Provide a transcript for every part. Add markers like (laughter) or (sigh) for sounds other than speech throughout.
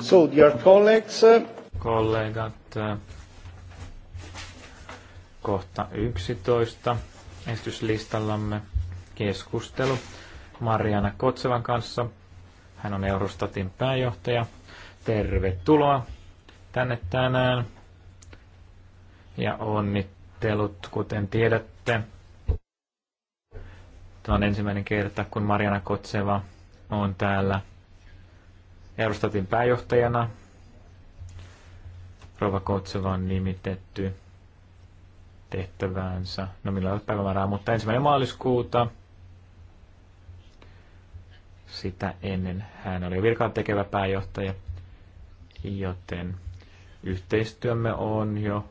So, dear colleagues. Uh, Kollegat, uh, kohta 11 esityslistallamme keskustelu Mariana Kotsevan kanssa. Hän on Eurostatin pääjohtaja. Tervetuloa tänne tänään. Ja onnittelut, kuten tiedätte. Tämä on ensimmäinen kerta, kun Mariana Kotseva on täällä Eurostatin pääjohtajana. Rova Kotsova on nimitetty tehtäväänsä. No millä on päivämäärää, mutta ensimmäinen maaliskuuta. Sitä ennen hän oli virkaan tekevä pääjohtaja, joten yhteistyömme on jo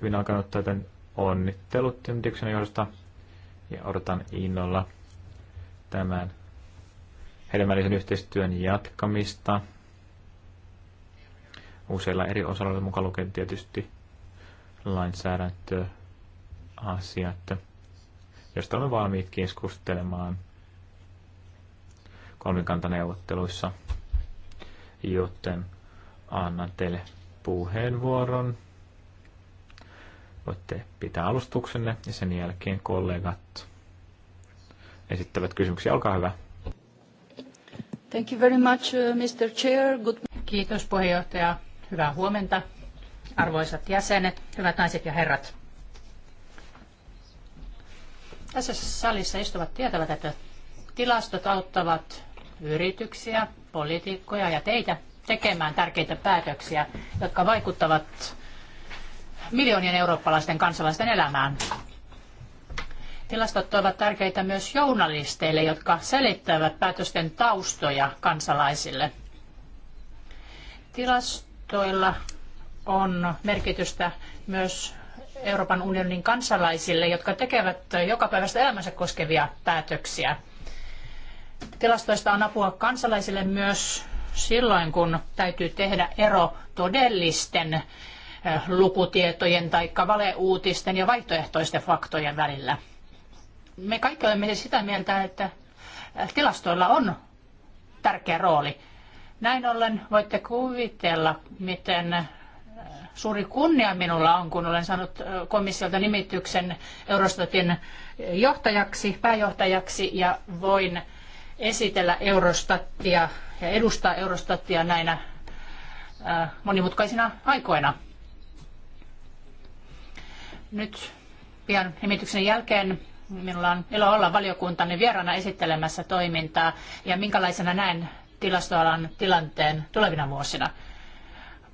hyvin alkanut, täten onnittelut johdosta ja odotan innolla tämän hedelmällisen yhteistyön jatkamista useilla eri osalla, mukaan lukee tietysti lainsäädäntöasiat, josta olemme valmiit keskustelemaan kolmikantaneuvotteluissa, joten annan teille puheenvuoron. Voitte pitää alustuksenne ja sen jälkeen kollegat esittävät kysymyksiä. Olkaa hyvä. Thank you very much, uh, Mr. Chair. Good... Kiitos puheenjohtaja. Hyvää huomenta, arvoisat jäsenet, hyvät naiset ja herrat. Tässä salissa istuvat tietävät, että tilastot auttavat yrityksiä, poliitikkoja ja teitä tekemään tärkeitä päätöksiä, jotka vaikuttavat miljoonien eurooppalaisten kansalaisten elämään. Tilastot ovat tärkeitä myös journalisteille, jotka selittävät päätösten taustoja kansalaisille. Tilastoilla on merkitystä myös Euroopan unionin kansalaisille, jotka tekevät jokapäiväistä elämänsä koskevia päätöksiä. Tilastoista on apua kansalaisille myös silloin, kun täytyy tehdä ero todellisten eh, lukutietojen tai valeuutisten ja vaihtoehtoisten faktojen välillä. Me kaikki olemme sitä mieltä, että äh, tilastoilla on tärkeä rooli. Näin ollen voitte kuvitella, miten äh, suuri kunnia minulla on, kun olen saanut äh, komissiolta nimityksen Eurostatin johtajaksi, pääjohtajaksi ja voin esitellä Eurostatia ja edustaa Eurostatia näinä monimutkaisina aikoina. Nyt pian nimityksen jälkeen Minulla on ilo olla valiokuntanne vieraana esittelemässä toimintaa ja minkälaisena näen tilastoalan tilanteen tulevina vuosina.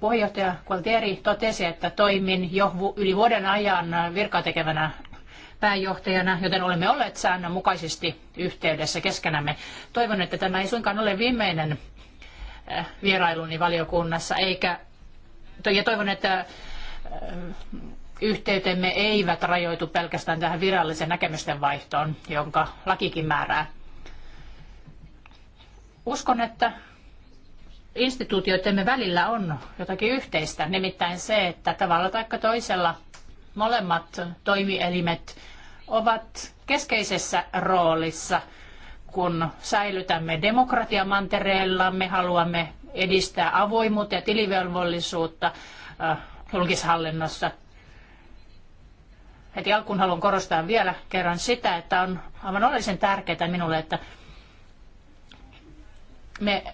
Puheenjohtaja Gualtieri totesi, että toimin jo yli vuoden ajan virkaa tekevänä pääjohtajana, joten olemme olleet säännönmukaisesti yhteydessä keskenämme. Toivon, että tämä ei suinkaan ole viimeinen äh, vierailuni valiokunnassa, eikä, ja toivon, että äh, yhteytemme eivät rajoitu pelkästään tähän viralliseen näkemysten vaihtoon, jonka lakikin määrää. Uskon, että instituutioidemme välillä on jotakin yhteistä, nimittäin se, että tavalla tai toisella molemmat toimielimet ovat keskeisessä roolissa, kun säilytämme demokratiamantereellamme, haluamme edistää avoimuutta ja tilivelvollisuutta äh, julkishallinnossa Heti alkuun haluan korostaa vielä kerran sitä, että on aivan oleellisen tärkeää minulle, että me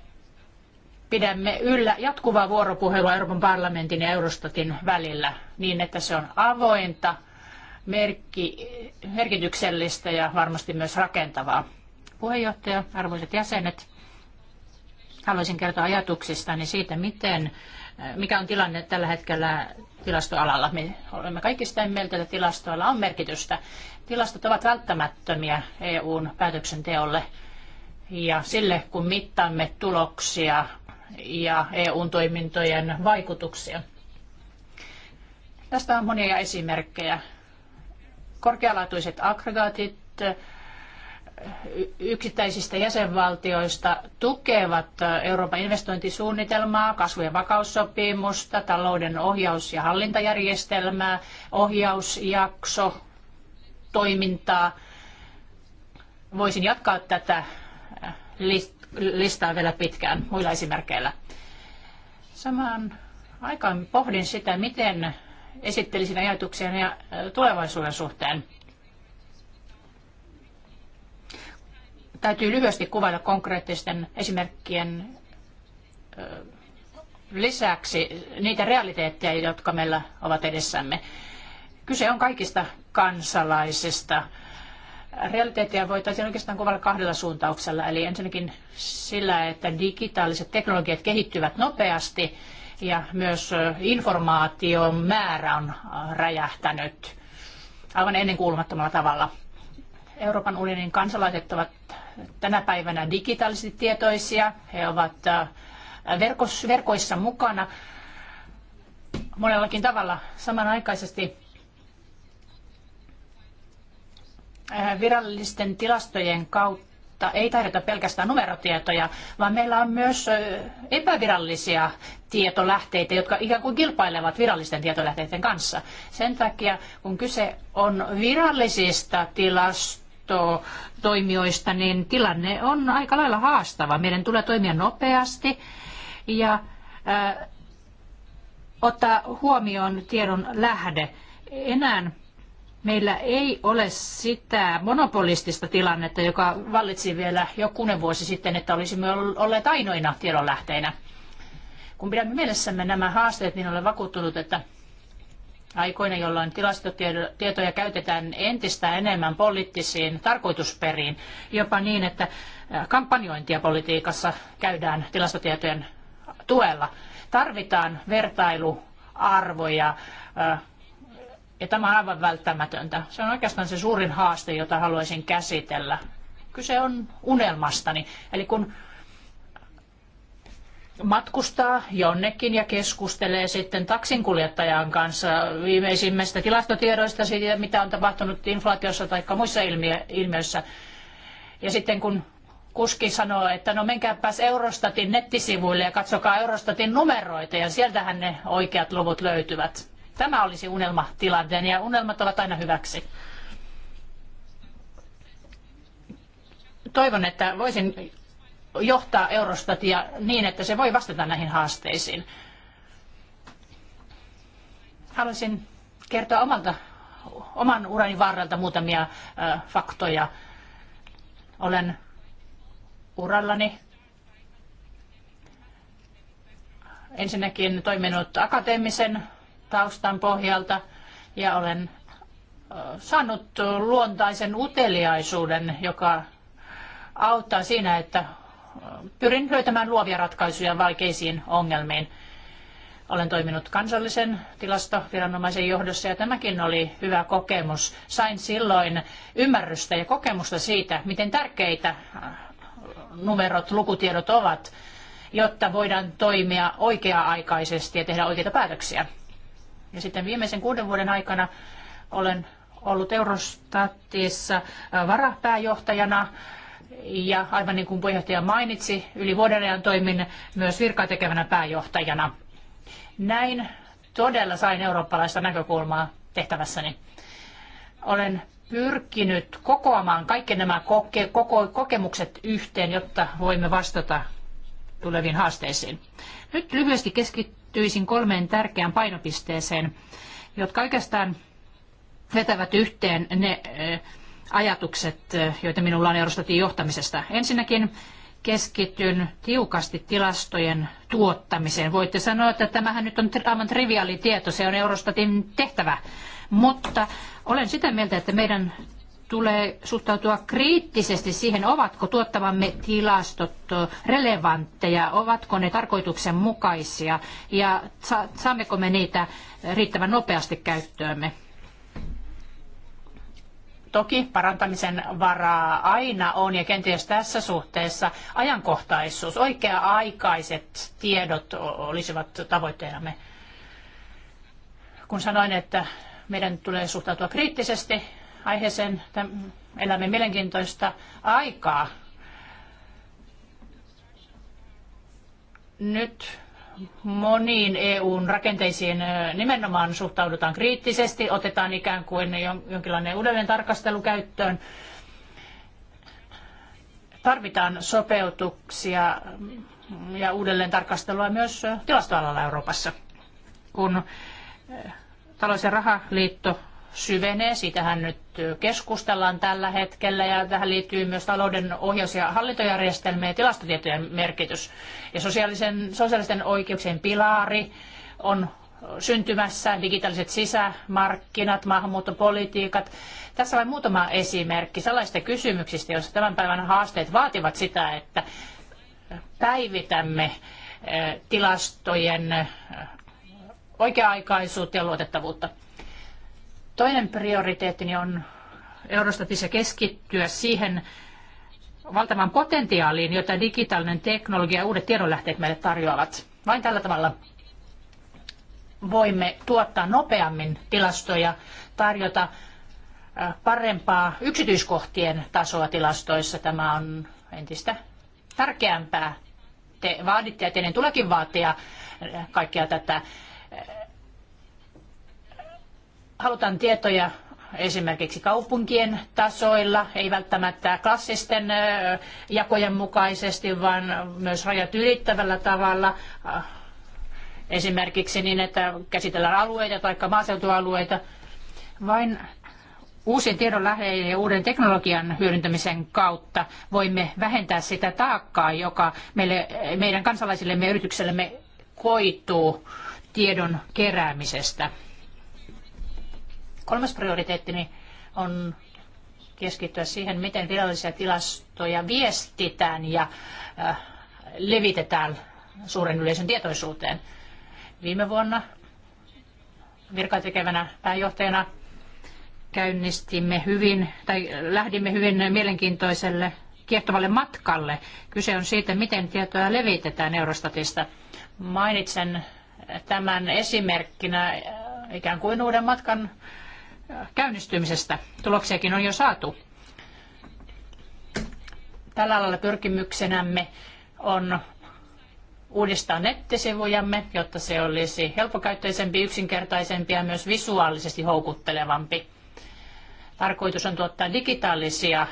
pidämme yllä jatkuvaa vuoropuhelua Euroopan parlamentin ja Eurostatin välillä niin, että se on avointa, merkki, merkityksellistä ja varmasti myös rakentavaa. Puheenjohtaja, arvoisat jäsenet, haluaisin kertoa ajatuksistani siitä, miten, mikä on tilanne tällä hetkellä tilastoalalla. Me olemme kaikki sitä mieltä, että tilastoilla on merkitystä. Tilastot ovat välttämättömiä EUn päätöksenteolle ja sille, kun mittaamme tuloksia ja EUn toimintojen vaikutuksia. Tästä on monia esimerkkejä. Korkealaatuiset aggregaatit, yksittäisistä jäsenvaltioista tukevat Euroopan investointisuunnitelmaa, kasvu- ja vakaussopimusta, talouden ohjaus- ja hallintajärjestelmää, ohjausjakso, toimintaa. Voisin jatkaa tätä listaa vielä pitkään muilla esimerkkeillä. Samaan aikaan pohdin sitä, miten esittelisin ajatuksia tulevaisuuden suhteen. täytyy lyhyesti kuvailla konkreettisten esimerkkien lisäksi niitä realiteetteja, jotka meillä ovat edessämme. Kyse on kaikista kansalaisista. Realiteettia voitaisiin oikeastaan kuvailla kahdella suuntauksella. Eli ensinnäkin sillä, että digitaaliset teknologiat kehittyvät nopeasti ja myös informaation määrä on räjähtänyt aivan ennenkuulumattomalla tavalla. Euroopan unionin kansalaiset ovat tänä päivänä digitaalisesti tietoisia, he ovat äh, verkoissa mukana monellakin tavalla samanaikaisesti. Äh, virallisten tilastojen kautta ei tarjota pelkästään numerotietoja, vaan meillä on myös äh, epävirallisia tietolähteitä, jotka ikään kuin kilpailevat virallisten tietolähteiden kanssa. Sen takia, kun kyse on virallisista tilastoista, katsoo toimijoista, niin tilanne on aika lailla haastava. Meidän tulee toimia nopeasti ja äh, ottaa huomioon tiedon lähde. Enää meillä ei ole sitä monopolistista tilannetta, joka vallitsi vielä jokunen vuosi sitten, että olisimme olleet ainoina tiedonlähteinä. Kun pidämme mielessämme nämä haasteet, niin olen vakuuttunut, että aikoina, jolloin tilastotietoja käytetään entistä enemmän poliittisiin tarkoitusperiin, jopa niin, että kampanjointia politiikassa käydään tilastotietojen tuella. Tarvitaan vertailuarvoja ja tämä on aivan välttämätöntä. Se on oikeastaan se suurin haaste, jota haluaisin käsitellä. Kyse on unelmastani. Eli kun matkustaa jonnekin ja keskustelee sitten taksinkuljettajan kanssa viimeisimmistä tilastotiedoista siitä, mitä on tapahtunut inflaatiossa tai muissa ilmiöissä. Ja sitten kun kuski sanoo, että no menkääpäs Eurostatin nettisivuille ja katsokaa Eurostatin numeroita ja sieltähän ne oikeat luvut löytyvät. Tämä olisi unelmatilanteen ja unelmat ovat aina hyväksi. Toivon, että voisin johtaa Eurostatia niin, että se voi vastata näihin haasteisiin. Haluaisin kertoa omalta, oman urani varrelta muutamia äh, faktoja. Olen urallani ensinnäkin toiminut akateemisen taustan pohjalta ja olen saanut luontaisen uteliaisuuden, joka auttaa siinä, että pyrin löytämään luovia ratkaisuja vaikeisiin ongelmiin. Olen toiminut kansallisen tilastoviranomaisen johdossa ja tämäkin oli hyvä kokemus. Sain silloin ymmärrystä ja kokemusta siitä, miten tärkeitä äh, numerot, lukutiedot ovat, jotta voidaan toimia oikea-aikaisesti ja tehdä oikeita päätöksiä. Ja sitten viimeisen kuuden vuoden aikana olen ollut Eurostatissa äh, varapääjohtajana ja aivan niin kuin puheenjohtaja mainitsi, yli vuoden ajan toimin myös virkatekevänä pääjohtajana. Näin todella sain eurooppalaista näkökulmaa tehtävässäni. Olen pyrkinyt kokoamaan kaikki nämä koke- koko- kokemukset yhteen, jotta voimme vastata tuleviin haasteisiin. Nyt lyhyesti keskittyisin kolmeen tärkeään painopisteeseen, jotka oikeastaan vetävät yhteen ne ajatukset, joita minulla on Eurostatin johtamisesta. Ensinnäkin keskityn tiukasti tilastojen tuottamiseen. Voitte sanoa, että tämähän nyt on aivan triviaali tieto, se on Eurostatin tehtävä. Mutta olen sitä mieltä, että meidän tulee suhtautua kriittisesti siihen, ovatko tuottavamme tilastot relevantteja, ovatko ne tarkoituksenmukaisia ja saammeko me niitä riittävän nopeasti käyttöömme. Toki parantamisen varaa aina on ja kenties tässä suhteessa ajankohtaisuus, oikea-aikaiset tiedot olisivat tavoitteenamme. Kun sanoin, että meidän tulee suhtautua kriittisesti aiheeseen, elämme mielenkiintoista aikaa. Nyt moniin EUn rakenteisiin nimenomaan suhtaudutaan kriittisesti, otetaan ikään kuin jonkinlainen uudelleen tarkastelu käyttöön. Tarvitaan sopeutuksia ja uudelleen tarkastelua myös tilastoalalla Euroopassa. Kun talous- ja rahaliitto syvenee. Siitähän nyt keskustellaan tällä hetkellä ja tähän liittyy myös talouden ohjaus- ja hallintojärjestelmä ja tilastotietojen merkitys. Ja sosiaalisen, sosiaalisten oikeuksien pilari on syntymässä, digitaaliset sisämarkkinat, maahanmuuttopolitiikat. Tässä vain muutama esimerkki sellaisista kysymyksistä, joissa tämän päivän haasteet vaativat sitä, että päivitämme eh, tilastojen eh, oikea-aikaisuutta ja luotettavuutta. Toinen prioriteettini on Eurostatissa keskittyä siihen valtavan potentiaaliin, jota digitaalinen teknologia ja uudet tiedonlähteet meille tarjoavat. Vain tällä tavalla voimme tuottaa nopeammin tilastoja, tarjota parempaa yksityiskohtien tasoa tilastoissa. Tämä on entistä tärkeämpää. Te vaaditte ja teidän tuleekin vaatia kaikkea tätä halutaan tietoja esimerkiksi kaupunkien tasoilla, ei välttämättä klassisten jakojen mukaisesti, vaan myös rajat ylittävällä tavalla. Esimerkiksi niin, että käsitellään alueita tai maaseutualueita. Vain uusien tiedon läheiden ja uuden teknologian hyödyntämisen kautta voimme vähentää sitä taakkaa, joka meille, meidän kansalaisillemme ja yrityksellemme koituu tiedon keräämisestä. Kolmas prioriteettini on keskittyä siihen, miten virallisia tilastoja viestitään ja äh, levitetään suuren yleisön tietoisuuteen. Viime vuonna virkatekevänä pääjohtajana käynnistimme hyvin, tai lähdimme hyvin mielenkiintoiselle kiehtovalle matkalle. Kyse on siitä, miten tietoa levitetään Eurostatista. Mainitsen tämän esimerkkinä ikään kuin uuden matkan käynnistymisestä. Tuloksiakin on jo saatu. Tällä alalla pyrkimyksenämme on uudistaa nettisivujamme, jotta se olisi helppokäyttöisempi, yksinkertaisempi ja myös visuaalisesti houkuttelevampi. Tarkoitus on tuottaa digitaalisia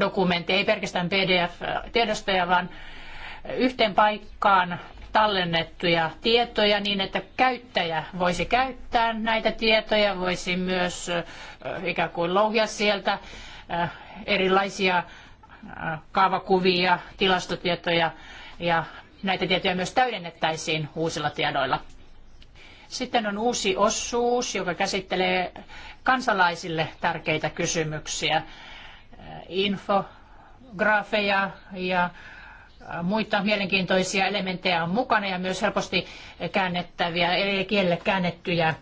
dokumentteja, ei pelkästään PDF-tiedostoja, vaan yhteen paikkaan tallennettuja tietoja niin, että käyttäjä voisi käyttää näitä tietoja, voisi myös ikään kuin louhia sieltä erilaisia kaavakuvia, tilastotietoja ja näitä tietoja myös täydennettäisiin uusilla tiedoilla. Sitten on uusi osuus, joka käsittelee kansalaisille tärkeitä kysymyksiä, infograafeja ja muita mielenkiintoisia elementtejä on mukana ja myös helposti käännettäviä, eli kielelle käännettyjä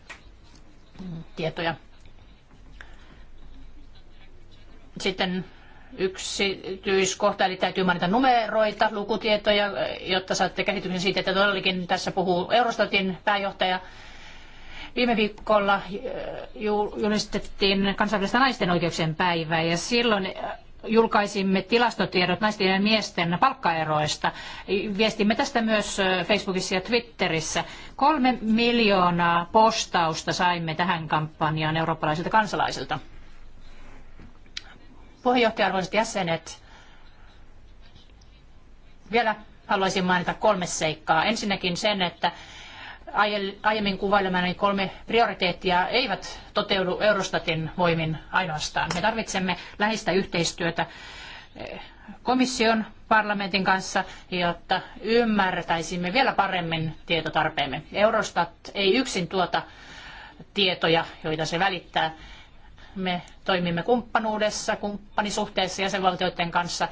tietoja. Sitten yksityiskohta, eli täytyy mainita numeroita, lukutietoja, jotta saatte käsityksen siitä, että todellakin tässä puhuu Eurostatin pääjohtaja. Viime viikolla julistettiin kansainvälistä naisten oikeuksien päivää ja silloin julkaisimme tilastotiedot naisten ja miesten palkkaeroista. Viestimme tästä myös Facebookissa ja Twitterissä. Kolme miljoonaa postausta saimme tähän kampanjaan eurooppalaisilta kansalaisilta. Puheenjohtaja, arvoisat jäsenet, vielä haluaisin mainita kolme seikkaa. Ensinnäkin sen, että aiemmin kuvailemani kolme prioriteettia eivät toteudu Eurostatin voimin ainoastaan. Me tarvitsemme läheistä yhteistyötä eh, komission parlamentin kanssa, jotta ymmärtäisimme vielä paremmin tietotarpeemme. Eurostat ei yksin tuota tietoja, joita se välittää. Me toimimme kumppanuudessa, kumppanisuhteessa jäsenvaltioiden kanssa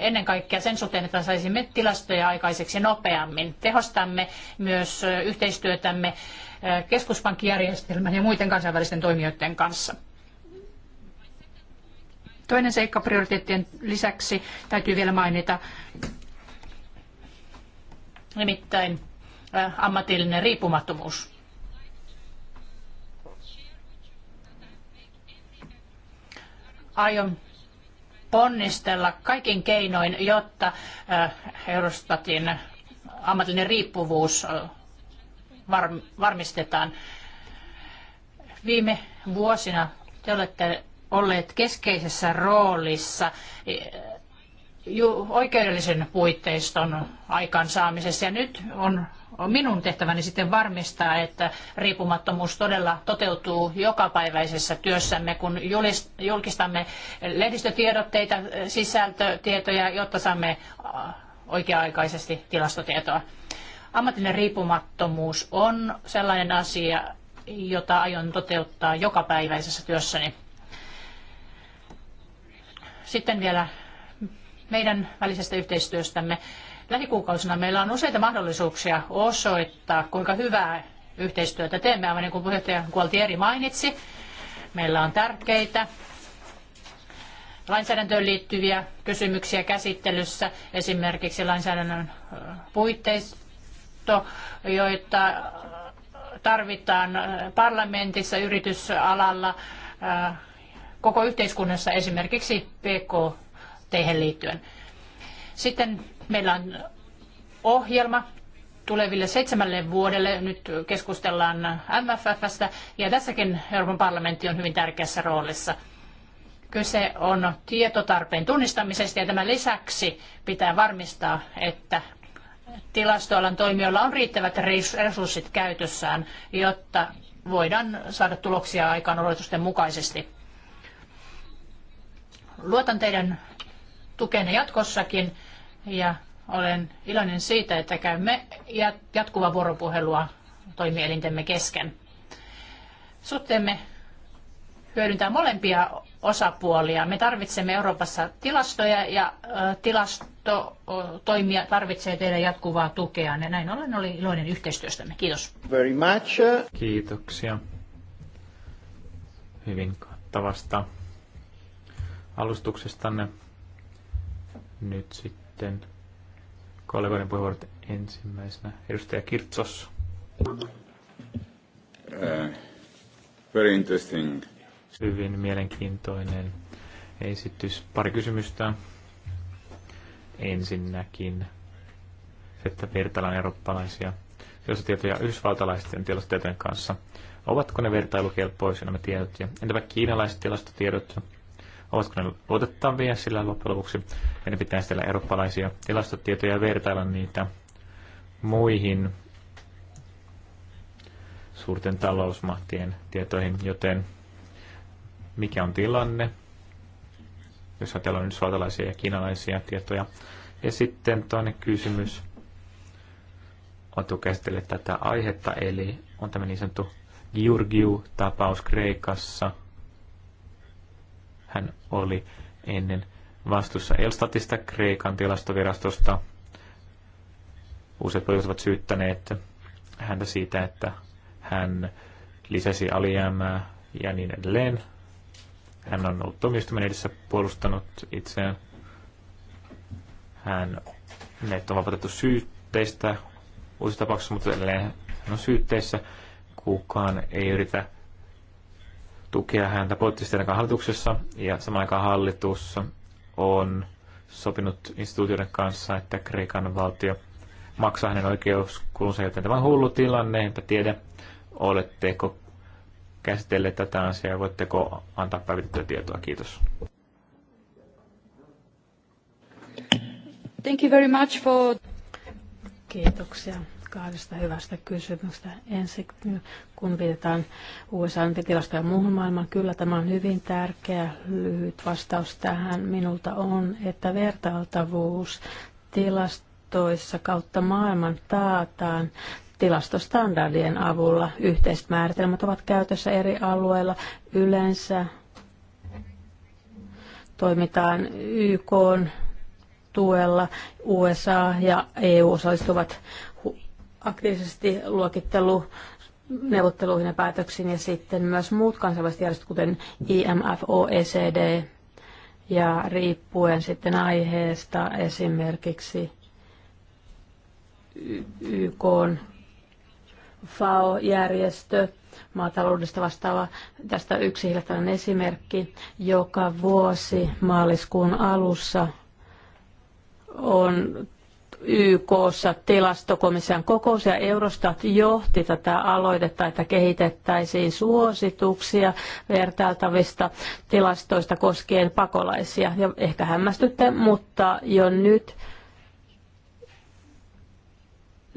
ennen kaikkea sen suhteen, että saisimme tilastoja aikaiseksi nopeammin. Tehostamme myös yhteistyötämme keskuspankkijärjestelmän ja muiden kansainvälisten toimijoiden kanssa. Toinen seikka prioriteettien lisäksi täytyy vielä mainita, nimittäin ammatillinen riippumattomuus. Aion ponnistella kaikin keinoin, jotta Eurostatin ammatillinen riippuvuus varmistetaan. Viime vuosina te olette olleet keskeisessä roolissa oikeudellisen puitteiston aikaansaamisessa ja nyt on on minun tehtäväni sitten varmistaa, että riippumattomuus todella toteutuu jokapäiväisessä työssämme, kun julkistamme lehdistötiedotteita, sisältötietoja, jotta saamme äh, oikea-aikaisesti tilastotietoa. Ammatillinen riippumattomuus on sellainen asia, jota aion toteuttaa jokapäiväisessä työssäni. Sitten vielä meidän välisestä yhteistyöstämme lähikuukausina meillä on useita mahdollisuuksia osoittaa, kuinka hyvää yhteistyötä teemme. Aivan niin kuin puheenjohtaja Gualtieri mainitsi, meillä on tärkeitä lainsäädäntöön liittyviä kysymyksiä käsittelyssä, esimerkiksi lainsäädännön puitteisto, joita tarvitaan parlamentissa, yritysalalla, koko yhteiskunnassa esimerkiksi PK-teihin liittyen. Sitten Meillä on ohjelma tuleville seitsemälle vuodelle. Nyt keskustellaan MFFstä ja tässäkin Euroopan parlamentti on hyvin tärkeässä roolissa. Kyse on tietotarpeen tunnistamisesta ja tämän lisäksi pitää varmistaa, että tilastoalan toimijoilla on riittävät resurssit käytössään, jotta voidaan saada tuloksia aikaan odotusten mukaisesti. Luotan teidän tukenne jatkossakin ja olen iloinen siitä, että käymme jatkuvaa vuoropuhelua toimielintemme kesken. Suhteemme hyödyntää molempia osapuolia. Me tarvitsemme Euroopassa tilastoja ja tilastotoimija tarvitsee teidän jatkuvaa tukea. Ja näin ollen oli iloinen yhteistyöstämme. Kiitos. Very much. Kiitoksia. Hyvin kattavasta alustuksestanne. Nyt sitten sitten kollegoiden puheenvuorot ensimmäisenä. Edustaja Kirtsos. Uh, very interesting. Hyvin mielenkiintoinen esitys. Pari kysymystä. Ensinnäkin että vertaillaan eurooppalaisia tilastotietoja yhdysvaltalaisten tilastotietojen kanssa. Ovatko ne vertailukelpoisia nämä tiedot? Ja entäpä kiinalaiset tilastotiedot? ovatko ne luotettavia, sillä loppujen lopuksi meidän pitää siellä eurooppalaisia tilastotietoja ja vertailla niitä muihin suurten talousmahtien tietoihin, joten mikä on tilanne, jos ajatellaan suotalaisia ja kiinalaisia tietoja. Ja sitten toinen kysymys, Otu käsittelee tätä aihetta, eli on tämä niin sanottu Giurgiu-tapaus Kreikassa – hän oli ennen vastuussa Elstatista, Kreikan tilastovirastosta. Useat poliisit ovat syyttäneet häntä siitä, että hän lisäsi alijäämää ja niin edelleen. Hän on ollut tuomioistuimen edessä puolustanut itseään. Hän, meidät on vapautettu syytteistä uusissa tapauksissa, mutta edelleen hän on syytteissä. Kukaan ei yritä tukea häntä poliittisesti ainakaan hallituksessa, ja samaan aikaan hallitus on sopinut instituutioiden kanssa, että Kreikan valtio maksaa hänen oikeuskulunsa, joten tämä on hullu tilanne, enpä tiedä, oletteko käsitelleet tätä asiaa, voitteko antaa päivitettyä tietoa. Kiitos. Thank you very much for... Kiitoksia kahdesta hyvästä kysymystä. Ensin, kun viitataan usa ja muuhun maailmaan, kyllä tämä on hyvin tärkeä lyhyt vastaus tähän minulta on, että vertailtavuus tilastoissa kautta maailman taataan tilastostandardien avulla. Yhteiset määritelmät ovat käytössä eri alueilla yleensä. Toimitaan YK tuella USA ja EU osallistuvat aktiivisesti luokittelu neuvotteluihin ja päätöksiin ja sitten myös muut kansainväliset järjestöt, kuten IMF, OECD ja riippuen sitten aiheesta esimerkiksi YK FAO-järjestö, maataloudesta vastaava. Tästä yksi hiljattainen esimerkki. Joka vuosi maaliskuun alussa on YKssa tilastokomission kokous ja Eurostat johti tätä aloitetta, että kehitettäisiin suosituksia vertailtavista tilastoista koskien pakolaisia. Ja ehkä hämmästytte, mutta jo nyt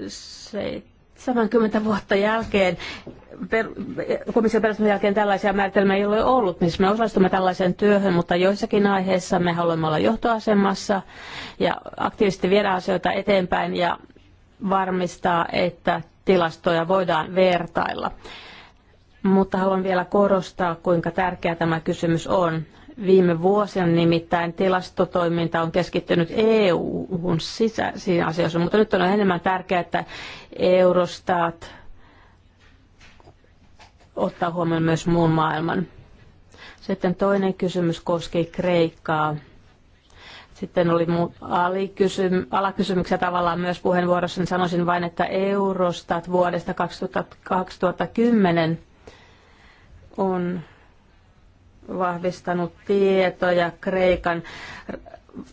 se 70 vuotta jälkeen per, komission perustamisen jälkeen tällaisia määritelmiä ei ole ollut, missä me osallistumme tällaiseen työhön, mutta joissakin aiheissa me haluamme olla johtoasemassa ja aktiivisesti viedä asioita eteenpäin ja varmistaa, että tilastoja voidaan vertailla. Mutta haluan vielä korostaa, kuinka tärkeä tämä kysymys on. Viime vuosina nimittäin tilastotoiminta on keskittynyt EU-hun sisäisiin asioihin, mutta nyt on enemmän tärkeää, että Eurostat ottaa huomioon myös muun maailman. Sitten toinen kysymys koski Kreikkaa. Sitten oli alakysymyksiä tavallaan myös puheenvuorossa, niin sanoisin vain, että Eurostat vuodesta 2010 on vahvistanut tietoja Kreikan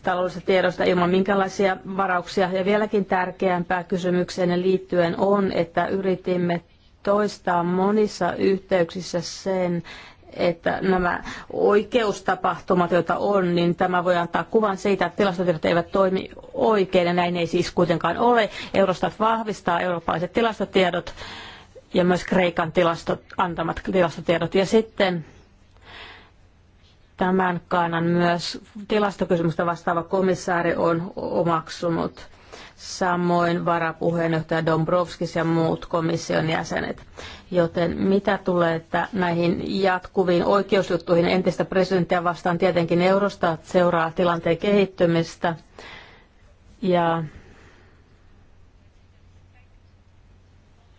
taloudellisesta tiedosta ilman minkälaisia varauksia. Ja vieläkin tärkeämpää kysymykseen liittyen on, että yritimme toistaa monissa yhteyksissä sen, että nämä oikeustapahtumat, joita on, niin tämä voi antaa kuvan siitä, että tilastotiedot eivät toimi oikein, ja näin ei siis kuitenkaan ole. Eurostat vahvistaa eurooppalaiset tilastotiedot ja myös Kreikan tilastot, antamat tilastotiedot. Ja sitten Tämän kannan myös tilastokysymystä vastaava komissaari on omaksunut samoin varapuheenjohtaja Dombrovskis ja muut komission jäsenet. Joten mitä tulee että näihin jatkuviin oikeusjuttuihin entistä presidenttiä vastaan, tietenkin Eurostat seuraa tilanteen kehittymistä. Ja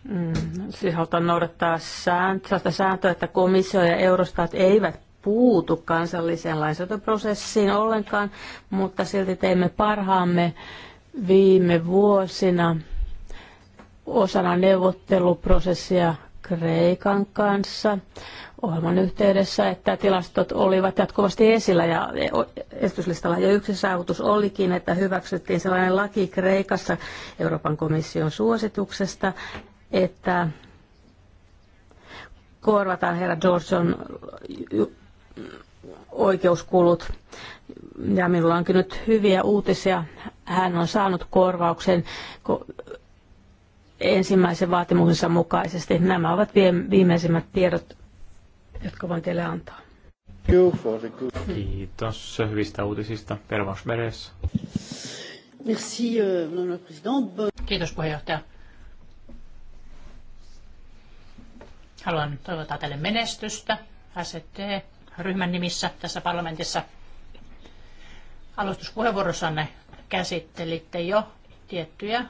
Mm, siis halutaan noudattaa sääntöä, sääntöä, että komissio ja Eurostat eivät puutu kansalliseen lainsäädäntöprosessiin ollenkaan, mutta silti teimme parhaamme viime vuosina osana neuvotteluprosessia Kreikan kanssa ohjelman yhteydessä, että tilastot olivat jatkuvasti esillä ja esityslistalla. Ja yksi saavutus olikin, että hyväksyttiin sellainen laki Kreikassa Euroopan komission suosituksesta, että korvataan herra Johnson oikeuskulut. Ja minulla onkin nyt hyviä uutisia. Hän on saanut korvauksen ensimmäisen vaatimuksensa mukaisesti. Nämä ovat viimeisimmät tiedot, jotka voin teille antaa. Kiitos hyvistä uutisista. Pervans Beres. Merci, euh, Kiitos puheenjohtaja. Haluan toivottaa teille menestystä. ST ryhmän nimissä tässä parlamentissa. Aloituspuheenvuorossanne käsittelitte jo tiettyjä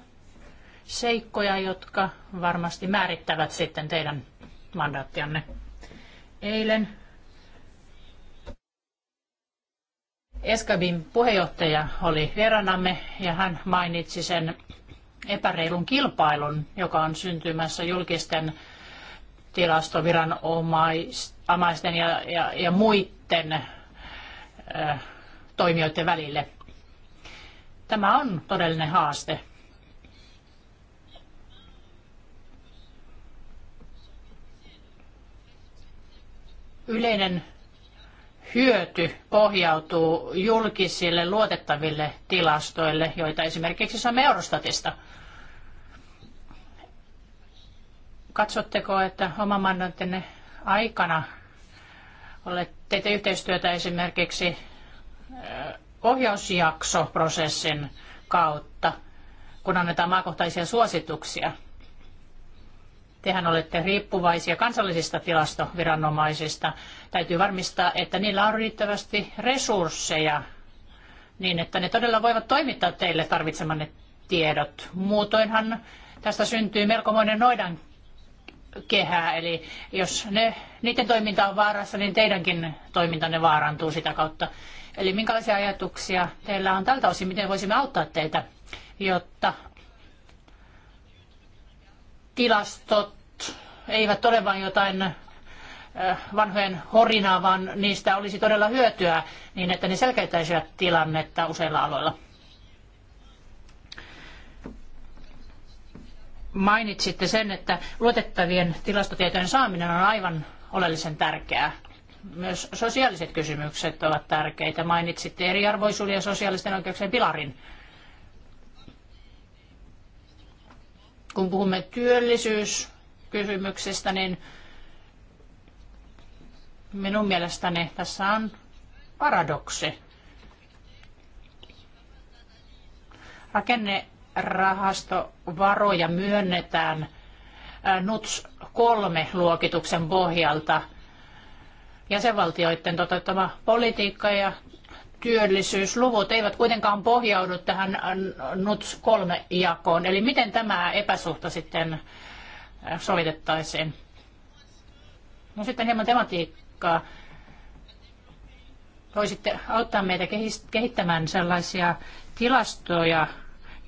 seikkoja, jotka varmasti määrittävät sitten teidän mandaattianne. Eilen Eskabin puheenjohtaja oli vieraanamme ja hän mainitsi sen epäreilun kilpailun, joka on syntymässä julkisten tilastoviranomaisten ja, ja, ja muiden äh, toimijoiden välille. Tämä on todellinen haaste. Yleinen hyöty pohjautuu julkisille luotettaville tilastoille, joita esimerkiksi saamme Eurostatista. Katsotteko, että oman mandantinne aikana teette yhteistyötä esimerkiksi ohjausjaksoprosessin kautta, kun annetaan maakohtaisia suosituksia? Tehän olette riippuvaisia kansallisista tilastoviranomaisista. Täytyy varmistaa, että niillä on riittävästi resursseja niin, että ne todella voivat toimittaa teille tarvitsemanne tiedot. Muutoinhan tästä syntyy melkomoinen noidan kehää, eli jos ne, niiden toiminta on vaarassa, niin teidänkin toimintanne vaarantuu sitä kautta. Eli minkälaisia ajatuksia teillä on tältä osin, miten voisimme auttaa teitä, jotta tilastot eivät ole vain jotain vanhojen horinaa, vaan niistä olisi todella hyötyä niin, että ne selkeyttäisivät tilannetta useilla aloilla. mainitsitte sen, että luotettavien tilastotietojen saaminen on aivan oleellisen tärkeää. Myös sosiaaliset kysymykset ovat tärkeitä. Mainitsitte eriarvoisuuden ja sosiaalisten oikeuksien pilarin. Kun puhumme työllisyyskysymyksistä, niin minun mielestäni tässä on paradoksi. Rakenne rahastovaroja myönnetään NUTS 3 luokituksen pohjalta. Jäsenvaltioiden toteuttama politiikka ja työllisyysluvut eivät kuitenkaan pohjaudu tähän NUTS 3 jakoon. Eli miten tämä epäsuhta sitten sovitettaisiin? No sitten hieman tematiikkaa. Voisitte auttaa meitä kehittämään sellaisia tilastoja,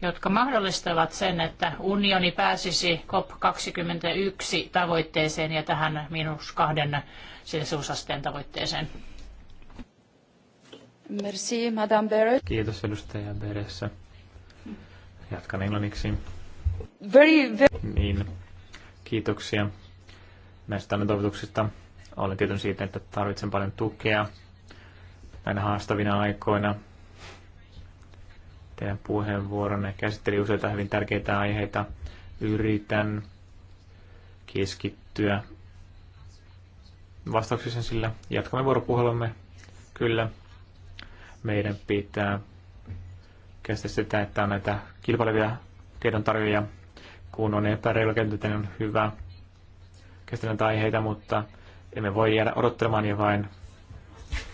jotka mahdollistavat sen, että unioni pääsisi COP21 tavoitteeseen ja tähän miinus kahden silsuusasteen tavoitteeseen. Merci, Madame Beres. Kiitos, edustaja Beressä. Jatkan englanniksi. Very, very... Niin, kiitoksia näistä toivotuksista. Olen tietoinen siitä, että tarvitsen paljon tukea näinä haastavina aikoina Teidän puheenvuoronne käsitteli useita hyvin tärkeitä aiheita. Yritän keskittyä vastauksissa sillä. Jatkamme vuoropuhelumme. Kyllä, meidän pitää käsitellä sitä, että on näitä kilpailevia tiedontarjoajia. Kun on epäreilu kenttä, niin on hyvä käsitellä näitä aiheita, mutta emme voi jäädä odottelemaan ja vain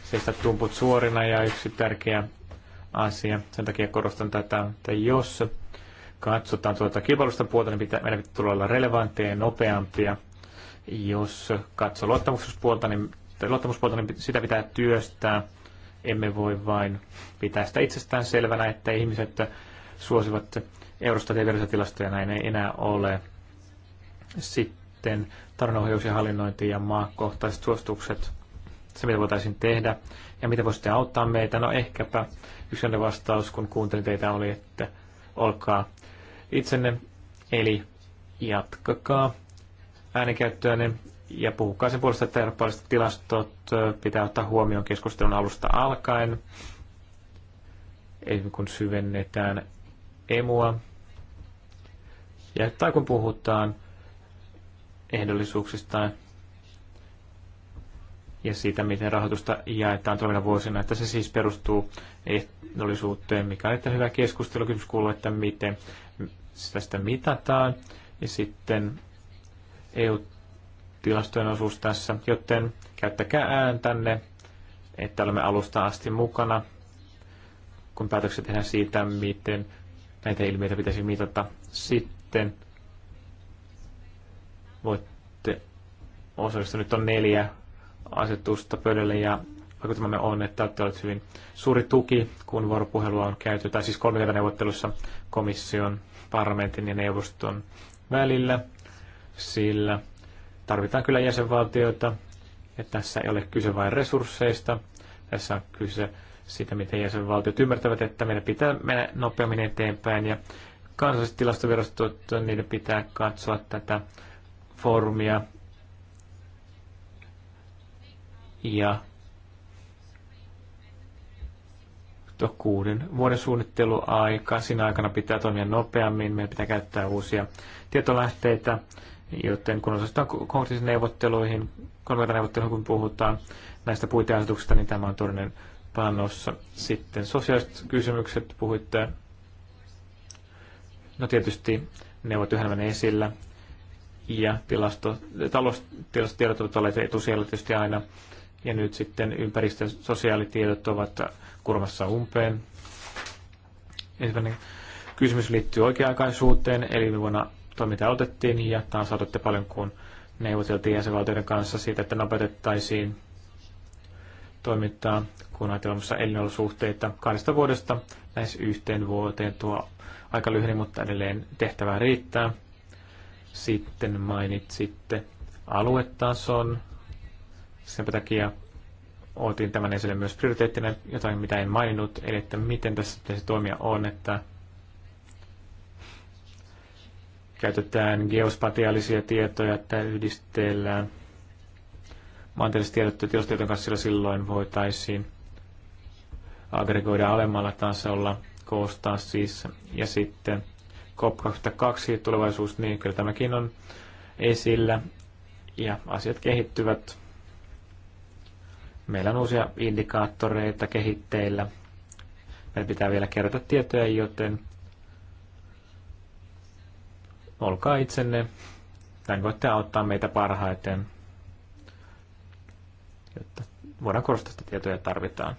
seistä tumput suorina. Ja yksi tärkeä asia. Sen takia korostan tätä, että jos katsotaan tuota kilpailusta puolta, niin pitää, meidän pitää tulla olla relevantteja ja nopeampia. Jos katsoo luottamuspuolta, niin, luottamuspuolta, niin sitä pitää työstää. Emme voi vain pitää sitä itsestään selvänä, että ihmiset suosivat eurosta ja tilastoja näin ei enää ole. Sitten tarinohjaus ja hallinnointi ja maakohtaiset suositukset, se mitä voitaisiin tehdä ja mitä voisitte auttaa meitä. No ehkäpä Ykselle vastaus, kun kuuntelin teitä, oli, että olkaa itsenne, eli jatkakaa äänenkäyttöänne ja puhukaa sen puolesta, että eurooppalaiset tilastot pitää ottaa huomioon keskustelun alusta alkaen, eli kun syvennetään emua, ja tai kun puhutaan ehdollisuuksista ja siitä, miten rahoitusta jaetaan tulevina vuosina, että se siis perustuu ehdollisuuteen, mikä on erittäin hyvä keskustelu. Kysymys kuuluu, että miten sitä mitataan ja sitten EU-tilastojen osuus tässä, joten käyttäkää ääntänne, että olemme alusta asti mukana, kun päätökset tehdään siitä, miten näitä ilmiöitä pitäisi mitata sitten. Voitte osallistua, nyt on neljä asetusta pöydälle ja vaikutelmamme on, että olette olleet hyvin suuri tuki, kun vuoropuhelua on käyty, tai siis neuvottelussa komission, parlamentin ja neuvoston välillä, sillä tarvitaan kyllä jäsenvaltioita, ja tässä ei ole kyse vain resursseista, tässä on kyse siitä, miten jäsenvaltiot ymmärtävät, että meidän pitää mennä nopeammin eteenpäin, ja kansalliset tilastovirastot, niiden pitää katsoa tätä foorumia ja tuo kuuden vuoden suunnitteluaika. Siinä aikana pitää toimia nopeammin, meidän pitää käyttää uusia tietolähteitä, joten kun osallistutaan konkreettisiin neuvotteluihin, neuvotteluihin, kun puhutaan näistä puiteasetuksista, niin tämä on todellinen panossa Sitten sosiaaliset kysymykset puhuitte. No tietysti ne ovat yhä esillä ja tilasto, talous, ovat olleet etusijalla tietysti aina. Ja nyt sitten ympäristön sosiaalitiedot ovat kurvassa umpeen. Ensimmäinen kysymys liittyy oikea-aikaisuuteen, eli vuonna toimintaa otettiin ja taas saatatte paljon, kun neuvoteltiin jäsenvaltioiden kanssa siitä, että nopeutettaisiin toimintaa, kun ajatellaan elinolosuhteita kahdesta vuodesta lähes yhteen vuoteen. Tuo aika lyhyen, mutta edelleen tehtävää riittää. Sitten mainitsitte aluetason. Sen takia otin tämän esille myös prioriteettina, jotain mitä en maininnut, eli että miten tässä pitäisi toimia on, että käytetään geospatiaalisia tietoja, että yhdistellään maantieteelliset tiedot ja tilastietojen kanssa, silloin voitaisiin aggregoida alemmalla tasolla, koostaa siis, ja sitten COP22 tulevaisuus, niin kyllä tämäkin on esillä, ja asiat kehittyvät Meillä on uusia indikaattoreita kehitteillä. Meidän pitää vielä kerätä tietoja, joten olkaa itsenne. Näin voitte auttaa meitä parhaiten, jotta voidaan korostaa, että tietoja tarvitaan.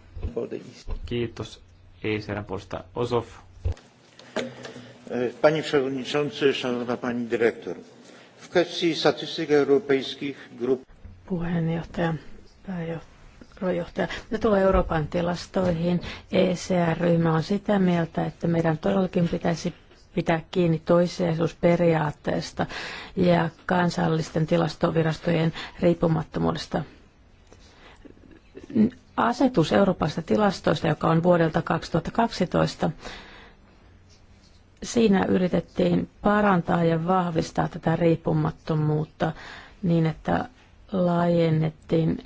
Kiitos ECRn puolesta Osof. Panie Przewodniczący, Szanowna Pani Dyrektor. W kwestii statystyk europejskich grup... Puheenjohtaja, pääjohtaja projohtaja. Ne tulee Euroopan tilastoihin. ECR-ryhmä on sitä mieltä, että meidän todellakin pitäisi pitää kiinni toisiaisuusperiaatteesta ja kansallisten tilastovirastojen riippumattomuudesta. Asetus Euroopasta tilastoista, joka on vuodelta 2012, siinä yritettiin parantaa ja vahvistaa tätä riippumattomuutta niin, että laajennettiin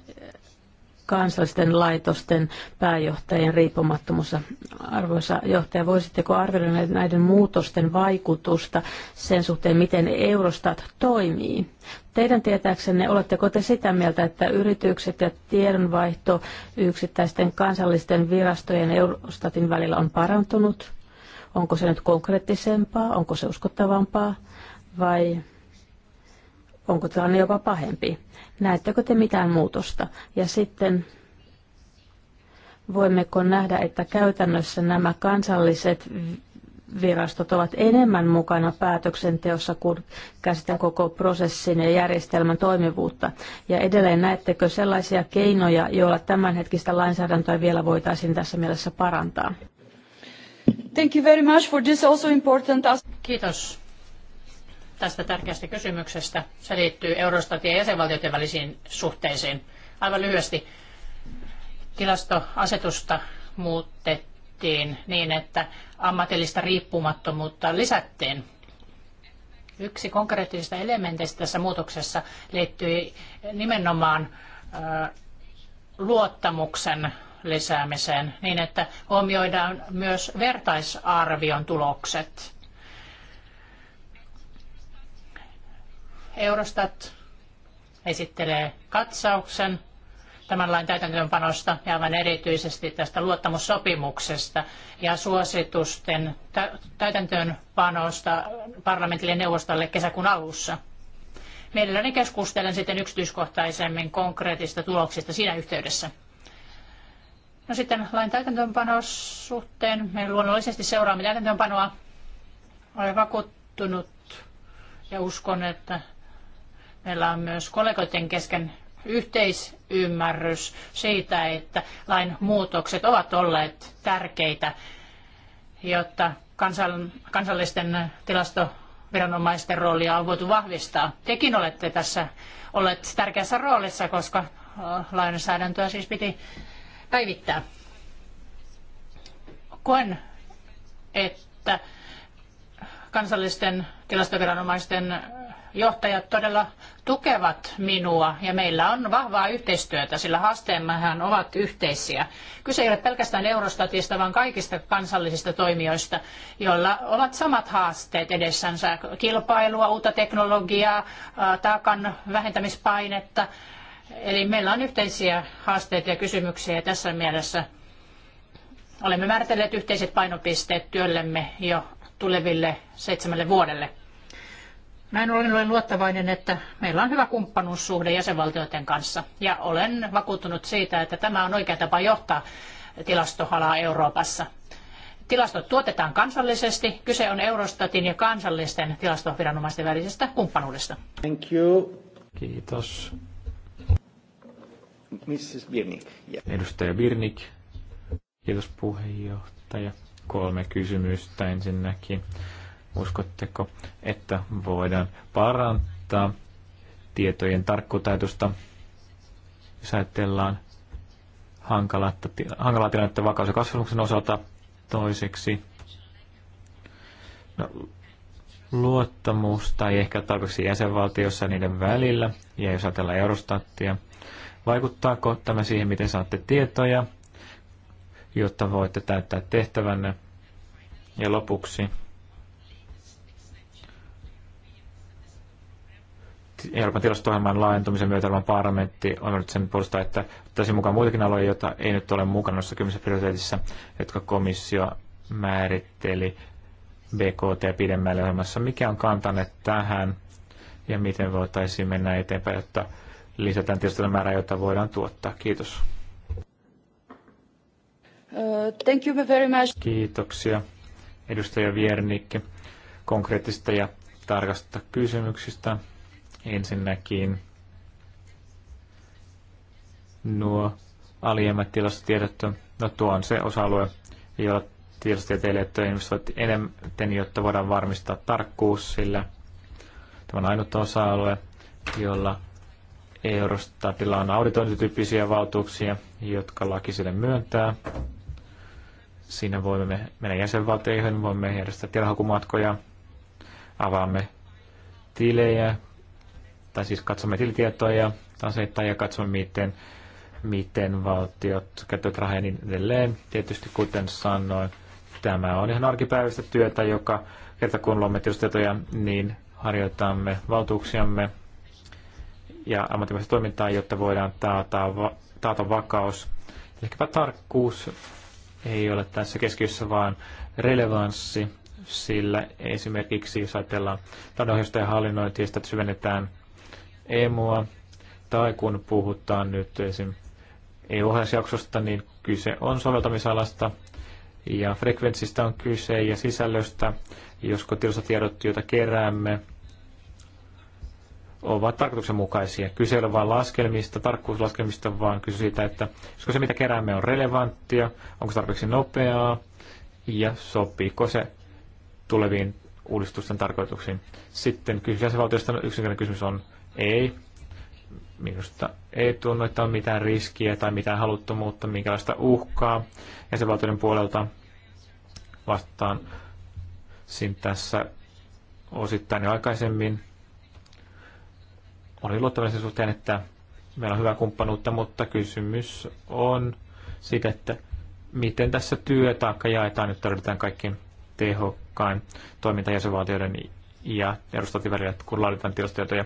kansallisten laitosten pääjohtajien riippumattomuus. Arvoisa johtaja, voisitteko arvioida näiden muutosten vaikutusta sen suhteen, miten Eurostat toimii? Teidän tietääksenne, oletteko te sitä mieltä, että yritykset ja tiedonvaihto yksittäisten kansallisten virastojen Eurostatin välillä on parantunut? Onko se nyt konkreettisempaa? Onko se uskottavampaa? Vai Onko tilanne jopa pahempi? Näettekö te mitään muutosta? Ja sitten voimmeko nähdä, että käytännössä nämä kansalliset virastot ovat enemmän mukana päätöksenteossa, kun käsitän koko prosessin ja järjestelmän toimivuutta. Ja edelleen näettekö sellaisia keinoja, joilla tämänhetkistä lainsäädäntöä vielä voitaisiin tässä mielessä parantaa? Thank you very much for this also important Kiitos tästä tärkeästä kysymyksestä. Se liittyy Eurostatin ja jäsenvaltioiden välisiin suhteisiin. Aivan lyhyesti tilastoasetusta muutettiin niin, että ammatillista riippumattomuutta lisättiin. Yksi konkreettisista elementeistä tässä muutoksessa liittyi nimenomaan luottamuksen lisäämiseen niin, että huomioidaan myös vertaisarvion tulokset. Eurostat esittelee katsauksen tämän lain täytäntöönpanosta ja aivan erityisesti tästä luottamussopimuksesta ja suositusten täytäntöönpanosta parlamentille ja neuvostolle kesäkuun alussa. Mielelläni keskustelen sitten yksityiskohtaisemmin konkreettista tuloksista siinä yhteydessä. No sitten lain täytäntöönpanon suhteen. Me luonnollisesti seuraamme täytäntöönpanoa. Olen vakuuttunut ja uskon, että Meillä on myös kollegoiden kesken yhteisymmärrys siitä, että lain muutokset ovat olleet tärkeitä, jotta kansallisten tilastoviranomaisten roolia on voitu vahvistaa. Tekin olette tässä olleet tärkeässä roolissa, koska lainsäädäntöä siis piti päivittää. Koen, että kansallisten tilastoviranomaisten johtajat todella tukevat minua ja meillä on vahvaa yhteistyötä, sillä haasteemmehan ovat yhteisiä. Kyse ei ole pelkästään Eurostatista, vaan kaikista kansallisista toimijoista, joilla ovat samat haasteet edessänsä. Kilpailua, uutta teknologiaa, taakan vähentämispainetta. Eli meillä on yhteisiä haasteita ja kysymyksiä ja tässä mielessä olemme määritelleet yhteiset painopisteet työllemme jo tuleville seitsemälle vuodelle. Näin ollen olen luottavainen, että meillä on hyvä kumppanuussuhde jäsenvaltioiden kanssa ja olen vakuuttunut siitä, että tämä on oikea tapa johtaa tilastohalaa Euroopassa. Tilastot tuotetaan kansallisesti. Kyse on Eurostatin ja kansallisten tilastoviranomaisten välisestä kumppanuudesta. Thank you. Kiitos. Mrs. Birnik. Yeah. Edustaja Birnik. Kiitos puheenjohtaja. Kolme kysymystä ensinnäkin Uskotteko, että voidaan parantaa tietojen tarkkuutaitusta, jos ajatellaan hankalaa, hankalaa tilannetta vakaus- ja kasvatuksen osalta toiseksi? No, luottamus tai ehkä tarkoitus jäsenvaltiossa niiden välillä, ja jos ajatellaan Eurostattia, vaikuttaako tämä siihen, miten saatte tietoja, jotta voitte täyttää tehtävänne? Ja lopuksi Euroopan tilasto laajentumisen myötä Euroopan parlamentti on ollut sen puolesta, että ottaisi mukaan muitakin aloja, joita ei nyt ole mukana noissa kymmenessä prioriteetissa, jotka komissio määritteli BKT pidemmälle ohjelmassa. Mikä on kantanne tähän ja miten voitaisiin mennä eteenpäin, jotta lisätään tilastojen määrää, jota voidaan tuottaa? Kiitos. Uh, thank you very much. Kiitoksia edustaja Viernikki konkreettisista ja tarkasta kysymyksistä. Ensinnäkin nuo alijäämät tilastotiedot, no tuo on se osa-alue, jolla tilastotieteilijät investoivat enemmän, jotta voidaan varmistaa tarkkuus, sillä tämä on ainut osa-alue, jolla Eurostatilla on auditointityyppisiä valtuuksia, jotka laki sille myöntää. Siinä voimme mennä jäsenvaltioihin, voimme järjestää tilahakumatkoja, avaamme tilejä tai siis katsomme tilitietoja ja taseita ja katsomme, miten, miten valtiot käyttävät rahaa niin edelleen. Tietysti kuten sanoin, tämä on ihan arkipäiväistä työtä, joka kerta kun luomme tietoja, niin harjoitamme valtuuksiamme ja ammattimaisesta toimintaa, jotta voidaan taata, taata vakaus. Ehkäpä tarkkuus ei ole tässä keskiössä, vaan relevanssi, sillä esimerkiksi jos ajatellaan taloudellista ja hallinnointia, että syvennetään – emoa. tai kun puhutaan nyt esim. EU-ohjausjaksosta, niin kyse on soveltamisalasta ja frekvenssistä on kyse ja sisällöstä, josko tiedot, joita keräämme, ovat tarkoituksenmukaisia. Kyse ei ole vain laskelmista, tarkkuuslaskelmista, vaan kyse siitä, että koska se mitä keräämme on relevanttia, onko se tarpeeksi nopeaa ja sopiiko se tuleviin uudistusten tarkoituksiin. Sitten kyse jäsenvaltiosta yksinkertainen kysymys on, ei. Minusta ei tunnu, että on mitään riskiä tai mitään haluttomuutta, minkälaista uhkaa jäsenvaltioiden puolelta vastaan sin tässä osittain jo aikaisemmin. Oli luottavaisen suhteen, että meillä on hyvää kumppanuutta, mutta kysymys on siitä, että miten tässä työtaakka jaetaan, nyt tarvitaan kaikkien tehokkain toiminta jäsenvaltioiden ja edustajat välillä, kun laaditaan tilastotietoja.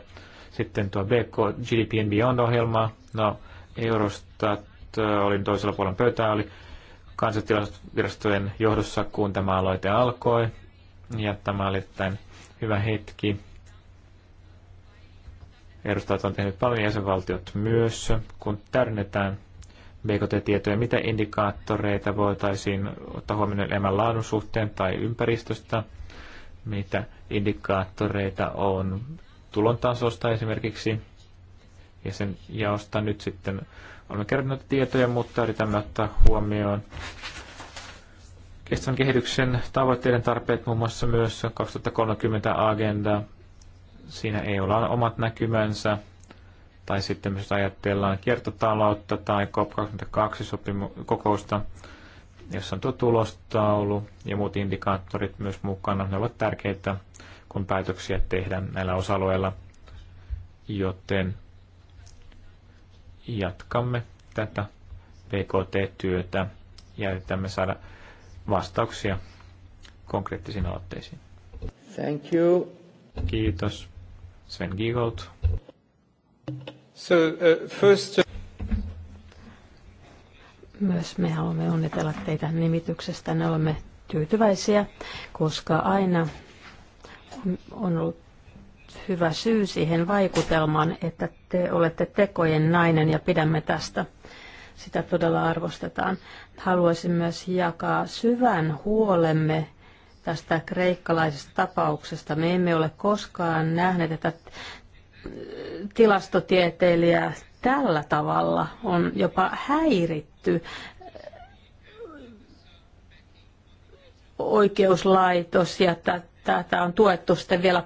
Sitten tuo BK, GDP and Beyond-ohjelma, no Eurostat oli toisella puolella pöytää, oli kansantilastovirastojen johdossa, kun tämä aloite alkoi. Ja tämä oli tämän hyvä hetki. Edustajat on tehnyt paljon jäsenvaltiot myös, kun tärnetään BKT-tietoja, mitä indikaattoreita voitaisiin ottaa huomioon laadun suhteen tai ympäristöstä – mitä indikaattoreita on tulon tasosta esimerkiksi ja sen jaosta nyt sitten olemme keränneet tietoja, mutta yritämme ottaa huomioon kestävän kehityksen tavoitteiden tarpeet muun muassa myös 2030 agenda. Siinä ei olla omat näkymänsä. Tai sitten myös ajatellaan kiertotaloutta tai COP22 kokousta, jossa on tuo tulostaulu ja muut indikaattorit myös mukana. Ne ovat tärkeitä, kun päätöksiä tehdään näillä osa-alueilla, joten jatkamme tätä PKT-työtä ja yritämme saada vastauksia konkreettisiin aloitteisiin. Thank you. Kiitos. Sven Giegold. So, uh, first... Myös me haluamme onnitella teitä nimityksestä. me olemme tyytyväisiä, koska aina on ollut hyvä syy siihen vaikutelmaan, että te olette tekojen nainen ja pidämme tästä. Sitä todella arvostetaan. Haluaisin myös jakaa syvän huolemme tästä kreikkalaisesta tapauksesta. Me emme ole koskaan nähneet, että tilastotieteilijä tällä tavalla on jopa häirit hylätty. Oikeuslaitos ja tätä on tuettu sitten vielä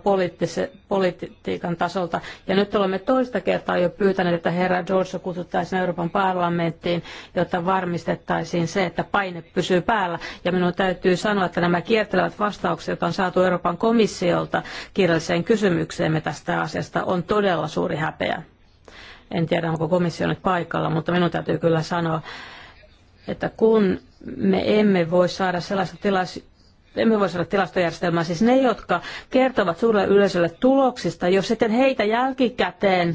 politiikan tasolta. Ja nyt olemme toista kertaa jo pyytäneet, että herra Giorgio kutsuttaisiin Euroopan parlamenttiin, jotta varmistettaisiin se, että paine pysyy päällä. Ja minun täytyy sanoa, että nämä kiertelevät vastaukset, joita on saatu Euroopan komissiolta kirjalliseen kysymykseemme tästä asiasta, on todella suuri häpeä. En tiedä, onko komissio nyt paikalla, mutta minun täytyy kyllä sanoa, että kun me emme voi saada sellaista tilaisuutta, emme voi saada tilastojärjestelmää, siis ne, jotka kertovat suurelle yleisölle tuloksista, jos sitten heitä jälkikäteen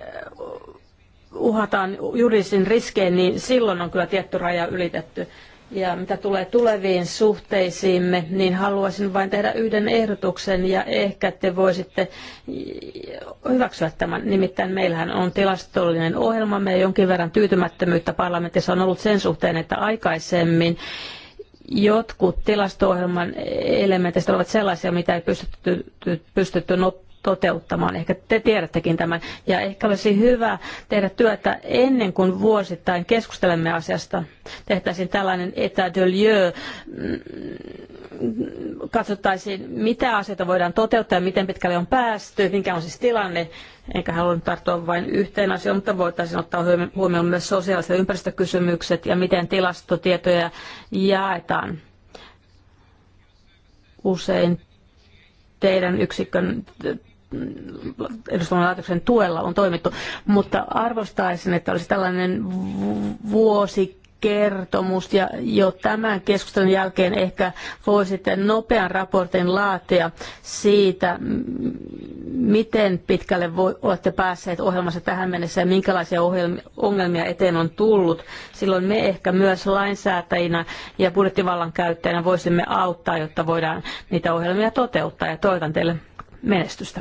eh, uhataan juridisin riskeen, niin silloin on kyllä tietty raja ylitetty. Ja mitä tulee tuleviin suhteisiimme, niin haluaisin vain tehdä yhden ehdotuksen ja ehkä te voisitte hyväksyä tämän. Nimittäin meillähän on tilastollinen ohjelmamme ja jonkin verran tyytymättömyyttä parlamentissa on ollut sen suhteen, että aikaisemmin jotkut tilasto-ohjelman elementeistä ovat sellaisia, mitä ei pystytty, pystytty toteuttamaan. Ehkä te tiedättekin tämän. Ja ehkä olisi hyvä tehdä työtä ennen kuin vuosittain keskustelemme asiasta. Tehtäisiin tällainen lieu. Mm, katsottaisiin mitä asioita voidaan toteuttaa ja miten pitkälle on päästy, mikä on siis tilanne. Enkä halua tarttua vain yhteen asiaan, mutta voitaisiin ottaa huomioon myös sosiaaliset ja ympäristökysymykset ja miten tilastotietoja jaetaan. Usein teidän yksikön eduskunnan laitoksen tuella on toimittu, mutta arvostaisin, että olisi tällainen vuosi kertomus ja jo tämän keskustelun jälkeen ehkä voisitte nopean raportin laatia siitä, miten pitkälle voi, olette päässeet ohjelmassa tähän mennessä ja minkälaisia ohjelmia, ongelmia eteen on tullut. Silloin me ehkä myös lainsäätäjinä ja budjettivallan käyttäjinä voisimme auttaa, jotta voidaan niitä ohjelmia toteuttaa ja toivotan teille menestystä.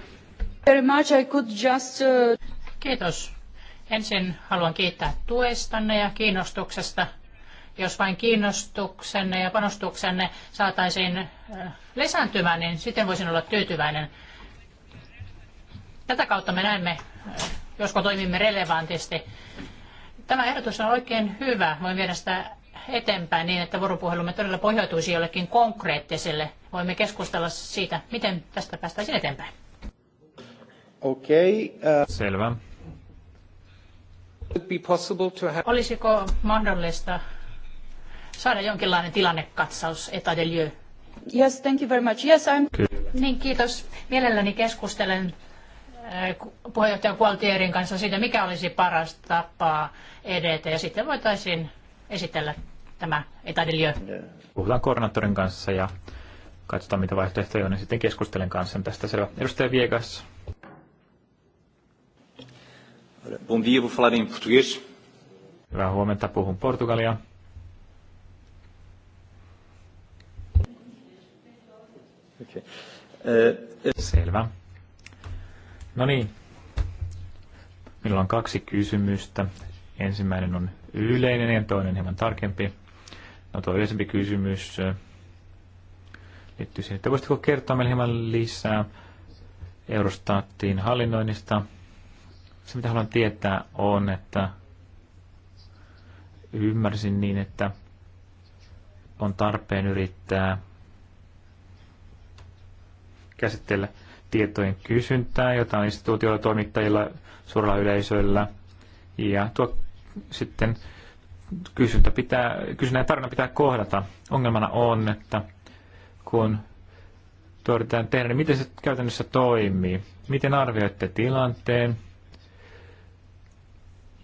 Very much. I could just, uh, Kiitos. Ensin haluan kiittää tuestanne ja kiinnostuksesta. Jos vain kiinnostuksenne ja panostuksenne saataisiin äh, lisääntymään, niin sitten voisin olla tyytyväinen. Tätä kautta me näemme, äh, josko toimimme relevantisti. Tämä ehdotus on oikein hyvä. Voin viedä sitä eteenpäin niin, että vuoropuhelumme todella pohjautuisi jollekin konkreettiselle. Voimme keskustella siitä, miten tästä päästäisiin eteenpäin. Okay, uh... Selvä. Olisiko mahdollista saada jonkinlainen tilannekatsaus lieu? Yes, thank you very much. Yes, I'm... Niin, kiitos. Mielelläni keskustelen eh, puheenjohtaja Gualtierin kanssa siitä, mikä olisi paras tapa edetä, ja sitten voitaisiin esitellä tämä lieu. Puhutaan koordinaattorin kanssa ja katsotaan, mitä vaihtoehtoja on, ja sitten keskustelen kanssa tästä selvä. Edustaja Viegas, Bom dia, vou falar em português. Hyvää huomenta, puhun portugalia. Okay. Uh, Selvä. No niin. Minulla on kaksi kysymystä. Ensimmäinen on yleinen ja toinen hieman tarkempi. No tuo yleisempi kysymys eh, liittyy siihen, että voisitko kertoa meille hieman lisää Eurostatin hallinnoinnista, se, mitä haluan tietää, on, että ymmärsin niin, että on tarpeen yrittää käsitellä tietojen kysyntää, jota on instituutioilla, toimittajilla, suurella yleisöllä. Ja tuo sitten kysyntä pitää, kysynnän ja tarina pitää kohdata. Ongelmana on, että kun tuodaan tehdä, niin miten se käytännössä toimii? Miten arvioitte tilanteen?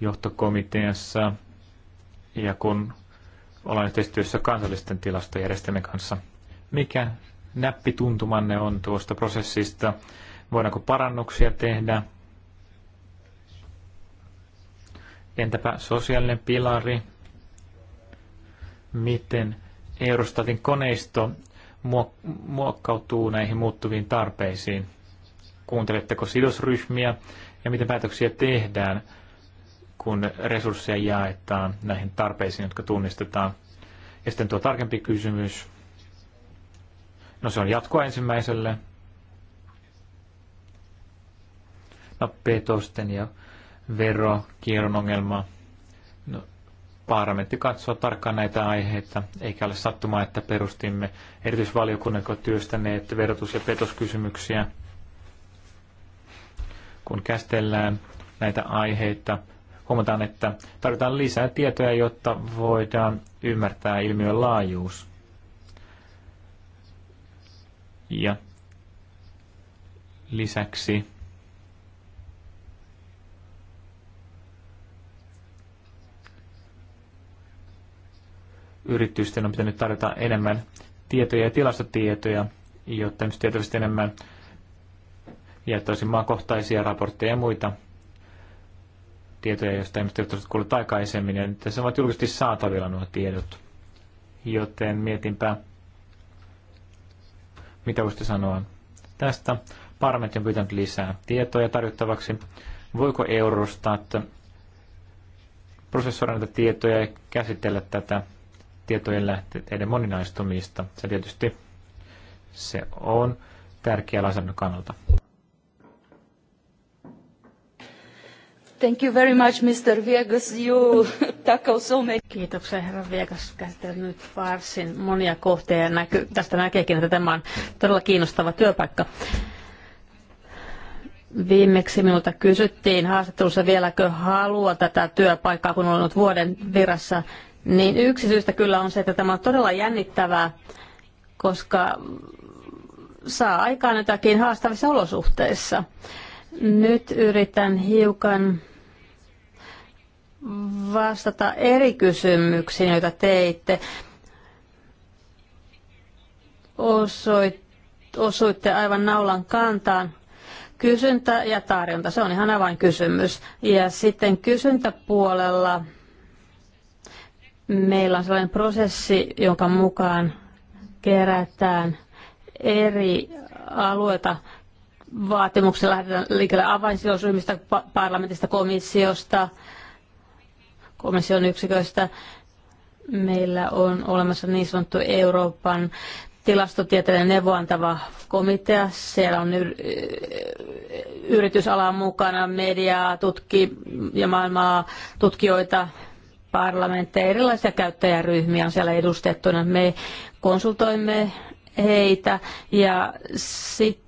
johtokomiteassa ja kun ollaan yhteistyössä kansallisten tilastojärjestelmien kanssa. Mikä näppituntumanne on tuosta prosessista? Voidaanko parannuksia tehdä? Entäpä sosiaalinen pilari? Miten Eurostatin koneisto muokkautuu näihin muuttuviin tarpeisiin? Kuunteletteko sidosryhmiä ja miten päätöksiä tehdään kun resursseja jaetaan näihin tarpeisiin, jotka tunnistetaan. Ja sitten tuo tarkempi kysymys. No se on jatkoa ensimmäiselle. No petosten ja verokierron ongelma. No, parlamentti katsoo tarkkaan näitä aiheita, eikä ole sattumaa, että perustimme erityisvaliokunnan, joka työstäneet verotus- ja petoskysymyksiä. Kun käsitellään näitä aiheita, huomataan, että tarvitaan lisää tietoja, jotta voidaan ymmärtää ilmiön laajuus. Ja lisäksi yritysten on pitänyt tarjota enemmän tietoja ja tilastotietoja, jotta nyt tietysti enemmän jättäisiin maakohtaisia raportteja ja muita tietoja, joista ihmiset eivät kuulleet aikaisemmin, ja nyt tässä ovat julkisesti saatavilla nuo tiedot. Joten mietinpä, mitä voisitte sanoa tästä. Parlamentti on pyytänyt lisää tietoja tarjottavaksi. Voiko Eurostat prosessoida näitä tietoja ja käsitellä tätä tietojen lähteiden moninaistumista? Se tietysti se on tärkeä lainsäädännön kannalta. Thank you very much, Mr. Viegas. You (laughs) tackle so many. Kiitoksia, herra Viegas. Käsittelen nyt varsin monia kohteja näky, tästä näkeekin, että tämä on todella kiinnostava työpaikka. Viimeksi minulta kysyttiin haastattelussa vieläkö halua tätä työpaikkaa, kun olen ollut vuoden virassa. Niin yksi syystä kyllä on se, että tämä on todella jännittävää, koska saa aikaan jotakin haastavissa olosuhteissa. Nyt yritän hiukan vastata eri kysymyksiin, joita teitte. Osoit, osuitte aivan naulan kantaan. Kysyntä ja tarjonta, se on ihan avainkysymys. Ja sitten kysyntäpuolella meillä on sellainen prosessi, jonka mukaan kerätään eri alueita vaatimuksella lähdetään liikkeelle avainsidosryhmistä, parlamentista, komissiosta, komission yksiköistä. Meillä on olemassa niin sanottu Euroopan tilastotieteellinen neuvoantava komitea. Siellä on yritysalan mukana mediaa, tutki ja maailmaa tutkijoita, parlamentteja, erilaisia käyttäjäryhmiä on siellä edustettuna. Me konsultoimme heitä ja sitten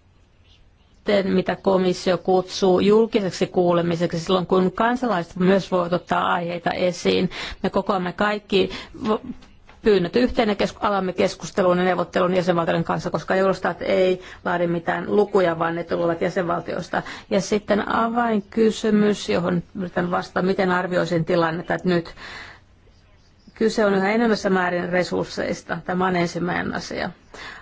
sitten, mitä komissio kutsuu julkiseksi kuulemiseksi silloin, kun kansalaiset myös voivat ottaa aiheita esiin. Me kokoamme kaikki pyynnöt yhteen ja kesku- alamme keskustelun ja neuvottelun jäsenvaltioiden kanssa, koska Eurostat ei laadi mitään lukuja, vaan ne tulevat jäsenvaltioista. Ja sitten avainkysymys, johon yritän vastata, miten arvioisin tilannetta, että nyt Kyse on yhä enemmässä määrin resursseista. Tämä on ensimmäinen asia.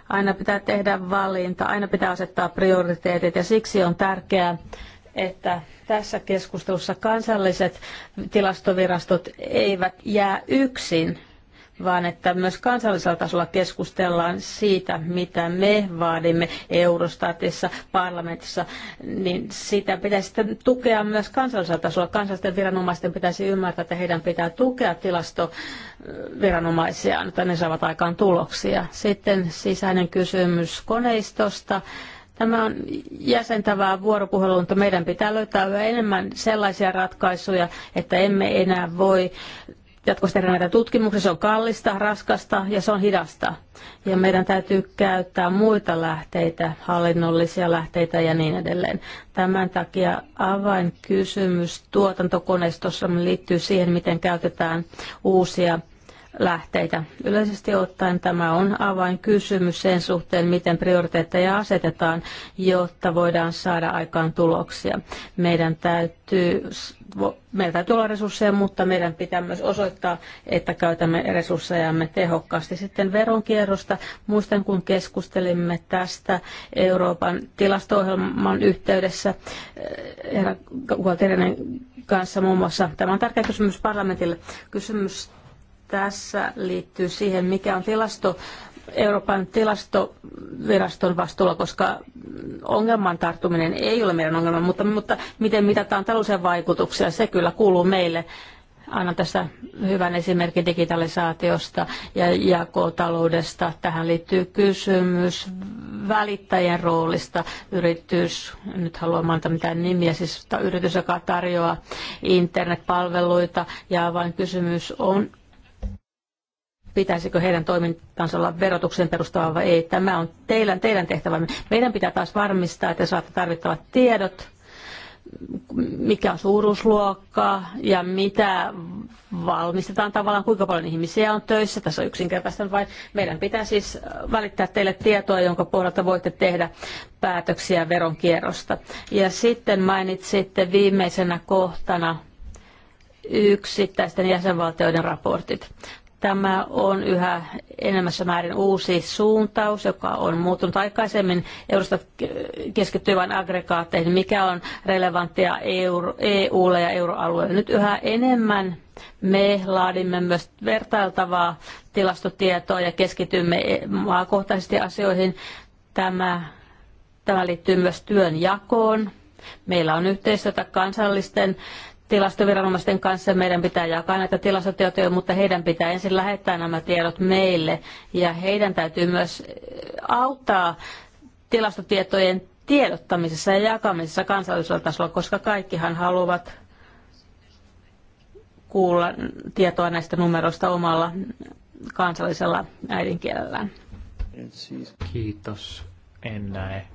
Aina pitää tehdä valinta, aina pitää asettaa prioriteetit ja siksi on tärkeää, että tässä keskustelussa kansalliset tilastovirastot eivät jää yksin vaan että myös kansallisella tasolla keskustellaan siitä, mitä me vaadimme Eurostatissa, parlamentissa, niin sitä pitäisi sitten tukea myös kansallisella tasolla. Kansallisten viranomaisten pitäisi ymmärtää, että heidän pitää tukea tilastoviranomaisia, että ne saavat aikaan tuloksia. Sitten sisäinen kysymys koneistosta. Tämä on jäsentävää vuoropuhelua, mutta meidän pitää löytää yhä enemmän sellaisia ratkaisuja, että emme enää voi jatkuvasti näitä tutkimuksia. Se on kallista, raskasta ja se on hidasta. Ja meidän täytyy käyttää muita lähteitä, hallinnollisia lähteitä ja niin edelleen. Tämän takia avainkysymys tuotantokoneistossa liittyy siihen, miten käytetään uusia lähteitä. Yleisesti ottaen tämä on avainkysymys sen suhteen, miten prioriteetteja asetetaan, jotta voidaan saada aikaan tuloksia. Meidän täytyy meillä täytyy olla resursseja, mutta meidän pitää myös osoittaa, että käytämme resurssejamme tehokkaasti. Sitten veronkierrosta. Muistan, kun keskustelimme tästä Euroopan tilasto-ohjelman yhteydessä eh, herra Gualterinen kanssa muun muassa. Tämä on tärkeä kysymys parlamentille. Kysymys tässä liittyy siihen, mikä on tilasto Euroopan tilastoviraston vastuulla, koska ongelman tarttuminen ei ole meidän ongelma, mutta, mutta miten mitataan taloudellisia vaikutuksia, se kyllä kuuluu meille. Annan tässä hyvän esimerkin digitalisaatiosta ja jakotaloudesta. Tähän liittyy kysymys välittäjien roolista. Yritys, nyt haluan mainita mitään nimiä, siis yritys, joka tarjoaa internetpalveluita. Ja vain kysymys on, pitäisikö heidän toimintansa olla verotuksen perustava vai ei. Tämä on teidän, teidän tehtävämme. Meidän pitää taas varmistaa, että saatte tarvittavat tiedot, mikä on suuruusluokka ja mitä valmistetaan tavallaan, kuinka paljon ihmisiä on töissä. Tässä on yksinkertaista vain. Meidän pitää siis välittää teille tietoa, jonka pohjalta voitte tehdä päätöksiä veronkierrosta. Ja sitten mainitsitte viimeisenä kohtana yksittäisten jäsenvaltioiden raportit. Tämä on yhä enemmässä määrin uusi suuntaus, joka on muuttunut aikaisemmin. Eurosta keskittyy vain aggregaatteihin, mikä on relevanttia EUlle ja euroalueelle. Nyt yhä enemmän me laadimme myös vertailtavaa tilastotietoa ja keskitymme maakohtaisesti asioihin. Tämä, tämä liittyy myös työn jakoon. Meillä on yhteistyötä kansallisten tilastoviranomaisten kanssa. Meidän pitää jakaa näitä tilastotietoja, mutta heidän pitää ensin lähettää nämä tiedot meille. Ja heidän täytyy myös eh, auttaa tilastotietojen tiedottamisessa ja jakamisessa kansallisella tasolla, koska kaikkihan haluavat kuulla tietoa näistä numeroista omalla kansallisella äidinkielellään. Kiitos. En näe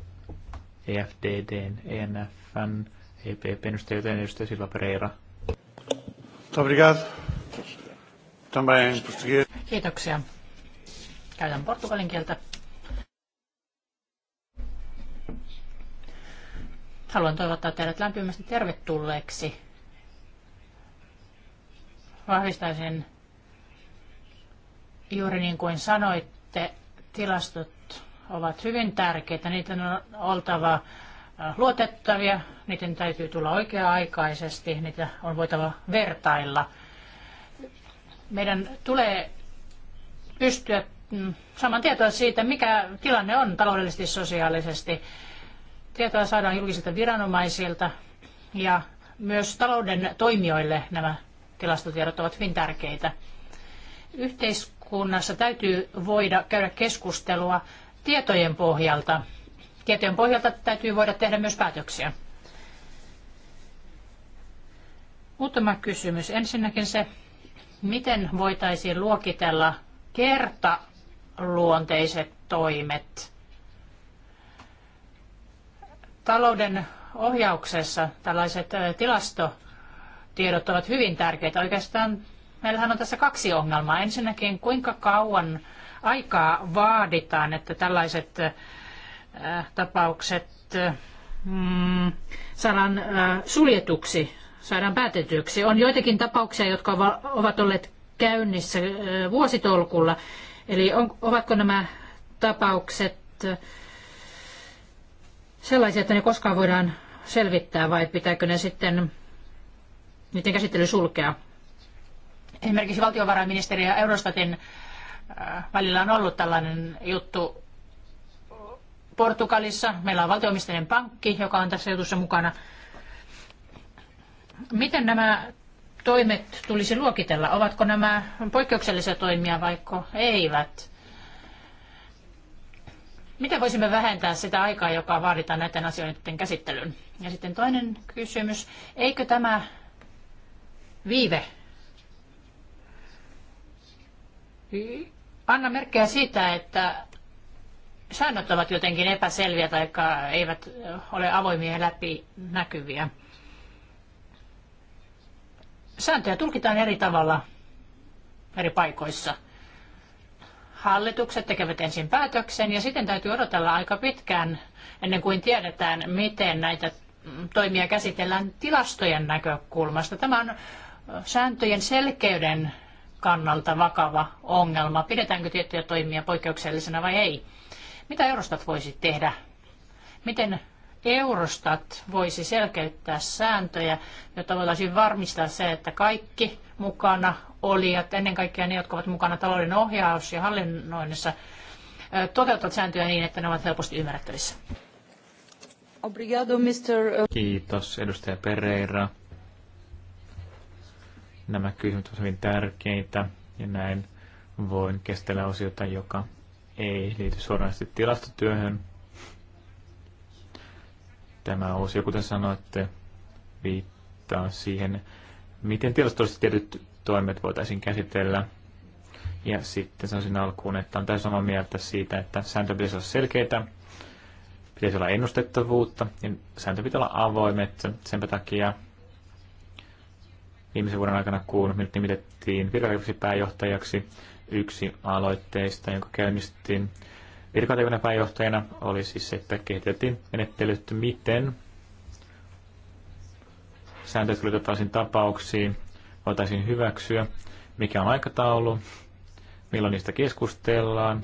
EFDDn, ENFn EPP edustaja, joten edustaja Silva Pereira. Kiitoksia. Käytän portugalin kieltä. Haluan toivottaa teidät lämpimästi tervetulleeksi. Vahvistaisin juuri niin kuin sanoitte, tilastot ovat hyvin tärkeitä. Niitä on oltava Äh, luotettavia, niiden täytyy tulla oikea-aikaisesti, niitä on voitava vertailla. Meidän tulee pystyä mm, saamaan tietoa siitä, mikä tilanne on taloudellisesti sosiaalisesti. Tietoa saadaan julkisilta viranomaisilta ja myös talouden toimijoille nämä tilastotiedot ovat hyvin tärkeitä. Yhteiskunnassa täytyy voida käydä keskustelua tietojen pohjalta tietojen pohjalta täytyy voida tehdä myös päätöksiä. Muutama kysymys. Ensinnäkin se, miten voitaisiin luokitella kertaluonteiset toimet. Talouden ohjauksessa tällaiset tilastotiedot ovat hyvin tärkeitä. Oikeastaan meillähän on tässä kaksi ongelmaa. Ensinnäkin, kuinka kauan aikaa vaaditaan, että tällaiset Äh, tapaukset mm, saadaan äh, suljetuksi, saadaan päätetyksi. On joitakin tapauksia, jotka ovat olleet käynnissä äh, vuositolkulla. Eli on, ovatko nämä tapaukset sellaisia, että ne koskaan voidaan selvittää vai pitääkö ne sitten niiden käsittely sulkea? Esimerkiksi valtiovarainministeriö ja Eurostatin välillä on ollut tällainen juttu Portugalissa. Meillä on valtioomistajien pankki, joka on tässä jutussa mukana. Miten nämä toimet tulisi luokitella? Ovatko nämä poikkeuksellisia toimia vaikka eivät? Miten voisimme vähentää sitä aikaa, joka vaaditaan näiden asioiden käsittelyyn? Ja sitten toinen kysymys. Eikö tämä viive anna merkkejä siitä, että säännöt ovat jotenkin epäselviä tai eivät ole avoimia ja läpi näkyviä. Sääntöjä tulkitaan eri tavalla eri paikoissa. Hallitukset tekevät ensin päätöksen ja sitten täytyy odotella aika pitkään ennen kuin tiedetään, miten näitä toimia käsitellään tilastojen näkökulmasta. Tämä on sääntöjen selkeyden kannalta vakava ongelma. Pidetäänkö tiettyjä toimia poikkeuksellisena vai ei? Mitä Eurostat voisi tehdä? Miten Eurostat voisi selkeyttää sääntöjä, jotta voitaisiin varmistaa se, että kaikki mukana olijat, ennen kaikkea ne, jotka ovat mukana talouden ohjaus- ja hallinnoinnissa, toteuttavat sääntöjä niin, että ne ovat helposti ymmärrettävissä. Obrigado, Mr. Kiitos, edustaja Pereira. Nämä kysymykset ovat hyvin tärkeitä ja näin voin kestellä osiota, joka ei liity suoranaisesti tilastotyöhön. Tämä osio, kuten sanoitte, viittaa siihen, miten tilastollisesti tietyt toimet voitaisiin käsitellä. Ja sitten sanoisin alkuun, että on täysin samaa mieltä siitä, että sääntö pitäisi olla selkeitä, pitäisi olla ennustettavuutta, ja sääntö pitää olla avoimet sen takia viimeisen vuoden aikana, kun minut nimitettiin virkareiksi pääjohtajaksi, Yksi aloitteista, jonka käynnistettiin virkatekunnan pääjohtajana, oli siis se, että kehiteltiin menettelyt, miten sääntöjä kuljetettaisiin tapauksiin, voitaisiin hyväksyä, mikä on aikataulu, milloin niistä keskustellaan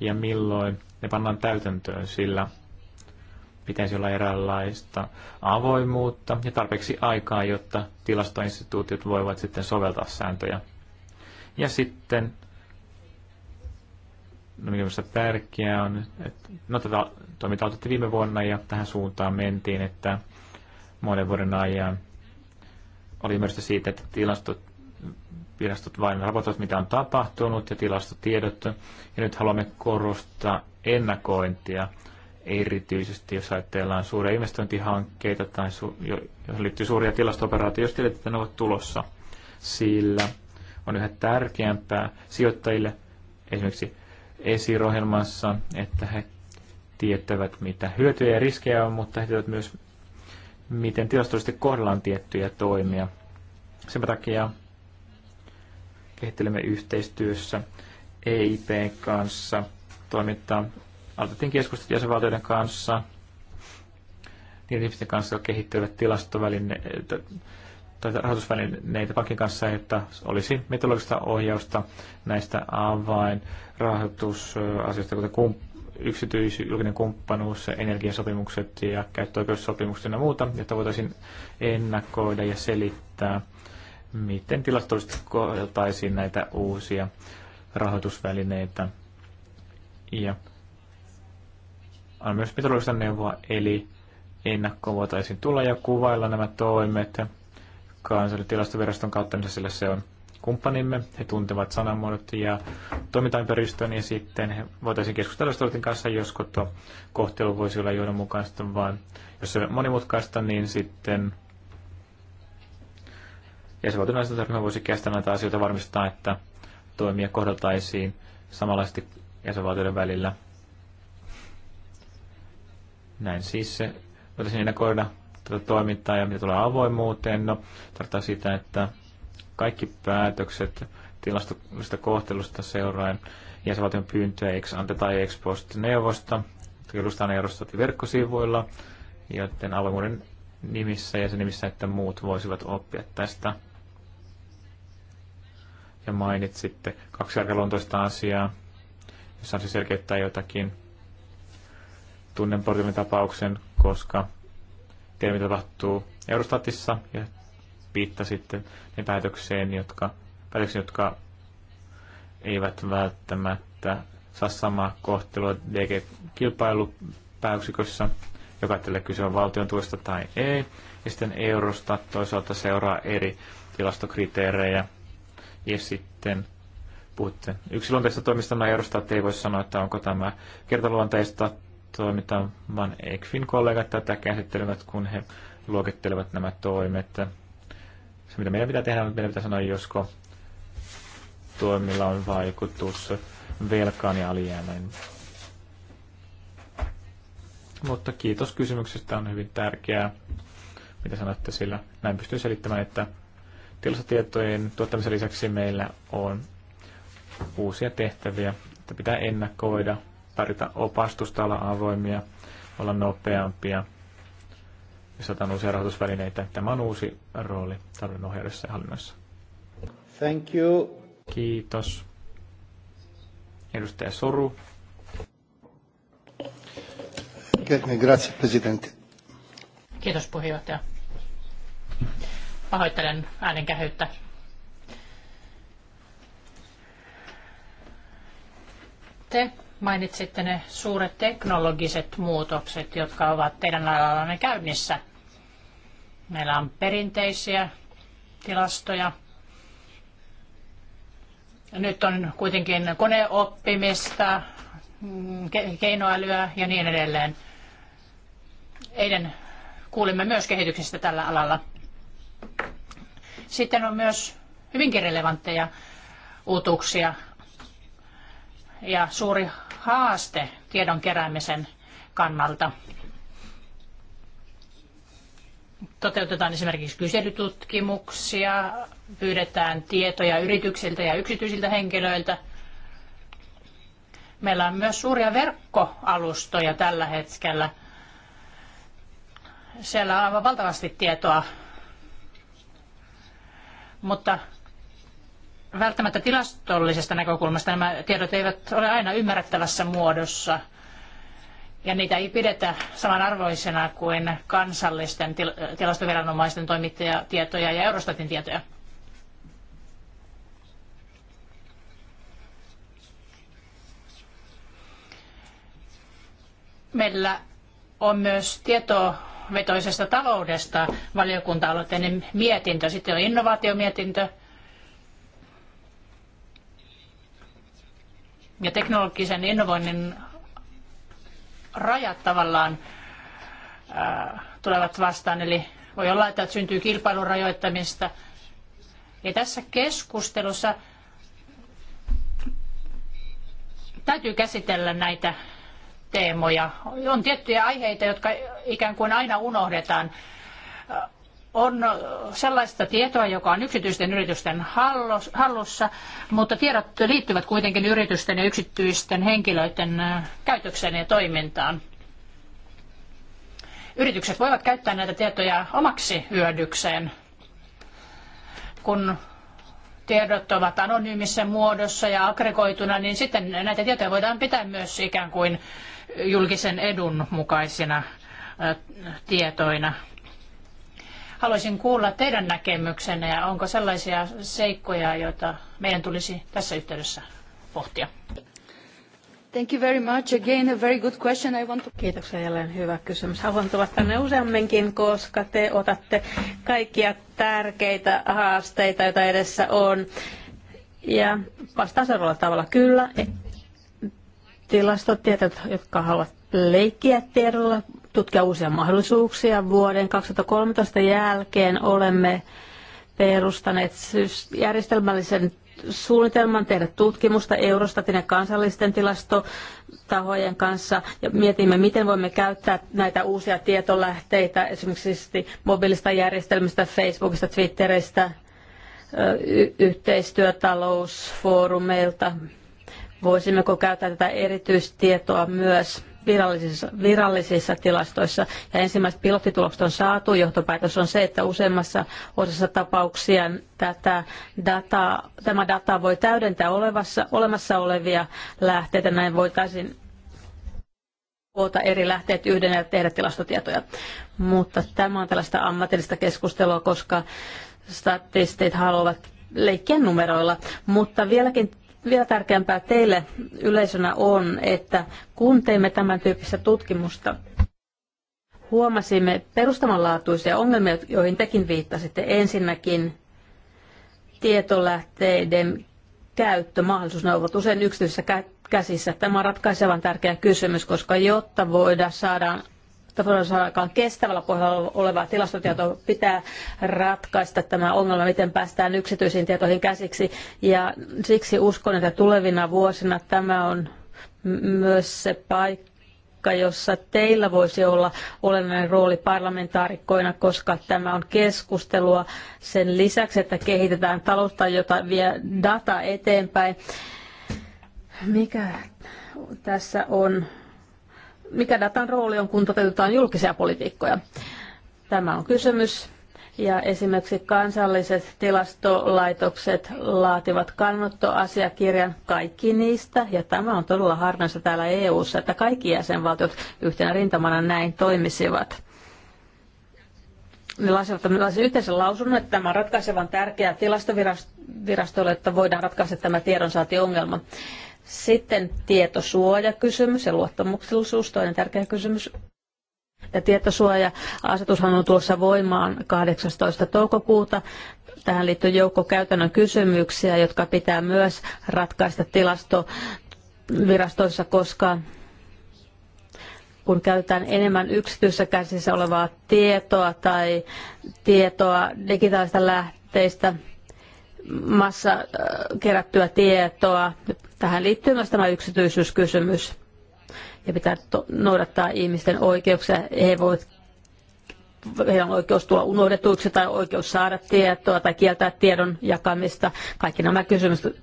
ja milloin ne pannaan täytäntöön, sillä pitäisi olla eräänlaista avoimuutta ja tarpeeksi aikaa, jotta tilastoinstituutiot voivat sitten soveltaa sääntöjä. Ja sitten, no mikä minusta tärkeää on, että no tätä toimintaa otettiin viime vuonna ja tähän suuntaan mentiin, että monen vuoden ajan oli ymmärrystä siitä, että tilastot virastot vain raportoivat, mitä on tapahtunut ja tilastotiedot. Ja nyt haluamme korostaa ennakointia, erityisesti jos ajatellaan suuria investointihankkeita tai su- jos liittyy suuria tilastooperaatioita, jos tiedät, että ne ovat tulossa. Sillä on yhä tärkeämpää sijoittajille esimerkiksi esirohjelmassa, että he tietävät, mitä hyötyjä ja riskejä on, mutta he tietävät myös, miten tilastollisesti kohdellaan tiettyjä toimia. Sen takia kehittelemme yhteistyössä eip kanssa toimintaa. Aloitettiin keskustelut jäsenvaltioiden kanssa, niiden ihmisten kanssa, jotka kehittelevät tilastoväline, tai rahoitusvälineitä pankin kanssa, että olisi metodologista ohjausta näistä avainrahoitusasioista, kuten kump- yksityis, julkinen kumppanuus, energiasopimukset ja käyttöoikeussopimukset ja muuta, jotta voitaisiin ennakoida ja selittää, miten tilastollisesti kohdeltaisiin näitä uusia rahoitusvälineitä. Ja on myös metodologista neuvoa, eli ennakkoon voitaisiin tulla ja kuvailla nämä toimet kansallisen tilastoviraston kautta, niin sille se on kumppanimme. He tuntevat sanamuodot ja toimintaympäristön ja sitten he voitaisiin keskustella Stoltin kanssa, josko tuo kohtelu voisi olla johdonmukaista, vaan jos se on monimutkaista, niin sitten ja jäsenvaltion ryhmä voisi kestää näitä asioita varmistaa, että toimia kohdeltaisiin samanlaisesti jäsenvaltioiden välillä. Näin siis se voitaisiin ennakoida tätä toimintaa ja mitä tulee avoimuuteen. No, tarkoittaa sitä, että kaikki päätökset tilastollisesta kohtelusta seuraen jäsenvaltion pyyntöä ex ante tai ex post neuvosta, edustaa neuvostotti verkkosivuilla, joten avoimuuden nimissä ja sen nimissä, että muut voisivat oppia tästä. Ja mainitsitte kaksi arkaluontoista asiaa, jossa on se selkeyttää jotakin tunnen tapauksen, koska tiedä, mitä tapahtuu Eurostatissa ja sitten ne päätökseen, jotka, päätöksiin, jotka eivät välttämättä saa samaa kohtelua DG-kilpailupääyksikössä, joka tällä kyse on valtion tuesta tai ei. Ja sitten Eurostat toisaalta seuraa eri tilastokriteerejä. Ja sitten puhutte yksiluonteista toimista, Eurostat ei voi sanoa, että onko tämä kertaluonteista toimitaan, vaan ECFin kollegat tätä käsittelevät, kun he luokittelevat nämä toimet. Se, mitä meidän pitää tehdä, on, meidän pitää sanoa, josko toimilla on vaikutus velkaan ja alijäämään. Mutta kiitos kysymyksestä, on hyvin tärkeää, mitä sanotte sillä. Näin pystyy selittämään, että tilastotietojen tuottamisen lisäksi meillä on uusia tehtäviä, että pitää ennakoida tarjota opastusta, olla avoimia, olla nopeampia. Lisätään uusia rahoitusvälineitä. Tämä on uusi rooli talouden ohjaudessa ja hallinnoissa. Thank you. Kiitos. Edustaja Soru. Grazie, presidente. Kiitos puheenjohtaja. Pahoittelen kähyyttä. Te mainitsitte ne suuret teknologiset muutokset, jotka ovat teidän alallanne käynnissä. Meillä on perinteisiä tilastoja. Nyt on kuitenkin koneoppimista, keinoälyä ja niin edelleen. Eilen kuulimme myös kehityksestä tällä alalla. Sitten on myös hyvinkin relevantteja uutuuksia ja suuri haaste tiedon keräämisen kannalta. Toteutetaan esimerkiksi kyselytutkimuksia, pyydetään tietoja yrityksiltä ja yksityisiltä henkilöiltä. Meillä on myös suuria verkkoalustoja tällä hetkellä. Siellä on aivan valtavasti tietoa, mutta välttämättä tilastollisesta näkökulmasta nämä tiedot eivät ole aina ymmärrettävässä muodossa. Ja niitä ei pidetä samanarvoisena kuin kansallisten til- tilastoviranomaisten toimittajatietoja ja Eurostatin tietoja. Meillä on myös tietovetoisesta taloudesta valiokunta-aloitteinen mietintö, sitten on innovaatiomietintö – ja teknologisen innovoinnin rajat tavallaan tulevat vastaan. Eli voi olla, että syntyy kilpailun rajoittamista. Ja tässä keskustelussa täytyy käsitellä näitä teemoja. On tiettyjä aiheita, jotka ikään kuin aina unohdetaan on sellaista tietoa, joka on yksityisten yritysten hallussa, mutta tiedot liittyvät kuitenkin yritysten ja yksityisten henkilöiden käytökseen ja toimintaan. Yritykset voivat käyttää näitä tietoja omaksi hyödykseen, kun tiedot ovat anonyymissä muodossa ja aggregoituna, niin sitten näitä tietoja voidaan pitää myös ikään kuin julkisen edun mukaisina tietoina. Haluaisin kuulla teidän näkemyksenne ja onko sellaisia seikkoja, joita meidän tulisi tässä yhteydessä pohtia. Thank you very much. Again, a very good question. I want to... Kiitoksia jälleen hyvä kysymys. Haluan tulla tänne useamminkin, koska te otatte kaikkia tärkeitä haasteita, joita edessä on. Ja vastaan seuraavalla tavalla kyllä. E- Tilastotietot, jotka haluavat leikkiä tiedolla, tutkia uusia mahdollisuuksia. Vuoden 2013 jälkeen olemme perustaneet järjestelmällisen suunnitelman tehdä tutkimusta Eurostatin ja kansallisten tilastotahojen kanssa ja mietimme, miten voimme käyttää näitä uusia tietolähteitä esimerkiksi mobiilista järjestelmistä, Facebookista, Twitteristä, yhteistyötalousfoorumeilta. Voisimmeko käyttää tätä erityistietoa myös virallisissa, virallisissa tilastoissa. Ja ensimmäiset pilottitulokset on saatu. Johtopäätös on se, että useimmassa osassa tapauksia tätä data, tämä data voi täydentää olevassa, olemassa olevia lähteitä. Näin voitaisiin koota eri lähteet yhden ja tehdä tilastotietoja. Mutta tämä on tällaista ammatillista keskustelua, koska statistit haluavat leikkiä numeroilla, mutta vieläkin vielä tärkeämpää teille yleisönä on, että kun teimme tämän tyyppistä tutkimusta, huomasimme perustavanlaatuisia ongelmia, joihin tekin viittasitte. Ensinnäkin tietolähteiden mahdollisuus, ne ovat usein yksityisissä käsissä. Tämä on ratkaisevan tärkeä kysymys, koska jotta voidaan saada jotta voidaan saada aikaan kestävällä pohjalla olevaa tilastotietoa pitää ratkaista tämä ongelma, miten päästään yksityisiin tietoihin käsiksi. Ja siksi uskon, että tulevina vuosina tämä on myös se paikka, jossa teillä voisi olla olennainen rooli parlamentaarikkoina, koska tämä on keskustelua sen lisäksi, että kehitetään taloutta, jota vie data eteenpäin. Mikä tässä on mikä datan rooli on, kun toteutetaan julkisia politiikkoja. Tämä on kysymys. Ja esimerkiksi kansalliset tilastolaitokset laativat kannottoasiakirjan kaikki niistä, ja tämä on todella harvinaista täällä EU:ssa, että kaikki jäsenvaltiot yhtenä rintamana näin toimisivat. Ne laisivat yhteisen lausunnon, että tämä on ratkaisevan tärkeä tilastovirastolle, että voidaan ratkaista tämä tiedonsaantiongelma. ongelma sitten tietosuojakysymys ja luottamuksellisuus, toinen tärkeä kysymys. Ja tietosuoja-asetushan on tulossa voimaan 18. toukokuuta. Tähän liittyy joukko käytännön kysymyksiä, jotka pitää myös ratkaista tilastovirastoissa, koska kun käytetään enemmän yksityisessä käsissä olevaa tietoa tai tietoa digitaalista lähteistä, massa äh, kerättyä tietoa. Tähän liittyy myös tämä yksityisyyskysymys ja pitää noudattaa ihmisten oikeuksia. He voivat heillä on oikeus tulla unohdetuiksi tai oikeus saada tietoa tai kieltää tiedon jakamista. Kaikki nämä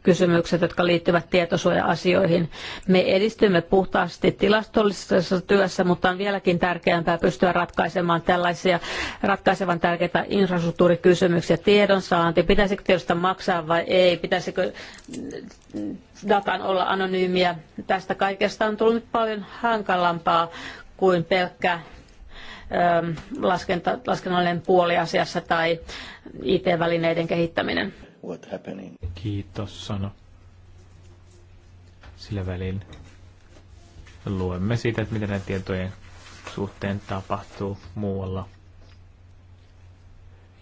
kysymykset, jotka liittyvät tietosuoja-asioihin. Me edistymme puhtaasti tilastollisessa työssä, mutta on vieläkin tärkeämpää pystyä ratkaisemaan tällaisia ratkaisevan tärkeitä infrastruktuurikysymyksiä. Tiedonsaanti, pitäisikö tiedosta maksaa vai ei, pitäisikö datan olla anonyymiä. Tästä kaikesta on tullut paljon hankalampaa kuin pelkkä Ähm, laskenta, laskennallinen puoli asiassa tai IT-välineiden kehittäminen. What happening? Kiitos, sano. Sillä välin luemme siitä, että mitä näiden tietojen suhteen tapahtuu muualla.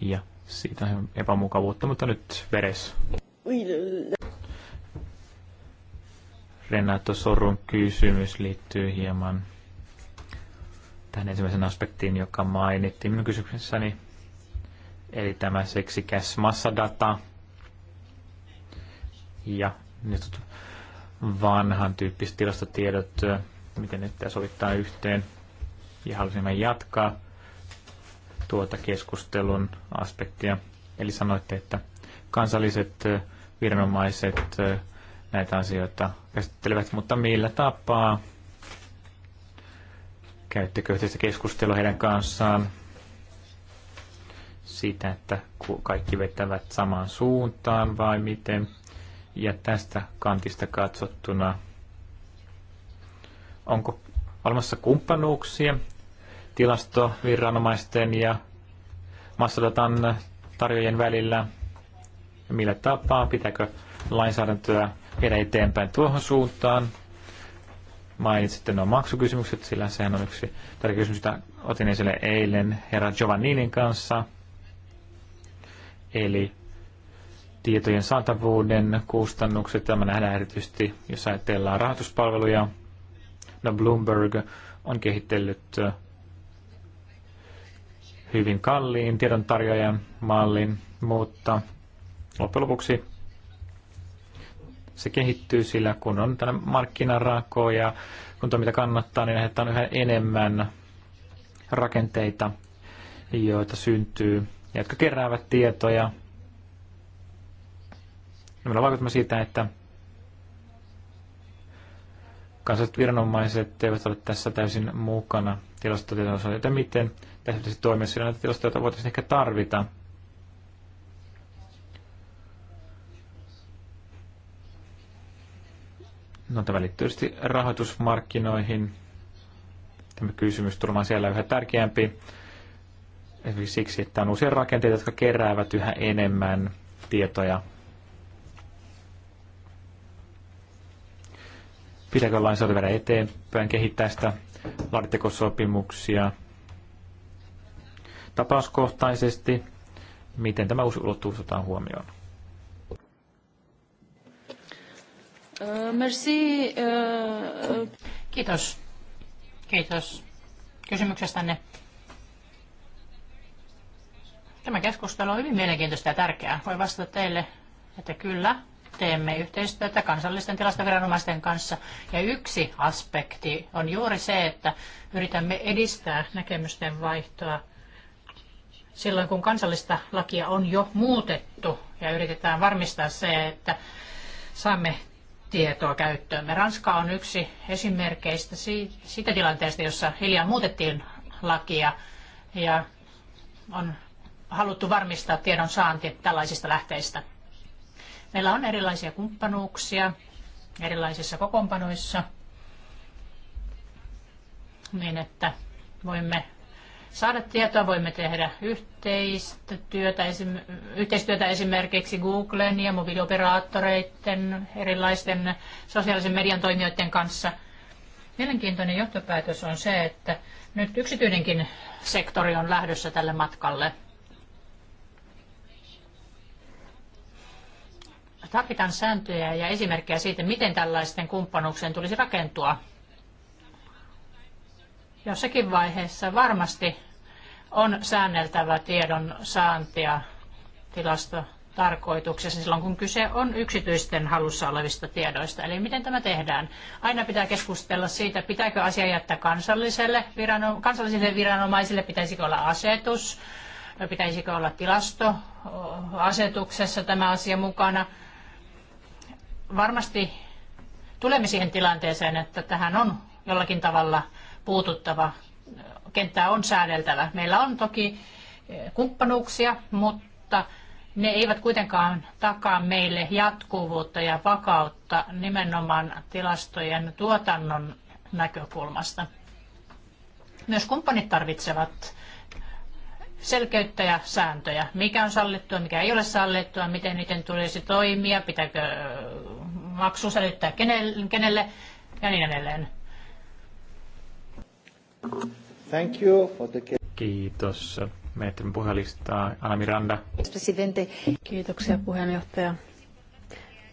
Ja siitä on epämukavuutta, mutta nyt veres. Renato Sorun kysymys liittyy hieman tähän ensimmäisen aspektiin, joka mainittiin minun kysymyksessäni, eli tämä seksikäs massadata ja nyt vanhan tyyppiset tilastotiedot, miten ne pitää sovittaa yhteen. Ja halusimme jatkaa tuota keskustelun aspektia. Eli sanoitte, että kansalliset viranomaiset näitä asioita käsittelevät, mutta millä tapaa Käyttekö yhteistä keskustelua heidän kanssaan siitä, että kaikki vetävät samaan suuntaan vai miten? Ja tästä kantista katsottuna, onko olemassa kumppanuuksia tilastoviranomaisten ja massadatan tarjoajien välillä? Ja millä tapaa? Pitääkö lainsäädäntöä viedä eteenpäin tuohon suuntaan? Mainitsitte nuo maksukysymykset, sillä sehän on yksi tärkeä kysymys, jota otin esille eilen herra Giovanninin kanssa. Eli tietojen saatavuuden kustannukset, tämä nähdään erityisesti, jos ajatellaan rahoituspalveluja. No Bloomberg on kehitellyt hyvin kalliin tiedontarjoajan mallin, mutta loppujen lopuksi se kehittyy sillä, kun on tänä markkinarako ja kun toiminta kannattaa, niin lähdetään yhä enemmän rakenteita, joita syntyy, jotka keräävät tietoja. Meillä on siitä, että kansalliset viranomaiset eivät ole tässä täysin mukana tilastotietoisuudessa, joten miten tässä pitäisi toimia sillä näitä tilastoja voitaisiin ehkä tarvita – No tämä liittyy tietysti rahoitusmarkkinoihin. Tämä kysymys tulee siellä yhä tärkeämpi. Esimerkiksi siksi, että on uusia rakenteita, jotka keräävät yhä enemmän tietoja. Pitääkö lainsäädäntö viedä eteenpäin, kehittää sitä, laaditteko sopimuksia tapauskohtaisesti, miten tämä uusi ulottuvuus otetaan huomioon. Merci. Kiitos. Kiitos kysymyksestänne. Tämä keskustelu on hyvin mielenkiintoista ja tärkeää. Voi vastata teille, että kyllä, teemme yhteistyötä kansallisten tilastoviranomaisten kanssa. Ja yksi aspekti on juuri se, että yritämme edistää näkemysten vaihtoa silloin, kun kansallista lakia on jo muutettu ja yritetään varmistaa se, että saamme tietoa käyttöömme. Ranska on yksi esimerkkeistä siitä tilanteesta, jossa hiljaa muutettiin lakia ja on haluttu varmistaa tiedon saanti tällaisista lähteistä. Meillä on erilaisia kumppanuuksia erilaisissa kokoonpanoissa niin, että voimme saada tietoa, voimme tehdä yhteistyötä, esim, yhteistyötä esimerkiksi Googlen ja mobiilioperaattoreiden, erilaisten sosiaalisen median toimijoiden kanssa. Mielenkiintoinen johtopäätös on se, että nyt yksityinenkin sektori on lähdössä tälle matkalle. Tarvitaan sääntöjä ja esimerkkejä siitä, miten tällaisten kumppanuuksien tulisi rakentua jossakin vaiheessa varmasti on säänneltävä tiedon saantia tilastotarkoituksessa silloin, kun kyse on yksityisten halussa olevista tiedoista. Eli miten tämä tehdään? Aina pitää keskustella siitä, pitääkö asia jättää kansalliselle, virano, kansallisille viranomaisille, pitäisikö olla asetus, pitäisikö olla tilastoasetuksessa tämä asia mukana. Varmasti tulemme siihen tilanteeseen, että tähän on jollakin tavalla puututtava, kenttää on säädeltävä. Meillä on toki e, kumppanuuksia, mutta ne eivät kuitenkaan takaa meille jatkuvuutta ja vakautta nimenomaan tilastojen tuotannon näkökulmasta. Myös kumppanit tarvitsevat selkeyttä ja sääntöjä. Mikä on sallittua, mikä ei ole sallittua, miten niiden tulisi toimia, pitääkö maksu selittää kenelle ja niin edelleen. Thank you for the... Kiitos. Menettelyn puhelistaa Anna Miranda. Presidente. Kiitoksia puheenjohtaja.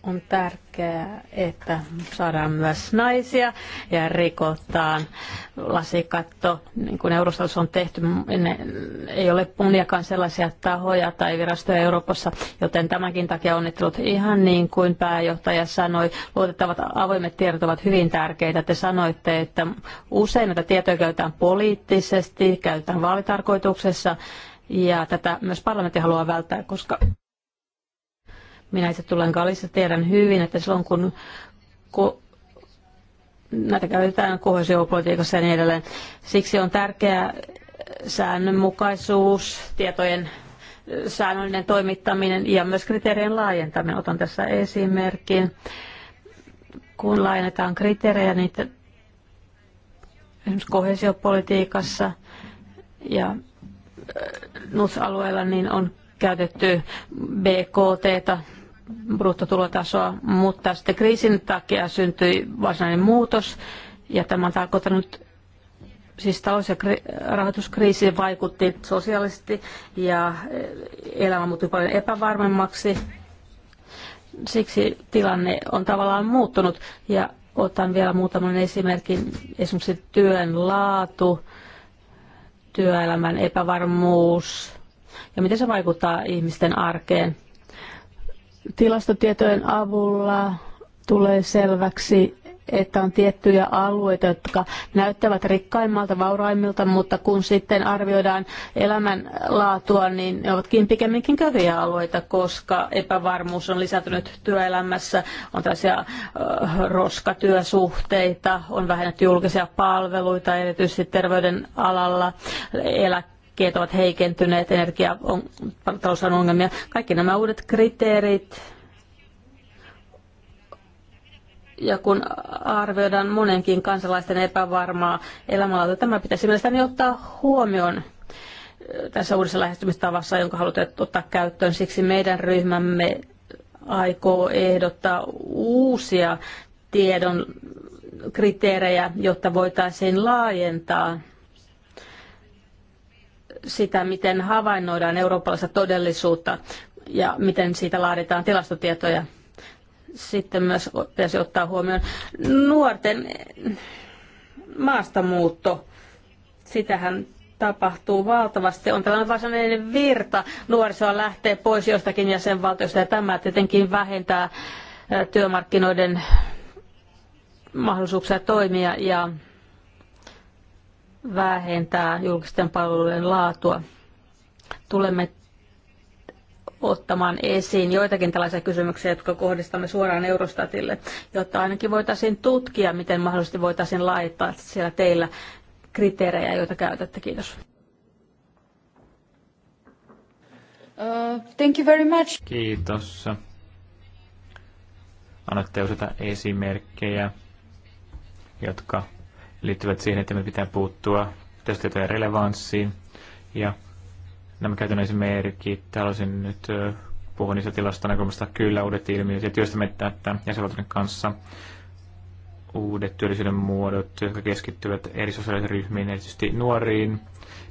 On tärkeää, että saadaan myös naisia ja rikotaan lasikatto, niin kuin Eurostossa on tehty. Ne, ei ole moniakaan sellaisia tahoja tai virastoja Euroopassa, joten tämänkin takia onnittelut ihan niin kuin pääjohtaja sanoi. Luotettavat avoimet tiedot ovat hyvin tärkeitä. Te sanoitte, että usein näitä tietoja käytetään poliittisesti, käytetään vaalitarkoituksessa ja tätä myös parlamentti haluaa välttää, koska minä itse tulen Galissa, tiedän hyvin, että silloin kun ko- näitä käytetään kohesiopolitiikassa ja niin edelleen. Siksi on tärkeää säännönmukaisuus, tietojen säännöllinen toimittaminen ja myös kriteerien laajentaminen. Otan tässä esimerkin. Kun laajennetaan kriteerejä, niitä esimerkiksi kohesiopolitiikassa ja NUS-alueella niin on käytetty BKT, bruttotulotasoa, mutta sitten kriisin takia syntyi varsinainen muutos ja tämä on tarkoittanut siis talous- ja rahoituskriisi vaikutti sosiaalisesti ja elämä muuttui paljon epävarmemmaksi. Siksi tilanne on tavallaan muuttunut ja otan vielä muutaman esimerkin. Esimerkiksi työn laatu, työelämän epävarmuus ja miten se vaikuttaa ihmisten arkeen. Tilastotietojen avulla tulee selväksi, että on tiettyjä alueita, jotka näyttävät rikkaimmilta, vauraimmilta, mutta kun sitten arvioidaan elämänlaatua, niin ne ovatkin pikemminkin köyhiä alueita, koska epävarmuus on lisääntynyt työelämässä, on tällaisia roskatyösuhteita, on vähennetty julkisia palveluita, erityisesti terveyden alalla, eläkkeet eläkkeet ovat heikentyneet, energiatalous on ongelmia. Kaikki nämä uudet kriteerit, ja kun arvioidaan monenkin kansalaisten epävarmaa elämänlaatua, tämä pitäisi mielestäni ottaa huomioon tässä uudessa lähestymistavassa, jonka haluatte ottaa käyttöön. Siksi meidän ryhmämme aikoo ehdottaa uusia tiedon kriteerejä, jotta voitaisiin laajentaa sitä, miten havainnoidaan eurooppalaista todellisuutta ja miten siitä laaditaan tilastotietoja. Sitten myös pitäisi ottaa huomioon nuorten maastamuutto. Sitähän tapahtuu valtavasti. On tällainen varsinainen virta. Nuorisoa lähtee pois jostakin jäsenvaltiosta ja tämä tietenkin vähentää työmarkkinoiden mahdollisuuksia toimia ja vähentää julkisten palvelujen laatua. Tulemme ottamaan esiin joitakin tällaisia kysymyksiä, jotka kohdistamme suoraan Eurostatille, jotta ainakin voitaisiin tutkia, miten mahdollisesti voitaisiin laittaa siellä teillä kriteerejä, joita käytätte. Kiitos. Uh, thank you very much. Kiitos. Annatte useita esimerkkejä, jotka liittyvät siihen, että me pitää puuttua testitietojen relevanssiin. Ja nämä käytännöiset merkit, haluaisin nyt puhua niistä tilasta näkökulmasta kyllä uudet ilmiöt ja työstämme että jäsenvaltioiden kanssa uudet työllisyyden muodot, jotka keskittyvät eri sosiaalisiin ryhmiin, erityisesti nuoriin.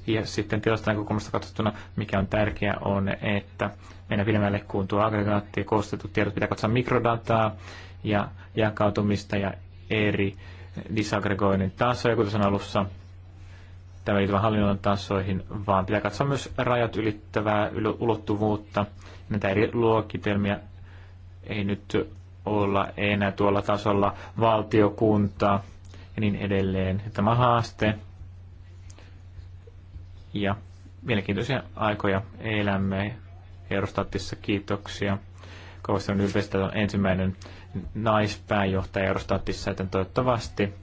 Ja sitten tilasta näkökulmasta katsottuna, mikä on tärkeää, on, että meidän pidemmälle kuin tuo aggregaatti ja koostetut tiedot pitää katsoa mikrodataa ja jakautumista ja eri disaggregoinnin tasoja, kuten sanoin alussa, tämä liittyvän hallinnon tasoihin, vaan pitää katsoa myös rajat ylittävää ulottuvuutta. Näitä eri luokitelmia ei nyt olla enää tuolla tasolla valtiokunta ja niin edelleen. Tämä haaste ja mielenkiintoisia aikoja elämme Herostattissa Kiitoksia. Kovasti on ylpeistä on ensimmäinen naispääjohtaja Eurostatissa, joten toivottavasti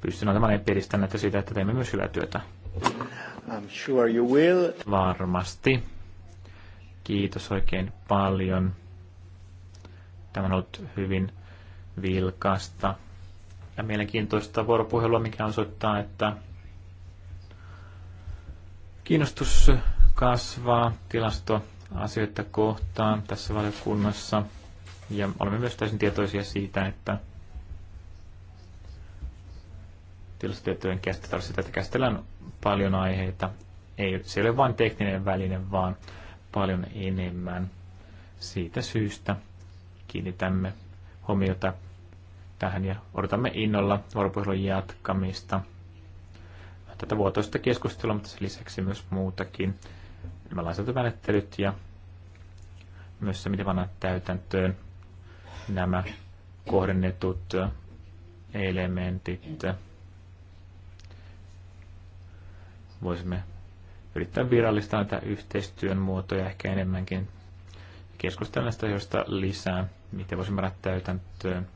pystyn antamaan näitä siitä, että teemme myös hyvää työtä. I'm sure you will. Varmasti. Kiitos oikein paljon. Tämä on ollut hyvin vilkasta ja mielenkiintoista vuoropuhelua, mikä osoittaa, että kiinnostus kasvaa tilastoasioita kohtaan tässä valiokunnassa – ja olemme myös täysin tietoisia siitä, että tilastotietojen käsitellä sitä, että käsitellään paljon aiheita. Ei, se ei ole vain tekninen väline, vaan paljon enemmän. Siitä syystä kiinnitämme huomiota tähän ja odotamme innolla vuoropuhelun jatkamista. Tätä vuotoista keskustelua, mutta sen lisäksi myös muutakin. Nämä lainsäädäntömenettelyt ja myös se, miten vanhat täytäntöön nämä kohdennetut elementit. Voisimme yrittää virallistaa näitä yhteistyön muotoja ehkä enemmänkin. Keskustella näistä asioista lisää, miten voisimme mennä täytäntöön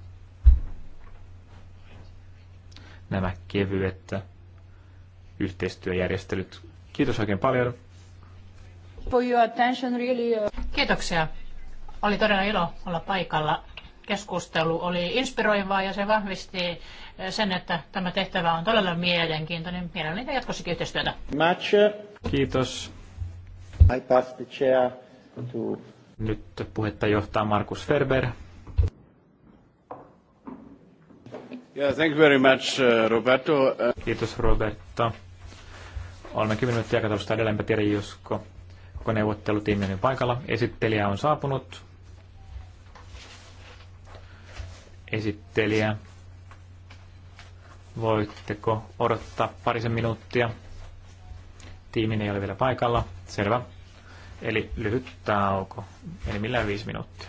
nämä kevyet yhteistyöjärjestelyt. Kiitos oikein paljon. Uh, Kiitoksia. Oli todella ilo olla paikalla keskustelu oli inspiroivaa ja se vahvisti sen, että tämä tehtävä on todella mielenkiintoinen. Mielelläni jatkossakin yhteistyötä. Match. Kiitos. I pass the chair to... Nyt puhetta johtaa Markus Ferber. Yeah, thank you very much, uh, Roberto. Uh, Kiitos, Roberto. Olemme 10 minuuttia katsomassa edelleen tiedä, josko koko neuvottelutiimi on paikalla. Esittelijä on saapunut. esittelijä. Voitteko odottaa parisen minuuttia? Tiimin ei ole vielä paikalla. Selvä. Eli lyhyt tauko. Eli millään viisi minuuttia.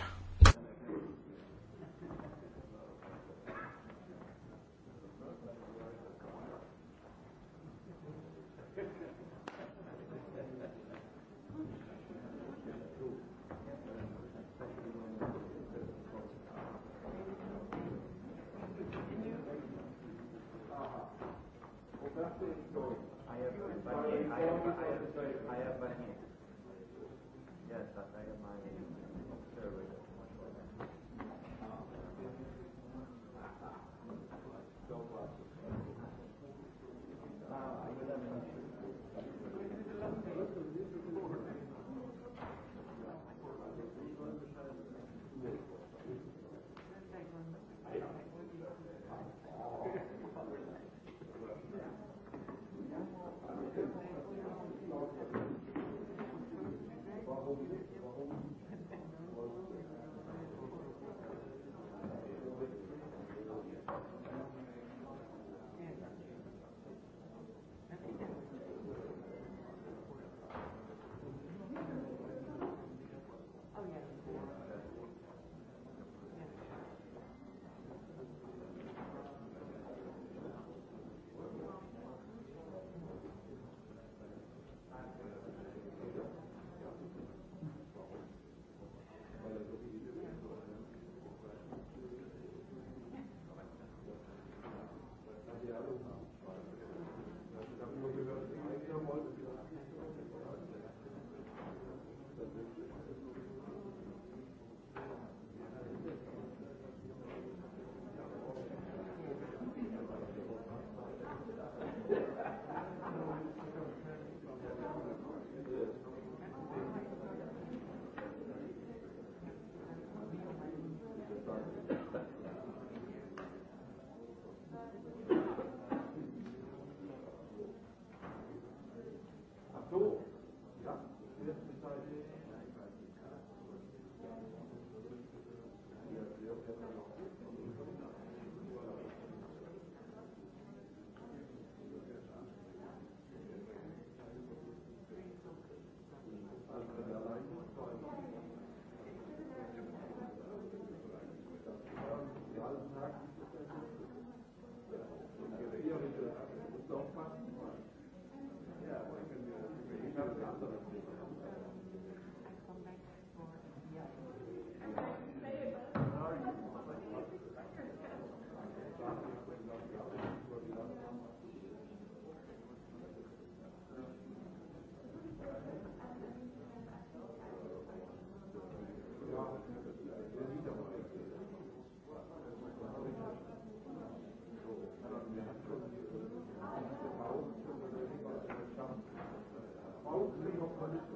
Yeah, we can do it. We have a Thank you.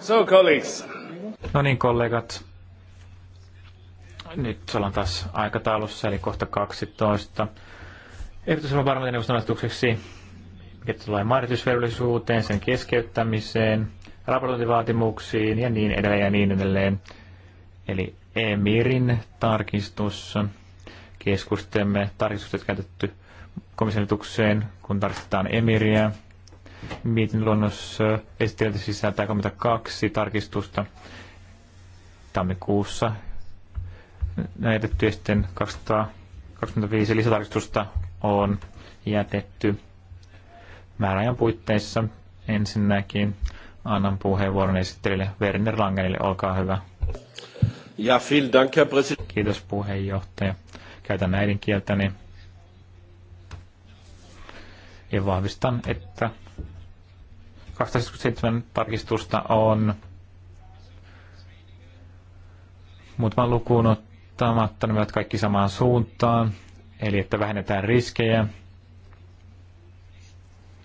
So, colleagues. No niin, kollegat. Nyt ollaan taas aikataulussa, eli kohta 12. on parlamentin neuvoston asetukseksi, mikä tulee määritysvelvollisuuteen, sen keskeyttämiseen, raportointivaatimuksiin ja niin edelleen ja niin edelleen. Eli Emirin tarkistus. Keskustemme tarkistukset käytetty komissioitukseen, kun tarkistetaan Emiriä. Mietin luonnos esitelty sisältää 32 tarkistusta tammikuussa näytetty ja sitten 225 lisätarkistusta on jätetty määräajan puitteissa. Ensinnäkin annan puheenvuoron esittelijälle Werner Langenille. Olkaa hyvä. Ja, dank, Herr Kiitos puheenjohtaja. Käytän äidinkieltäni ja vahvistan, että 277 tarkistusta on muutaman lukuun ottamatta, ne ovat kaikki samaan suuntaan, eli että vähennetään riskejä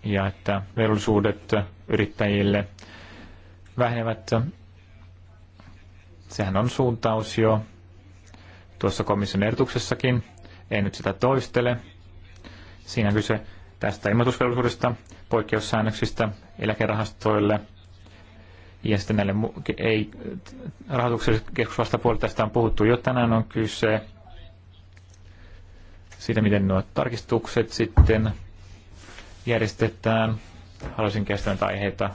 ja että velvollisuudet yrittäjille vähenevät. Sehän on suuntaus jo tuossa komission ehdotuksessakin. En nyt sitä toistele. Siinä kyse tästä ilmoitusvelvollisuudesta, poikkeussäännöksistä eläkerahastoille ja sitten näille ei, rahoituksen keskusvastapuolelle tästä on puhuttu jo tänään on kyse siitä, miten nuo tarkistukset sitten järjestetään. Haluaisin käsitellä aiheita,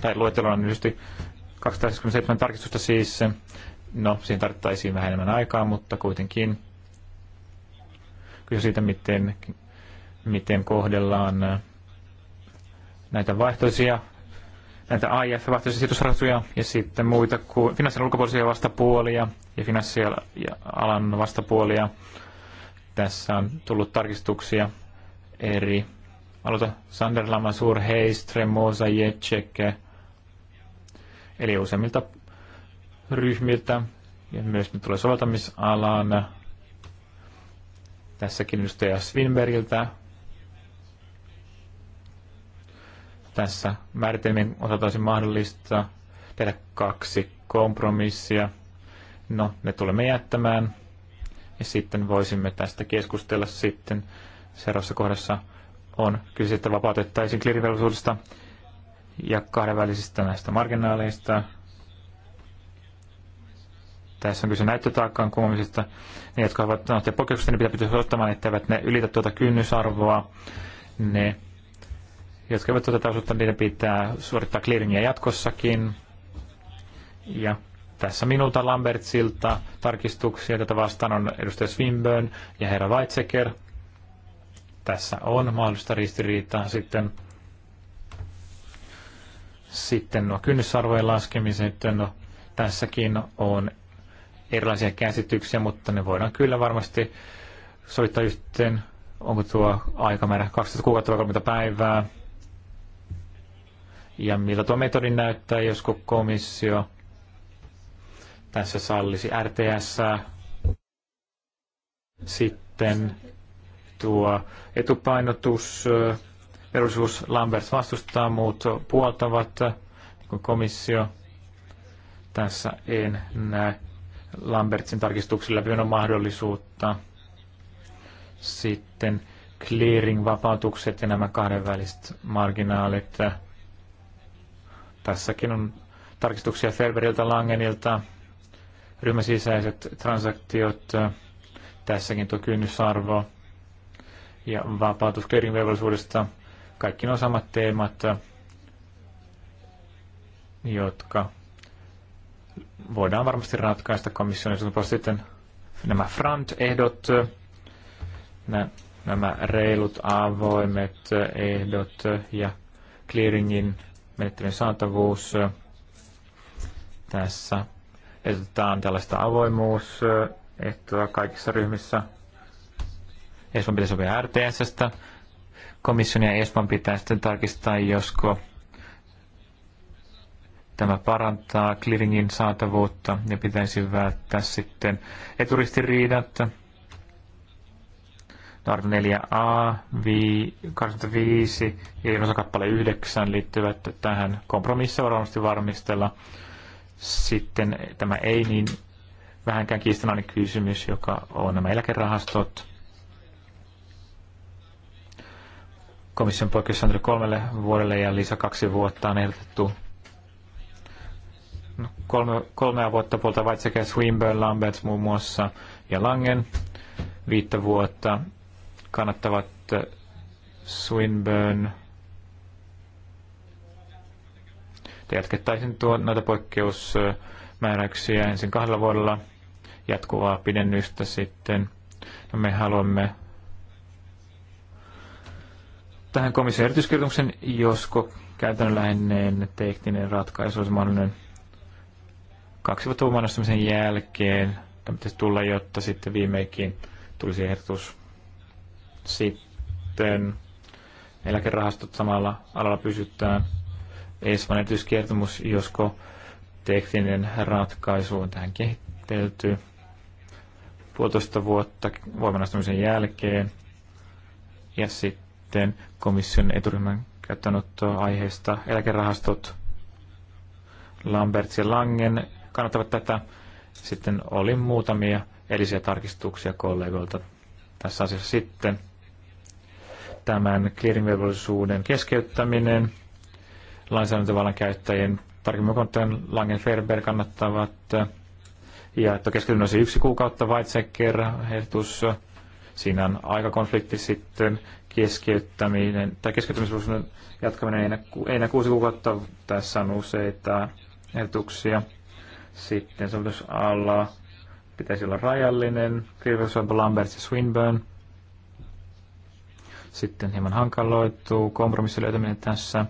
tai luettelona on tietysti 277 tarkistusta siis. No, siihen tarvittaisiin vähän enemmän aikaa, mutta kuitenkin kyse siitä, miten, miten kohdellaan näitä vaihtoisia, näitä AIF-vaihtoisia sijoitusratsuja ja sitten muita kuin finanssialan ulkopuolisia vastapuolia ja finanssialan vastapuolia. Tässä on tullut tarkistuksia eri aloita Sander Lamasur, Heistre, Tremosa, Jecek, eli useimmilta ryhmiltä ja myös nyt tulee soveltamisalaan tässäkin edustaja Svinbergiltä tässä määritelmien osalta olisi mahdollista tehdä kaksi kompromissia. No, ne tulemme jättämään ja sitten voisimme tästä keskustella sitten seuraavassa kohdassa on kyse, että vapautettaisiin klirivelvollisuudesta ja kahdenvälisistä näistä marginaaleista. Tässä on kyse näyttötaakkaan kumomisesta. Ne, jotka ovat nohtia poikkeuksista, ne pitää pystyä ottamaan, etteivät ne ylitä tuota kynnysarvoa. Ne jotka eivät tuota tasoittaa, niiden pitää suorittaa clearingia jatkossakin. Ja tässä minulta Lambertsilta tarkistuksia. Tätä vastaan on edustaja Swinburne ja herra Weitzeker. Tässä on mahdollista ristiriitaa sitten. Sitten nuo kynnysarvojen laskemiset, no, tässäkin on erilaisia käsityksiä, mutta ne voidaan kyllä varmasti sovittaa yhteen. Onko tuo aikamäärä 12 kuukautta vai 30 päivää? ja miltä tuo metodi näyttää, josko komissio tässä sallisi RTS. Sitten tuo etupainotus, perusuus Lambert vastustaa, muut puoltavat, niin kuin komissio. Tässä en näe Lambertsin tarkistuksilla vielä mahdollisuutta. Sitten clearing-vapautukset ja nämä kahdenväliset marginaalit. Tässäkin on tarkistuksia Ferberiltä, Langenilta, ryhmäsisäiset transaktiot, tässäkin tuo kynnysarvo ja vapautus clearing Kaikki on samat teemat, jotka voidaan varmasti ratkaista komission sitten nämä front-ehdot, nämä reilut avoimet ehdot ja clearingin menettelyn saatavuus. Tässä esitetään tällaista ehtoa kaikissa ryhmissä. Espan pitäisi sopia RTSstä. Komission ja Espan pitää sitten tarkistaa, josko tämä parantaa clearingin saatavuutta ja pitäisi välttää sitten eturistiriidat Dark 4a, 25 ja osakappale 9 liittyvät tähän kompromissa varmasti varmistella. Sitten tämä ei niin vähänkään kiistanainen kysymys, joka on nämä eläkerahastot. Komission poikkeus on kolmelle vuodelle ja lisä kaksi vuotta on ehdotettu no, kolme, kolmea vuotta puolta vaitsekään Swinburne, Lambert muun muassa ja Langen viittä vuotta kannattavat Swinburne. Jatkettaisiin tuo, noita poikkeusmääräyksiä ensin kahdella vuodella jatkuvaa pidennystä sitten. No me haluamme tähän komission erityiskertomuksen, josko käytännönläheinen tekninen ratkaisu olisi mahdollinen kaksi vuotta jälkeen. Tämä pitäisi tulla, jotta sitten viimeinkin tulisi ehdotus sitten eläkerahastot samalla alalla pysytään. ESVAN josko tekninen ratkaisu on tähän kehitelty puolitoista vuotta voimanastumisen jälkeen. Ja sitten komission eturyhmän käyttöönotto aiheesta eläkerahastot Lambert ja Langen kannattavat tätä. Sitten oli muutamia edellisiä tarkistuksia kollegoilta tässä asiassa sitten tämän clearingvelvollisuuden keskeyttäminen, lainsäädäntövallan käyttäjien tarkemmin konttajan Langenferber kannattavat ja että keskityn olisi yksi kuukautta Weizsäcker ehdotus. Siinä on aikakonflikti sitten keskeyttäminen tai keskeyttämisvuosien jatkaminen ei enää, kuusi kuukautta. Tässä on useita ehdotuksia. Sitten sovellusala pitäisi olla rajallinen. Kirjoitus Lambert ja Swinburne sitten hieman hankaloituu kompromissin löytäminen tässä.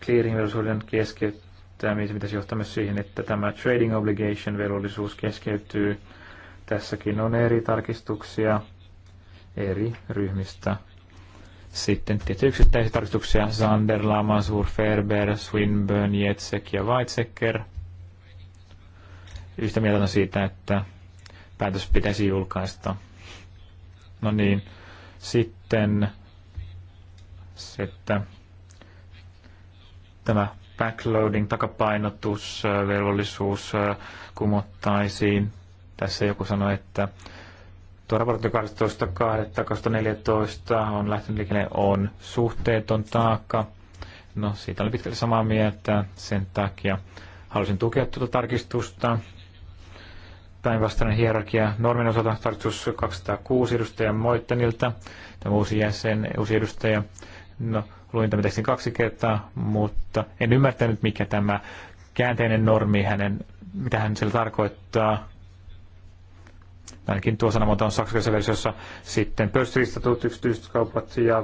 Clearing-velvollisuuden keskeyttämisen pitäisi johtaa myös siihen, että tämä trading obligation velvollisuus keskeytyy. Tässäkin on eri tarkistuksia eri ryhmistä. Sitten tietysti yksittäisiä tarkistuksia Sander, Lamasur, Ferber, Swinburne, Jetsek ja Weizsäcker. Yhtä mieltä on siitä, että päätös pitäisi julkaista. No niin, sitten sitten se, että tämä backloading, takapainotus, velvollisuus kumottaisiin. Tässä joku sanoi, että tuo raportti 12.2.2014 on lähtenyt liikkeelle on suhteeton taakka. No, siitä oli pitkälti samaa mieltä, sen takia halusin tukea tuota tarkistusta päinvastainen hierarkia normin osalta tarkoitus 206 edustajan Moittenilta, tämä uusi jäsen, uusi edustaja. No, luin tämän tekstin kaksi kertaa, mutta en ymmärtänyt, mikä tämä käänteinen normi, hänen, mitä hän sillä tarkoittaa. Ainakin tuo sanamuoto on saksalaisessa versiossa sitten pörssilistatut, yksityiset kaupat ja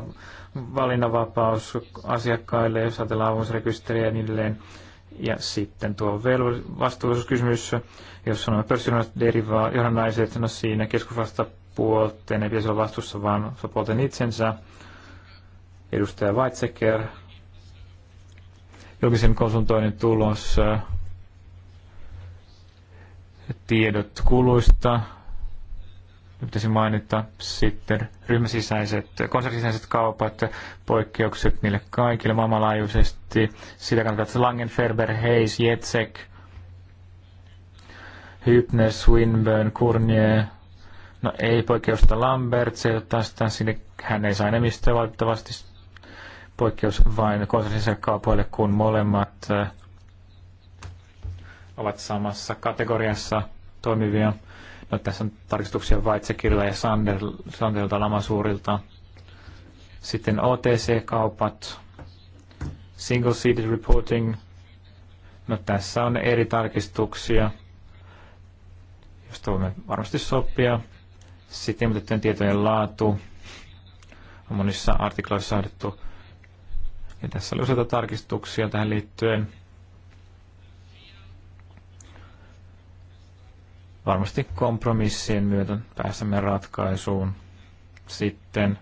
valinnanvapaus asiakkaille, jos ajatellaan avoimuusrekisteriä ja niin edelleen. Ja sitten tuo vastuullisuuskysymys, jos sanomme pörssijohdannaiset, no siinä keskusvastapuolten ei pitäisi olla vastuussa, vaan puolten itsensä. Edustaja Weizsäcker, julkisen konsultoinnin tulos, tiedot kuluista, pitäisi mainita sitten ryhmäsisäiset, konsernisisäiset kaupat, poikkeukset niille kaikille maailmanlaajuisesti. Sitä kannattaa Langenferber, Hayes, Jetsek, Hypner, Swinburne, Kurnier. No ei poikkeusta Lambert, se tästä sinne, hän ei saa enemmistöä valitettavasti poikkeus vain konsernisisäisille kaupoille, kun molemmat äh, ovat samassa kategoriassa toimivia No, tässä on tarkistuksia Vaitsekilta ja Sander, Sanderilta Lamasuurilta. Sitten OTC-kaupat, single seated reporting. No tässä on eri tarkistuksia, josta voimme varmasti sopia. Sitten ilmoitettujen tietojen laatu on monissa artikloissa saadettu. Ja tässä oli useita tarkistuksia tähän liittyen. varmasti kompromissien myötä pääsemme ratkaisuun. Sitten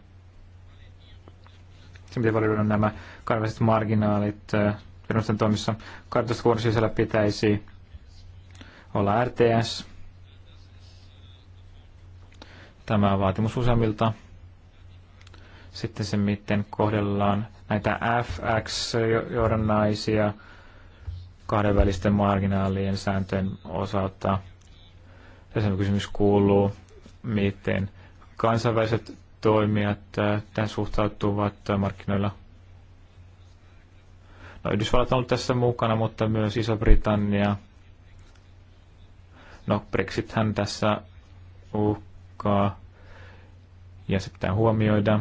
se miten validoida nämä karvaiset marginaalit perusten toimissa. 12 vuoden sisällä pitäisi olla RTS. Tämä on vaatimus useammilta. Sitten se, miten kohdellaan näitä FX-johdannaisia kahdenvälisten marginaalien sääntöjen osalta – tässä kysymys kuuluu, miten kansainväliset toimijat äh, tähän suhtautuvat äh, markkinoilla. No, Yhdysvallat on ollut tässä mukana, mutta myös Iso-Britannia. No, Brexit hän tässä uhkaa ja sitten huomioida.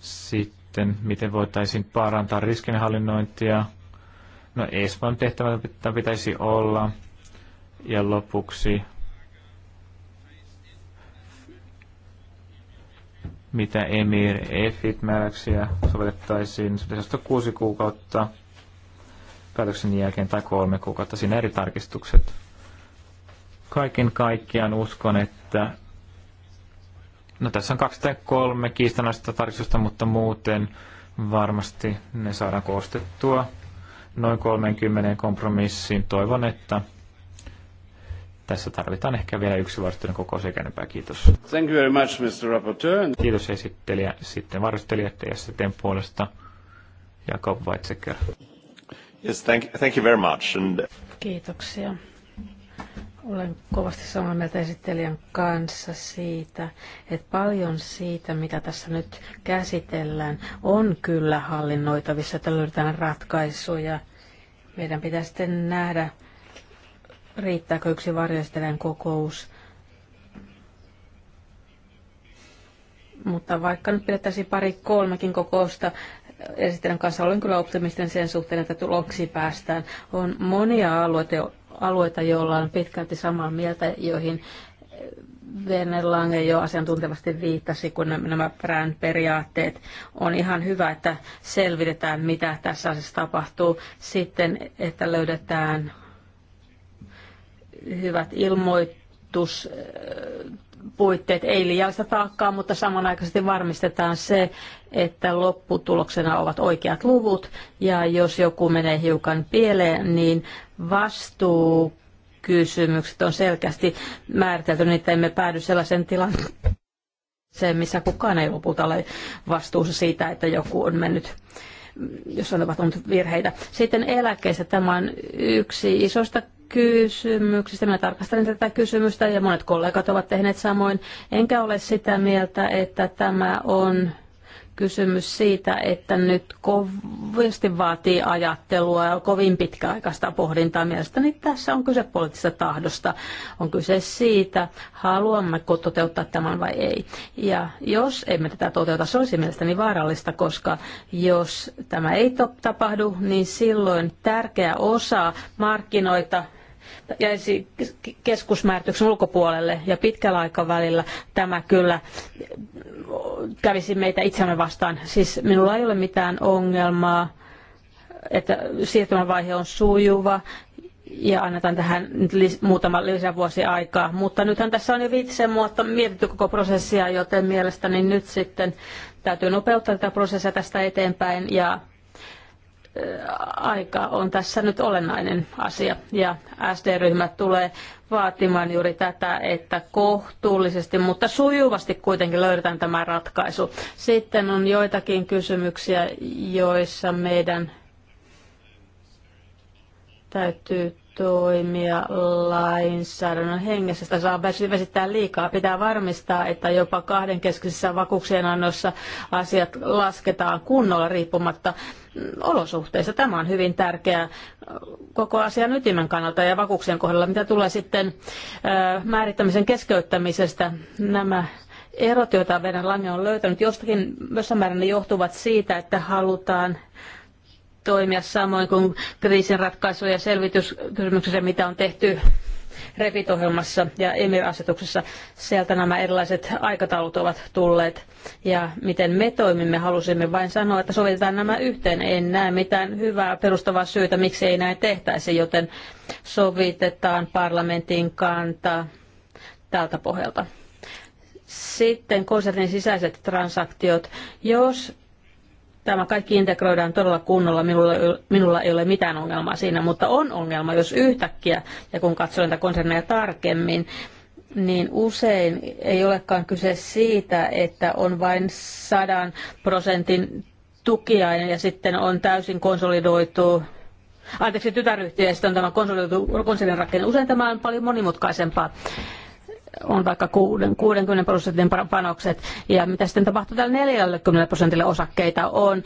Sitten, miten voitaisiin parantaa riskinhallinnointia No Espan tehtävä pitäisi olla. Ja lopuksi, mitä Emir EFIT määräyksiä sovellettaisiin, se kuusi kuukautta päätöksen jälkeen tai kolme kuukautta. Siinä eri tarkistukset. Kaiken kaikkiaan uskon, että no tässä on kaksi tai kolme kiistanlaista tarkistusta, mutta muuten varmasti ne saadaan koostettua noin 30 kompromissiin. Toivon, että tässä tarvitaan ehkä vielä yksi varsinainen koko eikä Kiitos. Thank you very much, Mr. Rapporteur. Kiitos esittelijä, sitten varustelijat ja sitten puolesta Jakob Weizsäcker. Yes, thank, thank you very much. And... Kiitoksia. Olen kovasti samaa mieltä esittelijän kanssa siitä, että paljon siitä, mitä tässä nyt käsitellään, on kyllä hallinnoitavissa, että löydetään ratkaisuja. Meidän pitää sitten nähdä, riittääkö yksi varjoistelijan kokous. Mutta vaikka nyt pidettäisiin pari kolmekin kokousta, esittelen kanssa olen kyllä optimistinen sen suhteen, että tuloksi päästään. On monia alueita, alueita, joilla on pitkälti samaa mieltä, joihin Werner Lange jo asiantuntevasti viittasi, kun nämä brand periaatteet on ihan hyvä, että selvitetään, mitä tässä asiassa tapahtuu. Sitten, että löydetään hyvät ilmoitus puitteet, ei liiallista taakkaa, mutta samanaikaisesti varmistetaan se, että lopputuloksena ovat oikeat luvut ja jos joku menee hiukan pieleen, niin vastuu kysymykset on selkeästi määritelty, niin että emme päädy sellaisen tilanteeseen, missä kukaan ei lopulta ole vastuussa siitä, että joku on mennyt jos on tapahtunut virheitä. Sitten eläkkeessä tämä on yksi isoista kysymyksistä. Minä tarkastelen tätä kysymystä ja monet kollegat ovat tehneet samoin. Enkä ole sitä mieltä, että tämä on kysymys siitä, että nyt kovasti vaatii ajattelua ja kovin pitkäaikaista pohdintaa mielestäni. Niin tässä on kyse poliittisesta tahdosta. On kyse siitä, haluammeko toteuttaa tämän vai ei. Ja jos emme tätä toteuta, se olisi mielestäni vaarallista, koska jos tämä ei tapahdu, niin silloin tärkeä osa markkinoita jäisi keskusmäärityksen ulkopuolelle ja pitkällä aikavälillä tämä kyllä kävisi meitä itsemme vastaan. Siis minulla ei ole mitään ongelmaa, että siirtymävaihe on sujuva ja annetaan tähän nyt lis- muutama lisävuosi aikaa. Mutta nythän tässä on jo viitisen vuotta mietitty koko prosessia, joten mielestäni nyt sitten täytyy nopeuttaa tätä prosessia tästä eteenpäin ja aika on tässä nyt olennainen asia. Ja SD-ryhmä tulee vaatimaan juuri tätä, että kohtuullisesti, mutta sujuvasti kuitenkin löydetään tämä ratkaisu. Sitten on joitakin kysymyksiä, joissa meidän täytyy toimia lainsäädännön hengessä. Sitä saa vesittää liikaa. Pitää varmistaa, että jopa kahdenkeskisissä vakuuksien annoissa asiat lasketaan kunnolla riippumatta olosuhteissa. Tämä on hyvin tärkeää koko asian ytimen kannalta ja vakuuksien kohdalla. Mitä tulee sitten määrittämisen keskeyttämisestä, nämä erot, joita meidän lange on löytänyt, jostakin jossain määrin ne johtuvat siitä, että halutaan toimia samoin kuin kriisinratkaisu- ja selvityskysymyksessä, mitä on tehty REPIT-ohjelmassa ja EMIR-asetuksessa. Sieltä nämä erilaiset aikataulut ovat tulleet ja miten me toimimme, halusimme vain sanoa, että sovitetaan nämä yhteen. En näe mitään hyvää perustavaa syytä, miksi ei näin tehtäisi, joten sovitetaan parlamentin kanta tältä pohjalta. Sitten konsernin sisäiset transaktiot. Jos tämä kaikki integroidaan todella kunnolla. Minulla, minulla ei ole mitään ongelmaa siinä, mutta on ongelma, jos yhtäkkiä, ja kun katsoo näitä konserneja tarkemmin, niin usein ei olekaan kyse siitä, että on vain sadan prosentin tukiainen ja sitten on täysin konsolidoitu anteeksi, tytäryhtiöistä on tämä konsolidoitu konsernin rakenne. Usein tämä on paljon monimutkaisempaa on vaikka 60 prosentin panokset, ja mitä sitten tapahtuu tällä 40 prosentille osakkeita on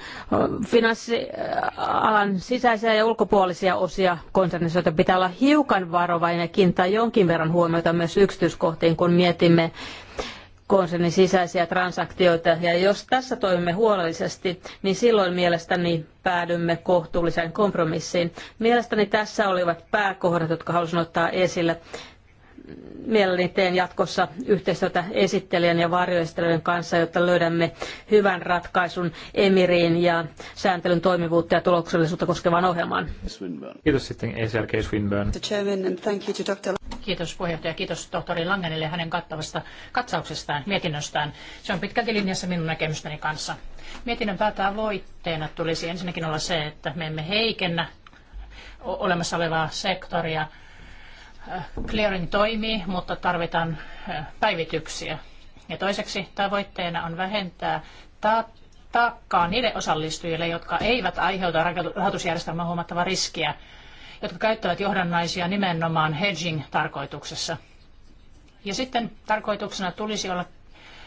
finanssialan sisäisiä ja ulkopuolisia osia konsernissa, joita pitää olla hiukan varovainen ja kiinnittää jonkin verran huomiota myös yksityiskohtiin, kun mietimme konsernin sisäisiä transaktioita. Ja jos tässä toimimme huolellisesti, niin silloin mielestäni päädymme kohtuulliseen kompromissiin. Mielestäni tässä olivat pääkohdat, jotka halusin ottaa esille mielelläni teen jatkossa yhteistyötä esittelijän ja varjoistelijan kanssa, jotta löydämme hyvän ratkaisun Emiriin ja sääntelyn toimivuutta ja tuloksellisuutta koskevaan ohjelmaan. Kiitos sitten ECLK Swinburne. Kiitos puheenjohtaja, kiitos tohtori Langenille hänen kattavasta katsauksestaan, mietinnöstään. Se on pitkälti linjassa minun näkemystäni kanssa. Mietinnön päätavoitteena tulisi ensinnäkin olla se, että me emme heikennä olemassa olevaa sektoria, clearing toimii, mutta tarvitaan päivityksiä. Ja toiseksi tavoitteena on vähentää taakkaa niille osallistujille, jotka eivät aiheuta rahoitusjärjestelmän huomattavaa riskiä, jotka käyttävät johdannaisia nimenomaan hedging-tarkoituksessa. Ja sitten tarkoituksena tulisi olla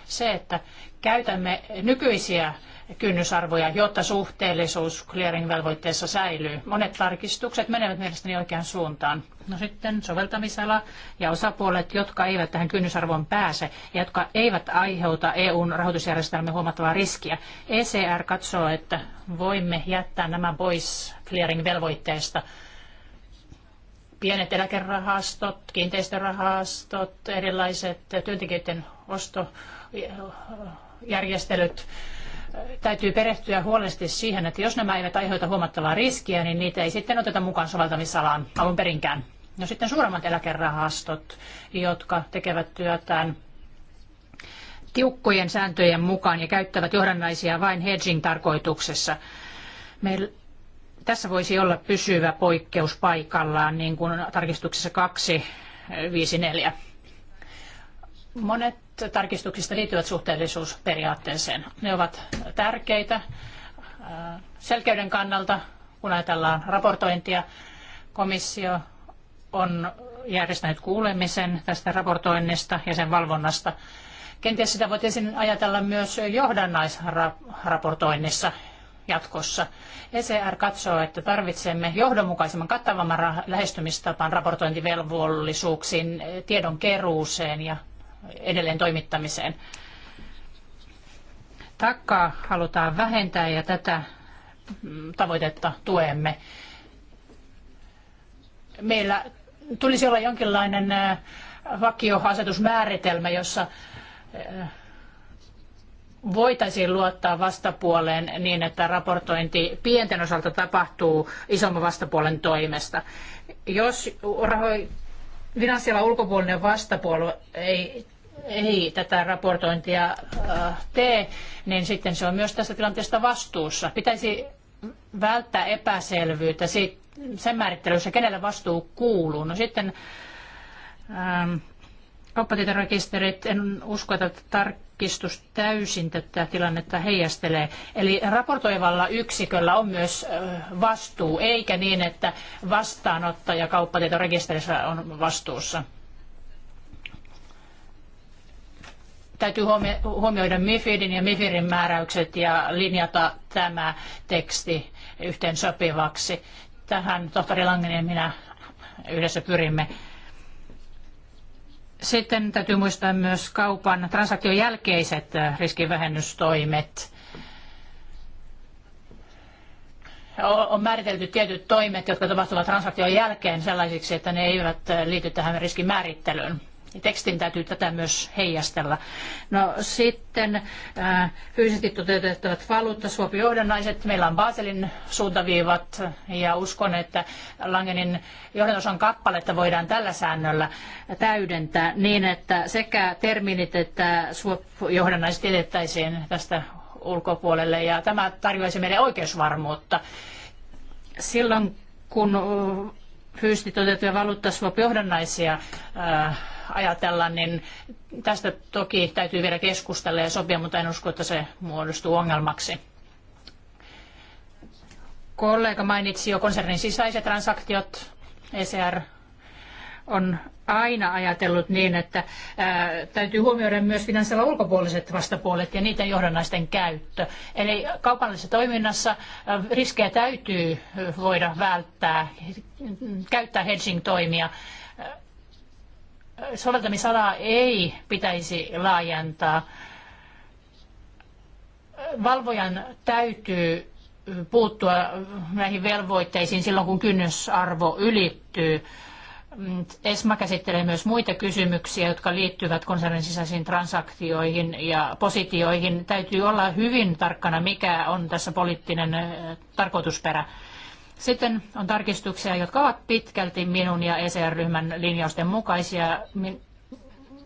se, että käytämme nykyisiä kynnysarvoja, jotta suhteellisuus clearing-velvoitteessa säilyy. Monet tarkistukset menevät mielestäni oikeaan suuntaan. No sitten soveltamisala ja osapuolet, jotka eivät tähän kynnysarvoon pääse ja jotka eivät aiheuta EUn rahoitusjärjestelmän huomattavaa riskiä. ECR katsoo, että voimme jättää nämä pois clearing-velvoitteesta. Pienet eläkerahastot, kiinteistörahastot, erilaiset työntekijöiden ostojärjestelyt. järjestelyt täytyy perehtyä huolellisesti siihen, että jos nämä eivät aiheuta huomattavaa riskiä, niin niitä ei sitten oteta mukaan soveltamisalaan alun perinkään. No sitten suuremmat eläkerahastot, jotka tekevät työtään tiukkojen sääntöjen mukaan ja käyttävät johdannaisia vain hedging-tarkoituksessa. Meillä tässä voisi olla pysyvä poikkeus paikallaan, niin kuin tarkistuksessa 254. Monet tarkistuksista liittyvät suhteellisuusperiaatteeseen. Ne ovat tärkeitä äh, selkeyden kannalta, kun ajatellaan raportointia. Komissio on järjestänyt kuulemisen tästä raportoinnista ja sen valvonnasta. Kenties sitä voitaisiin ajatella myös johdannaisraportoinnissa jatkossa. ECR katsoo, että tarvitsemme johdonmukaisemman kattavamman lähestymistapaan raportointivelvollisuuksiin, tiedon keruuseen ja edelleen toimittamiseen. Takkaa halutaan vähentää ja tätä tavoitetta tuemme. Meillä tulisi olla jonkinlainen vakioasetusmääritelmä, jossa voitaisiin luottaa vastapuoleen niin, että raportointi pienten osalta tapahtuu isomman vastapuolen toimesta. Jos Finanssialan ulkopuolinen vastapuoli ei, ei tätä raportointia äh, tee, niin sitten se on myös tässä tilanteesta vastuussa. Pitäisi välttää epäselvyyttä siitä, sen määrittelyssä, kenelle vastuu kuuluu. No sitten ähm, kauppatietorekisterit, en usko, että tar- tarkistus täysin tätä tilannetta heijastelee. Eli raportoivalla yksiköllä on myös vastuu, eikä niin, että vastaanottaja kauppatietorekisterissä on vastuussa. Täytyy huomioida MIFIDin ja MIFIRin määräykset ja linjata tämä teksti yhteensopivaksi. Tähän tohtori Langinen ja minä yhdessä pyrimme. Sitten täytyy muistaa myös kaupan transaktion jälkeiset äh, riskivähennystoimet. On määritelty tietyt toimet, jotka tapahtuvat transaktion jälkeen sellaisiksi, että ne eivät äh, liity tähän riskin määrittelyyn tekstin täytyy tätä myös heijastella. No sitten äh, fyysisesti toteutettavat valuuttasuopijohdannaiset. Meillä on Baselin suuntaviivat ja uskon, että Langenin johdannosan kappaletta voidaan tällä säännöllä täydentää niin, että sekä terminit että suopijohdannaiset jätettäisiin tästä ulkopuolelle ja tämä tarjoaisi meille oikeusvarmuutta. Silloin kun äh, fyysisesti toteutettuja valuuttasuopijohdannaisia äh, ajatella, niin tästä toki täytyy vielä keskustella ja sopia, mutta en usko, että se muodostuu ongelmaksi. Kollega mainitsi jo konsernin sisäiset transaktiot. ECR on aina ajatellut niin, että ää, täytyy huomioida myös finanssialan ulkopuoliset vastapuolet ja niiden johdannaisten käyttö. Eli kaupallisessa toiminnassa ää, riskejä täytyy voida välttää, käyttää hedging-toimia soveltamisalaa ei pitäisi laajentaa. Valvojan täytyy puuttua näihin velvoitteisiin silloin, kun kynnysarvo ylittyy. ESMA käsittelee myös muita kysymyksiä, jotka liittyvät konsernin sisäisiin transaktioihin ja positioihin. Täytyy olla hyvin tarkkana, mikä on tässä poliittinen eh, tarkoitusperä. Sitten on tarkistuksia, jotka ovat pitkälti minun ja ECR-ryhmän linjausten mukaisia.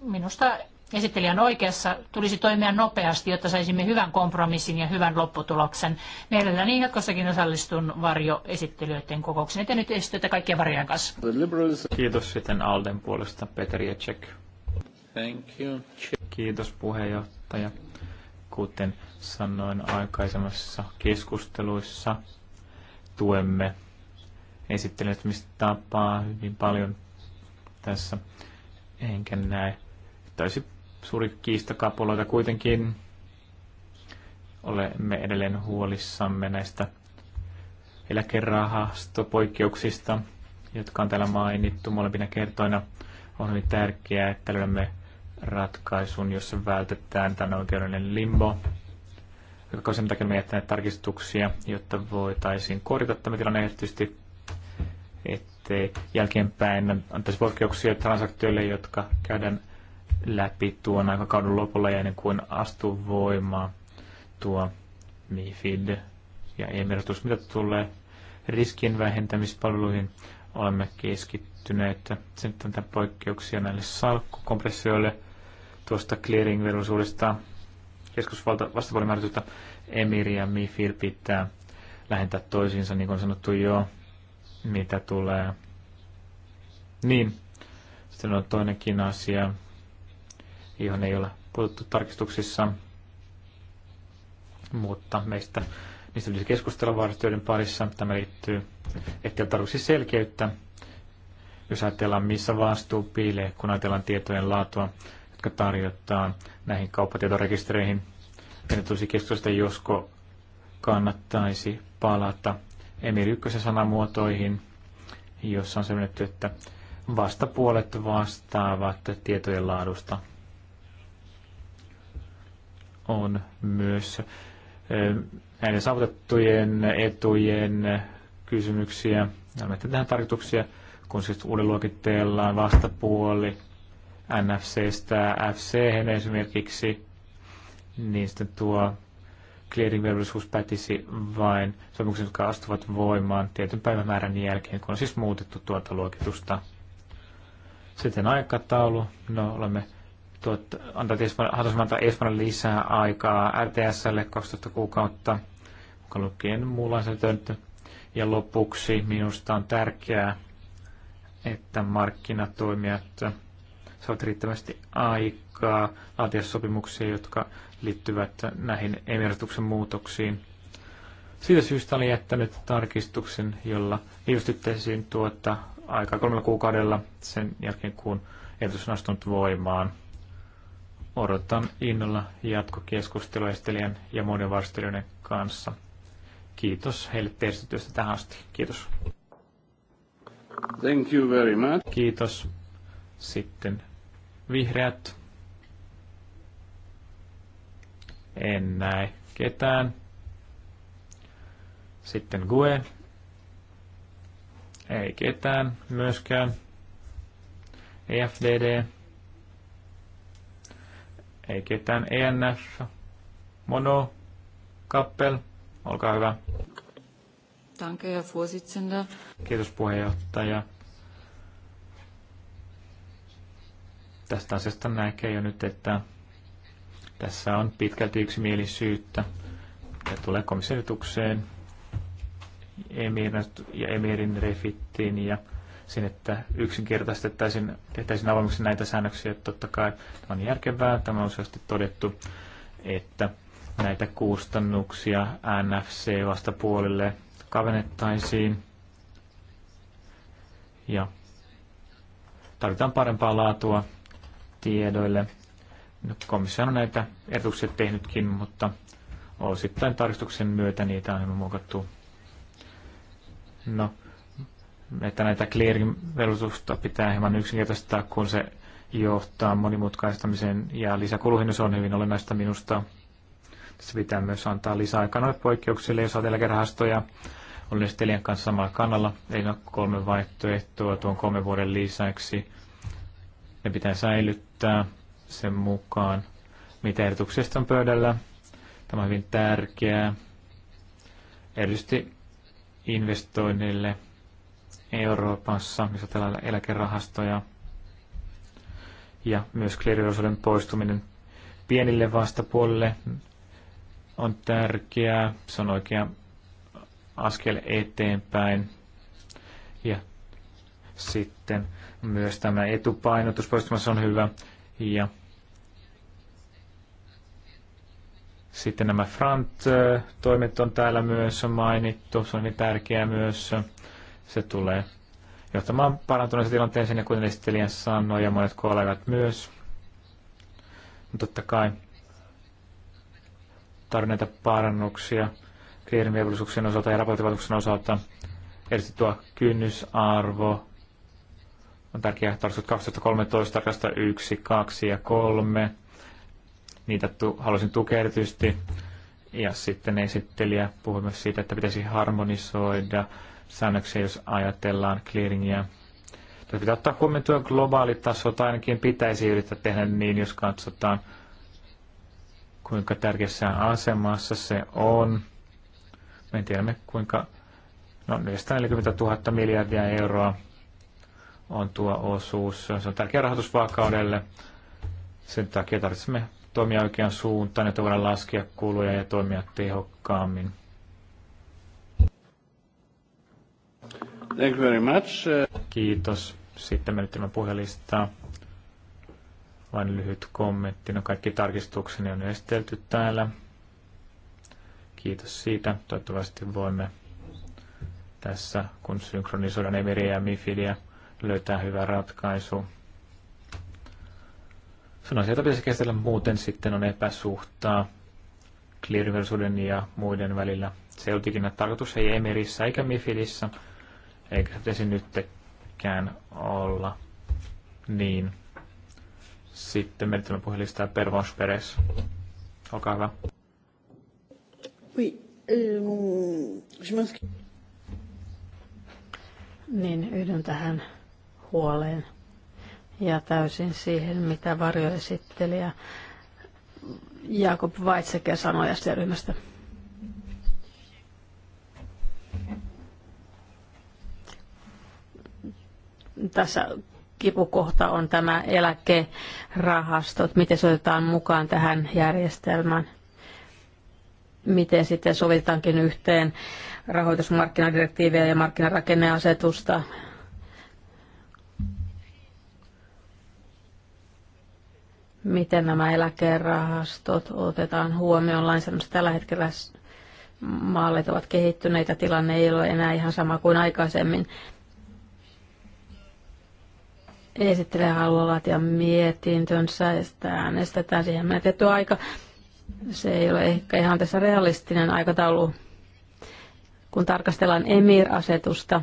Minusta esittelijän oikeassa tulisi toimia nopeasti, jotta saisimme hyvän kompromissin ja hyvän lopputuloksen. Mielelläni jatkossakin osallistun varjoesittelijöiden kokoukseen. Ja nyt esitytä kaikkien varjojen kanssa. Kiitos sitten Alden puolesta, Petri Ecek. Thank you. Kiitos puheenjohtaja. Kuten sanoin aikaisemmassa keskusteluissa, tuemme esittelemistapaa hyvin paljon tässä. Enkä näe, täysin suuri kiistakapuloita kuitenkin. Olemme edelleen huolissamme näistä eläkerahastopoikkeuksista, jotka on täällä mainittu molempina kertoina. On hyvin tärkeää, että löydämme ratkaisun, jossa vältetään tämän oikeudellinen limbo, jotka sen takia me tarkistuksia, jotta voitaisiin korjata tämä tilanne erityisesti, ettei jälkeenpäin antaisi poikkeuksia transaktioille, jotka käydään läpi tuon aikakauden lopulla ja ennen kuin astuu voimaan tuo MIFID ja emertus, mitä tulee riskien vähentämispalveluihin, olemme keskittyneet sen poikkeuksia näille salkkukompressioille tuosta clearing-velvollisuudesta keskusvalta vastapuolimäärätystä Emir ja Mifir pitää lähentää toisiinsa, niin kuin on sanottu jo, mitä tulee. Niin, sitten on toinenkin asia, johon ei ole puhuttu tarkistuksissa, mutta meistä niistä tulisi keskustella vaarastyöiden parissa. Tämä liittyy, ettei tarvitsisi selkeyttä, jos ajatellaan missä vastuu piilee, kun ajatellaan tietojen laatua jotka tarjotaan näihin kauppatietorekistereihin. nyt tulisi keskustella, josko kannattaisi palata Emir Ykkösen sanamuotoihin, jossa on sellainen, että vastapuolet vastaavat tietojen laadusta. On myös näiden saavutettujen etujen kysymyksiä, näitä tähän tarkoituksia, kun siis uuden luokitteellaan vastapuoli NFCstä FC esimerkiksi, niin sitten tuo clearing-velvollisuus pätisi vain sopimukset, jotka astuvat voimaan tietyn päivämäärän jälkeen, kun on siis muutettu tuota luokitusta. Sitten aikataulu. No, olemme tuot, antaa antaa Espanjan lisää aikaa RTSlle 12 kuukautta, mukaan lukien muu lainsäädäntö. Ja lopuksi minusta on tärkeää, että markkinatoimijat saavat riittävästi aikaa laatia sopimuksia, jotka liittyvät näihin emirastuksen muutoksiin. Siitä syystä oli jättänyt tarkistuksen, jolla viivästyttäisiin tuota aikaa kolmella kuukaudella sen jälkeen, kun ehdotus on astunut voimaan. Odotan innolla jatkokeskustelua ja muiden varustelijoiden kanssa. Kiitos heille teistä työstä tähän asti. Kiitos. Thank you very much. Kiitos. Sitten vihreät. En näe ketään. Sitten GUE. Ei ketään myöskään. EFDD. Ei ketään ENF. Mono. Kappel. Olkaa hyvä. Danke, Herr Vorsitzender. Kiitos puheenjohtaja. Tästä asiasta näkee jo nyt, että tässä on pitkälti yksimielisyyttä ja tulee komissiotukseen ja Emirin refittiin ja sen, että yksinkertaistettaisiin, tehtäisiin avoimeksi näitä säännöksiä. Totta kai tämä on järkevää, tämä on useasti todettu, että näitä kustannuksia NFC-vastapuolille kavennettaisiin ja tarvitaan parempaa laatua tiedoille. Komissio on näitä etuksia tehnytkin, mutta osittain tarkistuksen myötä niitä on muokattu. No, että näitä clearing velvoitusta pitää hieman yksinkertaistaa, kun se johtaa monimutkaistamiseen ja lisäkuluihin, niin se on hyvin olennaista minusta. Tässä pitää myös antaa lisäaikaa noille poikkeuksille, jos eläkerahastoja olen kanssa samalla kannalla. ole kolme vaihtoehtoa tuon kolmen vuoden lisäksi ne pitää säilyttää sen mukaan, mitä ehdotuksesta on pöydällä. Tämä on hyvin tärkeää, erityisesti investoinnille Euroopassa, missä tällä eläkerahastoja ja myös kliriosuuden poistuminen pienille vastapuolelle on tärkeää. Se on oikea askel eteenpäin. Ja sitten myös tämä etupainotus poistumassa on hyvä. Ja sitten nämä front-toimet on täällä myös mainittu. Se on niin tärkeää myös. Se tulee johtamaan parantuneeseen tilanteeseen ja kuten esittelijä sanoi ja monet kollegat myös. Mutta totta kai tarvitaan parannuksia kliirin osalta ja raportivatuksen osalta. Erityisesti tuo kynnysarvo on tärkeää tarkastus 2013, tarkastaa 1, 2 ja 3. Niitä tu- haluaisin tukea erityisesti. Ja sitten esittelijä puhui myös siitä, että pitäisi harmonisoida säännöksiä, jos ajatellaan clearingia. Tätä pitää ottaa huomioon globaali taso, tai ainakin pitäisi yrittää tehdä niin, jos katsotaan, kuinka tärkeässä asemassa se on. Me tiedämme, kuinka no, 440 000 miljardia euroa on tuo osuus. Se on tärkeä rahoitusvakaudelle. Sen takia tarvitsemme toimia oikean suuntaan, että voidaan laskea kuluja ja toimia tehokkaammin. Thank you very much. Kiitos. Sitten menettelemme puhelistaa. Vain lyhyt kommentti. No kaikki tarkistukseni on estelty täällä. Kiitos siitä. Toivottavasti voimme tässä, kun synkronisoidaan Emiria ja Mifidia, löytää hyvä ratkaisu. Sanoisin, että pitäisi käsitellä muuten sitten on epäsuhtaa clearversuuden ja muiden välillä. Se ei ikinä tarkoitus ei Emerissä eikä Mifidissä, eikä se pitäisi nyttekään olla. Niin. Sitten menetelmä puhelistaa Pervons Peres. Olkaa hyvä. Oui. Euh, je Niin, yhden tähän huoleen ja täysin siihen, mitä varjoesittelijä Jakob Weitsekä sanoi ryhmästä. Tässä kipukohta on tämä eläkerahastot, miten se otetaan mukaan tähän järjestelmään, miten sitten sovitaankin yhteen rahoitusmarkkinadirektiiviä ja markkinarakenneasetusta miten nämä eläkerahastot otetaan huomioon lainsäädännössä tällä hetkellä maalit ovat kehittyneitä, tilanne ei ole enää ihan sama kuin aikaisemmin. Esittelee haluaa laatia mietintönsä ja sitä äänestetään. Siihen menetetty aika. Se ei ole ehkä ihan tässä realistinen aikataulu. Kun tarkastellaan EMIR-asetusta,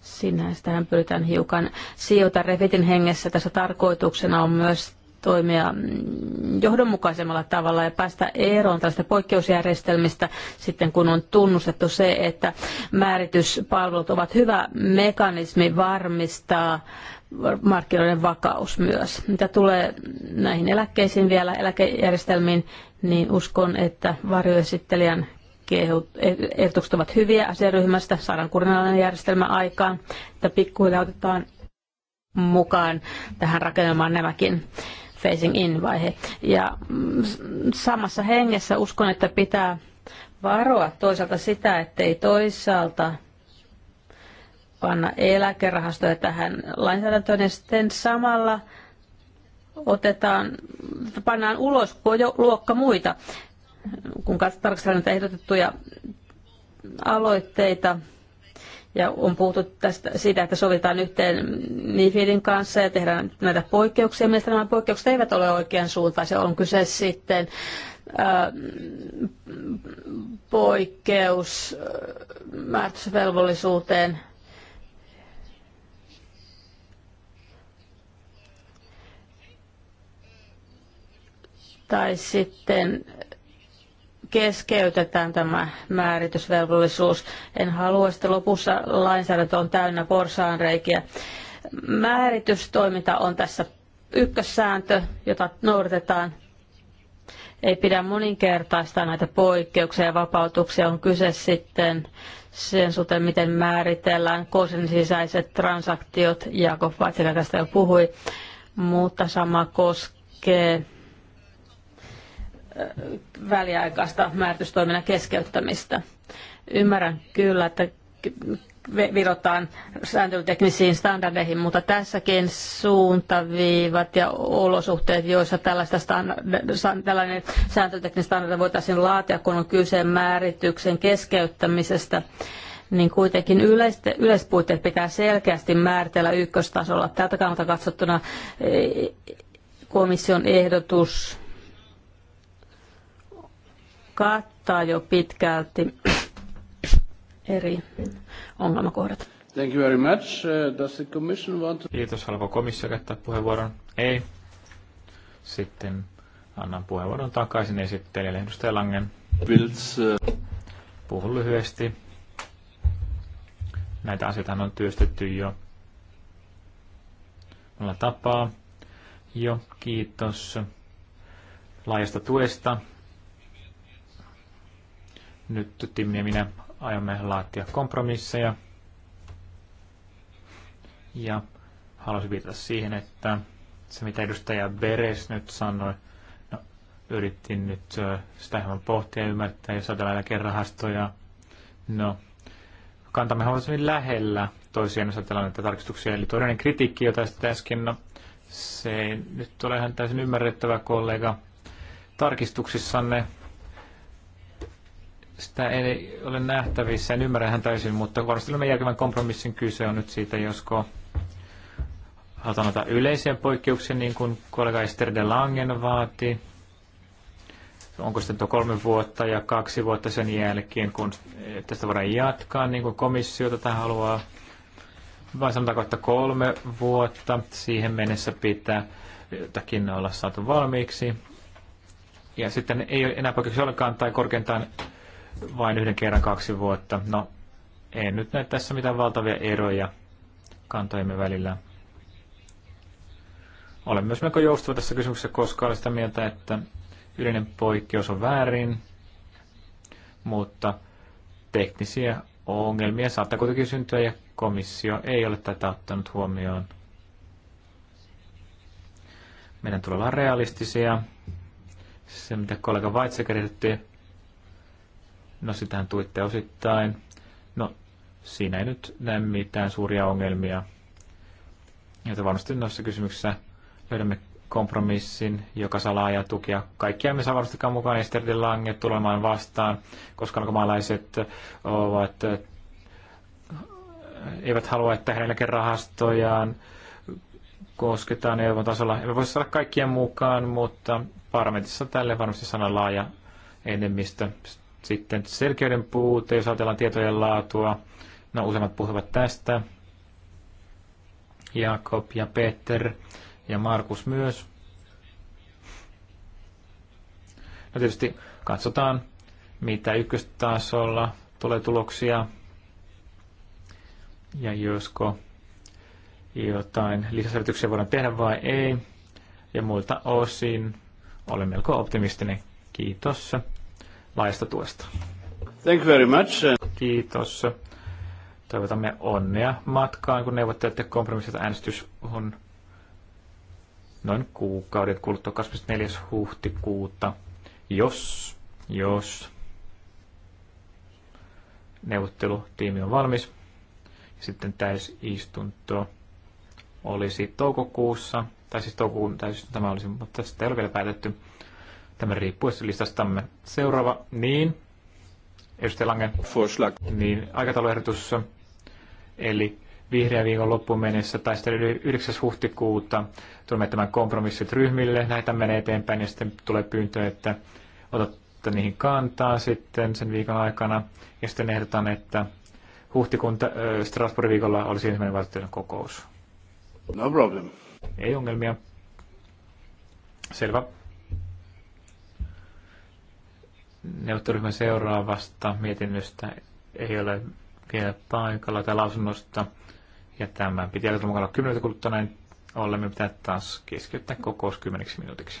sinähän pyritään hiukan sijoita Revitin hengessä. Tässä tarkoituksena on myös toimia mm, johdonmukaisemmalla tavalla ja päästä eroon tällaista poikkeusjärjestelmistä sitten kun on tunnustettu se, että määrityspalvelut ovat hyvä mekanismi varmistaa markkinoiden vakaus myös. Mitä tulee näihin eläkkeisiin vielä, eläkejärjestelmiin, niin uskon, että varjoesittelijän e- ehdotukset ovat hyviä asiaryhmästä, saadaan kurinalainen järjestelmä aikaan, että pikkuhiljaa otetaan mukaan tähän rakennelmaan nämäkin phasing in-vaihe. Ja mm, samassa hengessä uskon, että pitää varoa toisaalta sitä, ettei toisaalta panna eläkerahastoja tähän lainsäädäntöön ja sitten samalla otetaan, pannaan ulos jo luokka muita, kun tarkastellaan näitä ehdotettuja aloitteita ja on puhuttu tästä, siitä, että sovitaan yhteen MIFIDin kanssa ja tehdään näitä poikkeuksia. Mielestäni nämä poikkeukset eivät ole oikean se On kyse sitten äh, poikkeus äh, määrätysvelvollisuuteen tai sitten keskeytetään tämä määritysvelvollisuus. En halua, että lopussa lainsäädäntö on täynnä porsaanreikiä. Määritystoiminta on tässä ykkössääntö, jota noudatetaan. Ei pidä moninkertaistaa näitä poikkeuksia ja vapautuksia. On kyse sitten sen suhteen, miten määritellään kosin sisäiset transaktiot. Jakob Vatsika tästä jo puhui, mutta sama koskee väliaikaista määritystoiminnan keskeyttämistä. Ymmärrän kyllä, että virotaan sääntelyteknisiin standardeihin, mutta tässäkin suuntaviivat ja olosuhteet, joissa tällaista standard, tällainen sääntelytekninen standardi voitaisiin laatia, kun on kyse määrityksen keskeyttämisestä, niin kuitenkin yleiste, yleispuitteet pitää selkeästi määritellä ykköstasolla. Tältä kannalta katsottuna e- e- komission ehdotus kattaa jo pitkälti (clears throat) eri ongelmakohdat. Thank you very much. Uh, does the commission want to... Kiitos. Haluaako komissio käyttää puheenvuoron? Ei. Sitten annan puheenvuoron takaisin esittelijälle. Edustaja Langen. Bilds. Uh, Puhun lyhyesti. Näitä asioita on työstetty jo Mulla tapaa. Jo, kiitos laajasta tuesta nyt Timmi ja minä aiomme laatia kompromisseja. Ja haluaisin viitata siihen, että se mitä edustaja Beres nyt sanoi, no, yritin nyt sitä hieman pohtia ja ymmärtää, jos ajatellaan rahastoja. No, kantamme ovat hyvin lähellä toisiaan, jos ajatellaan näitä tarkistuksia. Eli todellinen kritiikki, jota sitten äsken, no, se ei nyt ole ihan täysin ymmärrettävä kollega tarkistuksissanne sitä ei ole nähtävissä, en ymmärrä hän täysin, mutta varastelemme järkevän kompromissin kyse on nyt siitä, josko halutaan ottaa yleisiä poikkeuksia, niin kuin kollega Esther de Langen vaati. Onko sitten tuo kolme vuotta ja kaksi vuotta sen jälkeen, kun tästä voidaan jatkaa, niin kuin komissio tätä haluaa. Vai sanotaanko, että kolme vuotta siihen mennessä pitää jotakin olla saatu valmiiksi. Ja sitten ei ole enää poikkeuksia ollenkaan tai korkeintaan vain yhden kerran kaksi vuotta. No, ei nyt näe tässä mitään valtavia eroja kantojemme välillä. Olen myös melko joustava tässä kysymyksessä, koska olen sitä mieltä, että yleinen poikkeus on väärin, mutta teknisiä ongelmia saattaa kuitenkin syntyä ja komissio ei ole tätä ottanut huomioon. Meidän tulee olla realistisia. Se, mitä kollega Weitseker No sitähän tuitte osittain. No siinä ei nyt näe mitään suuria ongelmia. Joten varmasti noissa kysymyksissä löydämme kompromissin, joka salaa ja tukia. Kaikkia me saa varmastikaan mukaan Ester de Lange tulemaan vastaan, koska alkomaalaiset ovat, eivät halua, että heidän rahastojaan kosketaan neuvon tasolla. Emme voisi saada kaikkien mukaan, mutta parlamentissa tälle varmasti sana laaja enemmistö. Sitten selkeyden puute, jos ajatellaan tietojen laatua. No useimmat puhuvat tästä. Jakob ja Peter ja Markus myös. No tietysti katsotaan, mitä ykköstasolla tulee tuloksia. Ja josko jotain lisäselvityksiä voidaan tehdä vai ei. Ja muilta osin olen melko optimistinen. Kiitos laajasta tuesta. Thank you very much. Kiitos. Toivotamme onnea matkaan, kun ja kompromissit. Äänestys on noin kuukauden kuluttua 24. huhtikuuta. Jos, jos neuvottelutiimi on valmis, sitten täysistunto olisi toukokuussa, tai siis toukokuun täysistunto tämä olisi, mutta sitä ei ole vielä päätetty. Tämä riippuu listastamme. Seuraava, niin, edustaja Lange, Forslag. niin aikatauluehdotus, eli vihreän viikon loppuun mennessä tai sitten 9. huhtikuuta tulemme tämän kompromissit ryhmille, näitä menee eteenpäin ja sitten tulee pyyntö, että otatte niihin kantaa sitten sen viikon aikana ja sitten ehdotan, että huhtikuun äh, Strasbourgin viikolla olisi ensimmäinen valtioiden kokous. No problem. Ei ongelmia. Selvä. Neuvotteluryhmän seuraavasta mietinnöstä ei ole vielä paikalla tai lausunnosta. Ja tämän piti olla mukana 10 kuluttua näin ollen. Me pitää taas keskeyttää kokous 10 minuutiksi.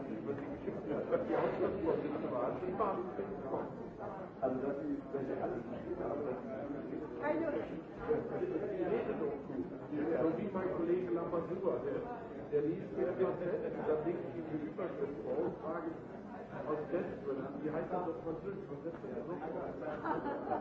der liest mit Gazette, da denkt die Überschrift vor, frage aus Westbrüll, wie heißt das auf Französisch? Was ist das?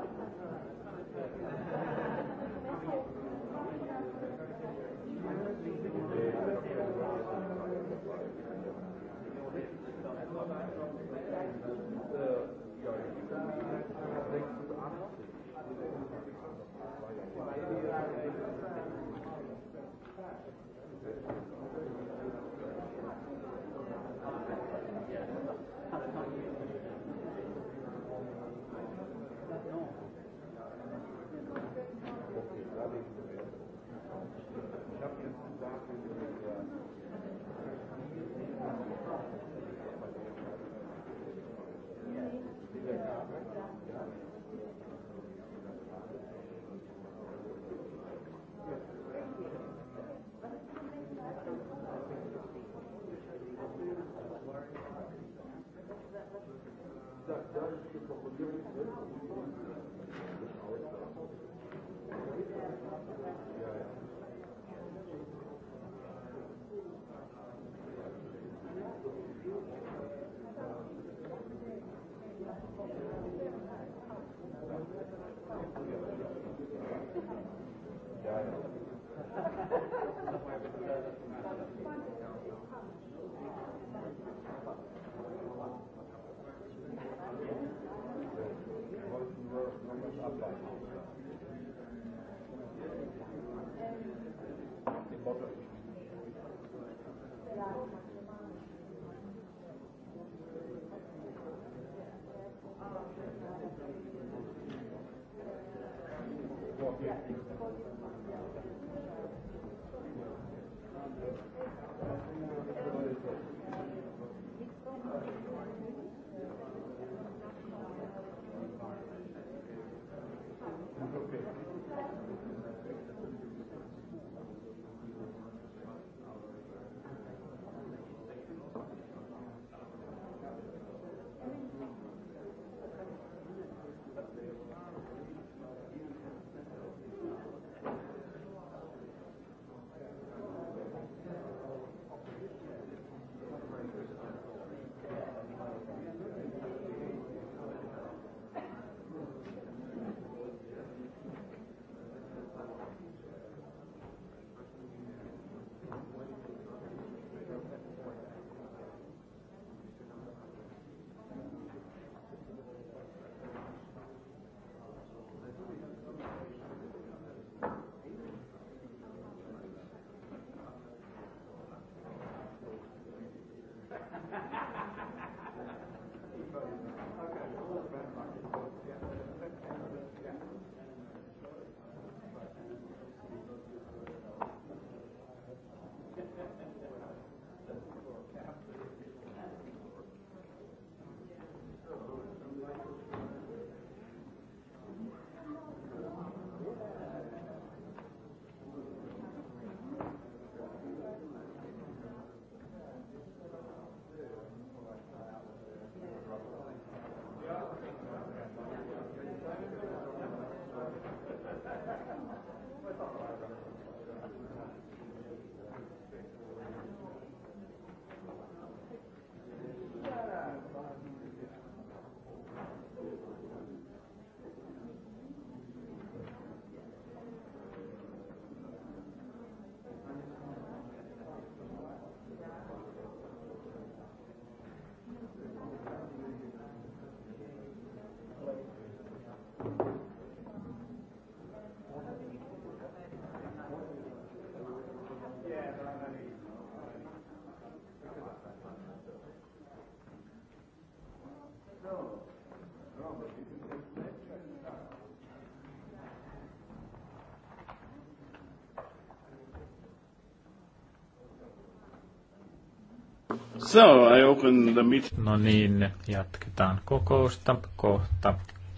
Thank you. So, I open the meet. No niin, jatketaan kokousta kohta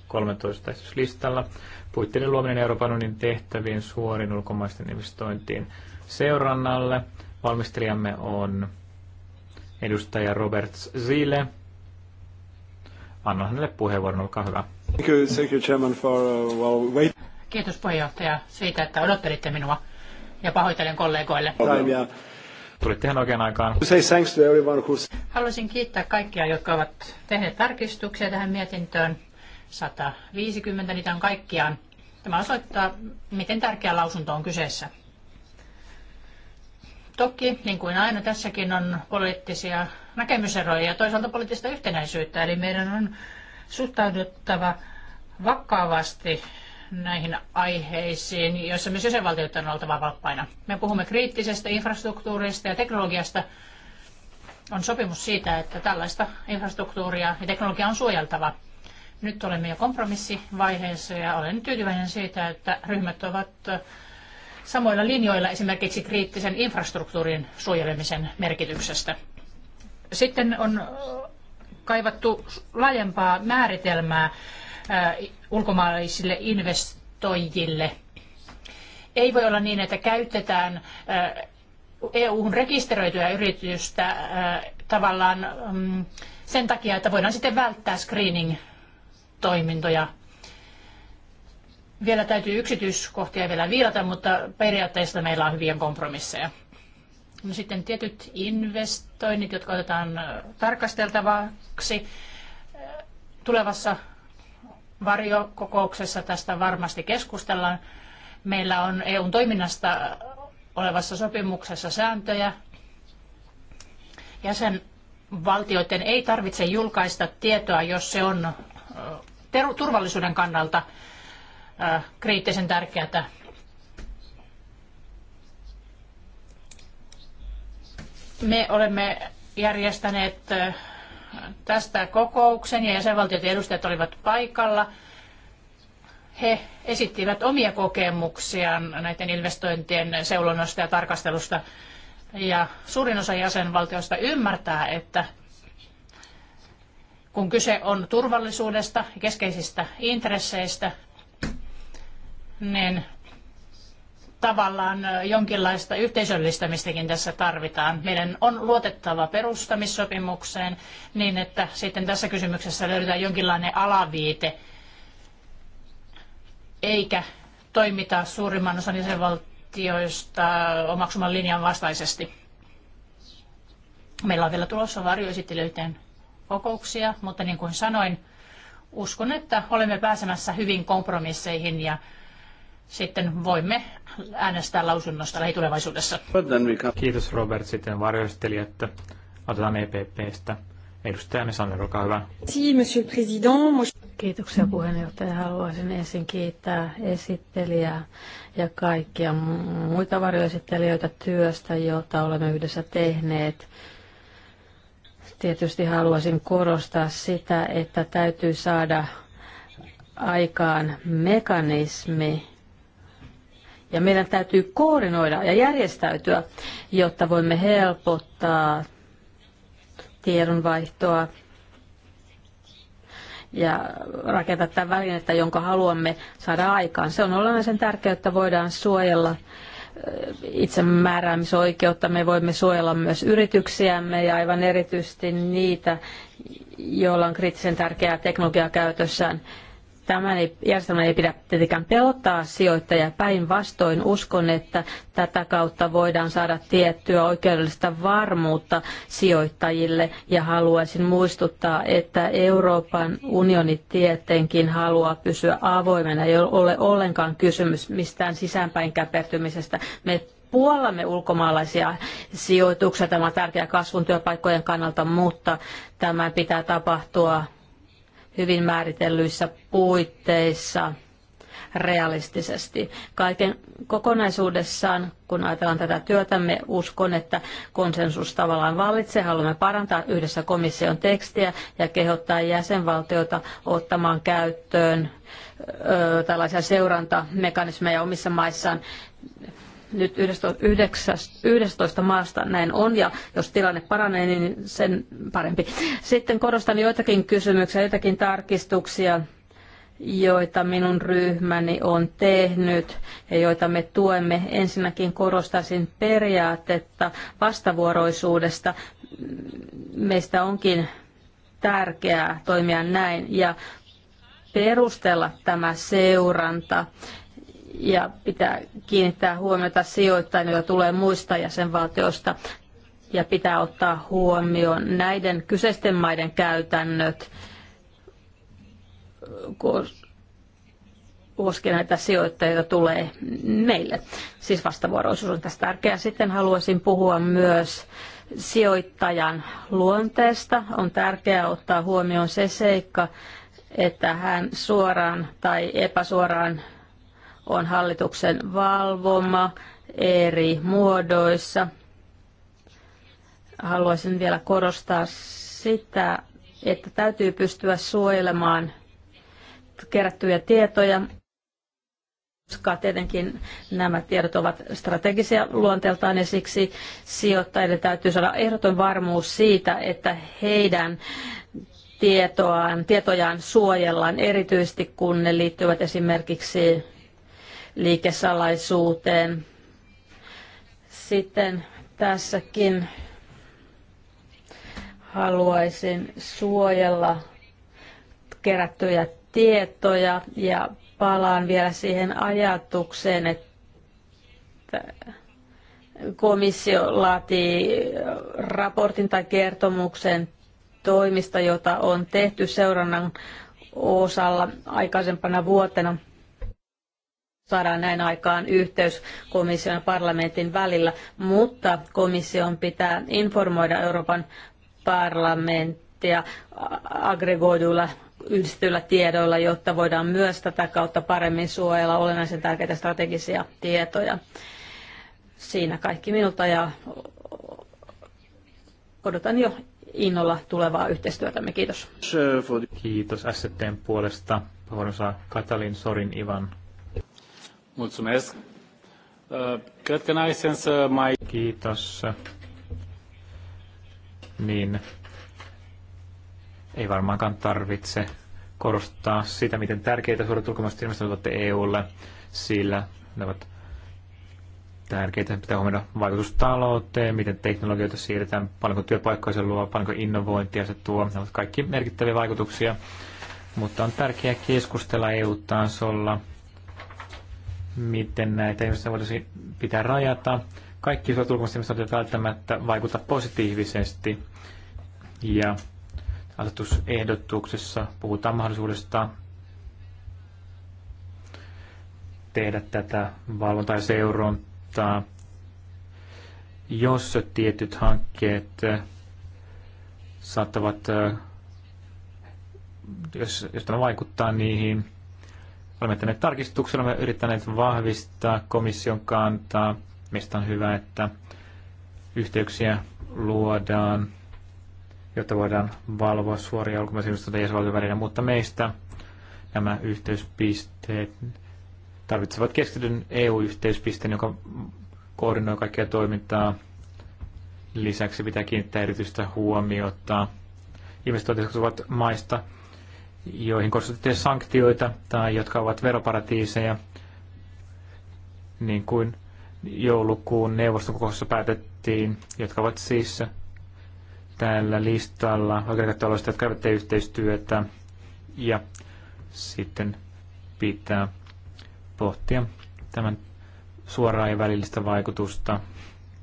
13 listalla. Puitteiden luominen Euroopan unionin tehtäviin suorin ulkomaisten investointiin seurannalle. Valmistelijamme on edustaja Robert Zile. Anna hänelle puheenvuoron, olkaa hyvä. Thank you, thank you Chairman, for, uh, well, wait. Kiitos puheenjohtaja siitä, että odottelitte minua ja pahoittelen kollegoille. Time, yeah. Tulitte ihan oikean aikaan. Haluaisin kiittää kaikkia, jotka ovat tehneet tarkistuksia tähän mietintöön. 150 niitä on kaikkiaan. Tämä osoittaa, miten tärkeä lausunto on kyseessä. Toki, niin kuin aina tässäkin on poliittisia näkemyseroja ja toisaalta poliittista yhtenäisyyttä, eli meidän on suhtauduttava vakavasti näihin aiheisiin, joissa myös jäsenvaltioiden on oltava valppaina. Me puhumme kriittisestä infrastruktuurista ja teknologiasta. On sopimus siitä, että tällaista infrastruktuuria ja teknologiaa on suojeltava. Nyt olemme jo kompromissivaiheessa ja olen tyytyväinen siitä, että ryhmät ovat samoilla linjoilla esimerkiksi kriittisen infrastruktuurin suojelemisen merkityksestä. Sitten on kaivattu laajempaa määritelmää ulkomaalaisille investoijille. Ei voi olla niin, että käytetään äh, EU-hun rekisteröityä yritystä äh, tavallaan mm, sen takia, että voidaan sitten välttää screening-toimintoja. Vielä täytyy yksityiskohtia vielä viilata, mutta periaatteessa meillä on hyviä kompromisseja. No sitten tietyt investoinnit, jotka otetaan äh, tarkasteltavaksi tulevassa varjokokouksessa tästä varmasti keskustellaan. Meillä on EUn toiminnasta olevassa sopimuksessa sääntöjä. Jäsenvaltioiden ei tarvitse julkaista tietoa, jos se on turvallisuuden kannalta kriittisen tärkeää. Me olemme järjestäneet tästä kokouksen ja jäsenvaltioiden edustajat olivat paikalla. He esittivät omia kokemuksiaan näiden investointien seulonnosta ja tarkastelusta. Ja suurin osa jäsenvaltioista ymmärtää, että kun kyse on turvallisuudesta ja keskeisistä intresseistä, niin tavallaan jonkinlaista yhteisöllistämistäkin tässä tarvitaan. Meidän on luotettava perustamissopimukseen niin, että sitten tässä kysymyksessä löydetään jonkinlainen alaviite, eikä toimita suurimman osan jäsenvaltioista omaksuman linjan vastaisesti. Meillä on vielä tulossa varjoesittelyiden kokouksia, mutta niin kuin sanoin, uskon, että olemme pääsemässä hyvin kompromisseihin ja sitten voimme äänestää lausunnosta lähitulevaisuudessa. Kiitos Robert, sitten että Otetaan EPPstä. Edustajamme Sanne, olkaa hyvä. Kiitoksia puheenjohtaja. Haluaisin ensin kiittää esittelijää ja kaikkia muita varjoesittelijöitä työstä, jota olemme yhdessä tehneet. Tietysti haluaisin korostaa sitä, että täytyy saada aikaan mekanismi, ja meidän täytyy koordinoida ja järjestäytyä, jotta voimme helpottaa tiedonvaihtoa ja rakentaa tämän välinettä, jonka haluamme saada aikaan. Se on olennaisen tärkeää, että voidaan suojella itsemääräämisoikeutta. Me voimme suojella myös yrityksiämme ja aivan erityisesti niitä, joilla on kriittisen tärkeää teknologiaa käytössään. Tämän järjestelmän ei pidä tietenkään pelottaa sijoittajia. Päinvastoin uskon, että tätä kautta voidaan saada tiettyä oikeudellista varmuutta sijoittajille. Ja haluaisin muistuttaa, että Euroopan unioni tietenkin haluaa pysyä avoimena. Ei ole ollenkaan kysymys mistään sisäänpäin käpertymisestä. Me puollamme ulkomaalaisia sijoituksia. Tämä on tärkeä kasvun työpaikkojen kannalta, mutta tämä pitää tapahtua hyvin määritellyissä puitteissa realistisesti. Kaiken kokonaisuudessaan, kun ajatellaan tätä työtämme, uskon, että konsensus tavallaan vallitsee. Haluamme parantaa yhdessä komission tekstiä ja kehottaa jäsenvaltioita ottamaan käyttöön ö, tällaisia seurantamekanismeja omissa maissaan nyt 11, 11 maasta näin on, ja jos tilanne paranee, niin sen parempi. Sitten korostan joitakin kysymyksiä, joitakin tarkistuksia, joita minun ryhmäni on tehnyt ja joita me tuemme. Ensinnäkin korostaisin periaatetta vastavuoroisuudesta. Meistä onkin tärkeää toimia näin ja perustella tämä seuranta ja pitää kiinnittää huomiota sijoittajien, joita tulee muista jäsenvaltioista ja pitää ottaa huomioon näiden kyseisten maiden käytännöt koskien näitä sijoittajia tulee meille. Siis vastavuoroisuus on tässä tärkeää. Sitten haluaisin puhua myös sijoittajan luonteesta. On tärkeää ottaa huomioon se seikka, että hän suoraan tai epäsuoraan on hallituksen valvoma eri muodoissa. Haluaisin vielä korostaa sitä, että täytyy pystyä suojelemaan kerättyjä tietoja, koska tietenkin nämä tiedot ovat strategisia luonteeltaan ja siksi sijoittajille täytyy saada ehdoton varmuus siitä, että heidän tietoaan, tietojaan suojellaan, erityisesti kun ne liittyvät esimerkiksi liikesalaisuuteen. Sitten tässäkin haluaisin suojella kerättyjä tietoja ja palaan vielä siihen ajatukseen, että komissio laatii raportin tai kertomuksen toimista, jota on tehty seurannan osalla aikaisempana vuotena – saadaan näin aikaan yhteys komission ja parlamentin välillä, mutta komission pitää informoida Euroopan parlamenttia aggregoiduilla yhdistetyillä tiedoilla, jotta voidaan myös tätä kautta paremmin suojella olennaisen tärkeitä strategisia tietoja. Siinä kaikki minulta ja odotan jo innolla tulevaa yhteistyötämme. Kiitos. Kiitos STn puolesta. Puheenvuoron saa Katalin Sorin Ivan Mulțumesc. Uh, cred că n-are sens să mai... Niin. Ei varmaankaan tarvitse korostaa sitä, miten tärkeitä suuret ulkomaiset investoinnit ovat EUlle, sillä ne ovat tärkeitä. Pitää huomioida vaikutustalouteen, miten teknologioita siirretään, paljonko työpaikkoja se luo, paljonko innovointia se tuo. Ne ovat kaikki merkittäviä vaikutuksia, mutta on tärkeää keskustella EU-tasolla – miten näitä ihmisiä voisi pitää rajata. Kaikki isot ihmiset eivät välttämättä vaikuta positiivisesti. Ja asetusehdotuksessa puhutaan mahdollisuudesta tehdä tätä valvontaa ja seurontaa, jos tietyt hankkeet saattavat, jos, jos tämä vaikuttaa niihin, Olemme tänne tarkistuksella, me yrittäneet vahvistaa komission kantaa, mistä on hyvä, että yhteyksiä luodaan, jotta voidaan valvoa suoria ulkomaisen ja jäsenvaltion välillä, mutta meistä nämä yhteyspisteet tarvitsevat keskityn EU-yhteyspisteen, joka koordinoi kaikkia toimintaa. Lisäksi pitää kiinnittää erityistä huomiota. Investointit ovat maista, joihin kohdistetaan sanktioita tai jotka ovat veroparatiiseja, niin kuin joulukuun neuvostokokouksessa päätettiin, jotka ovat siis tällä listalla oikeudenkäyttöalueista, jotka eivät tee yhteistyötä. Ja sitten pitää pohtia tämän suoraa ja välillistä vaikutusta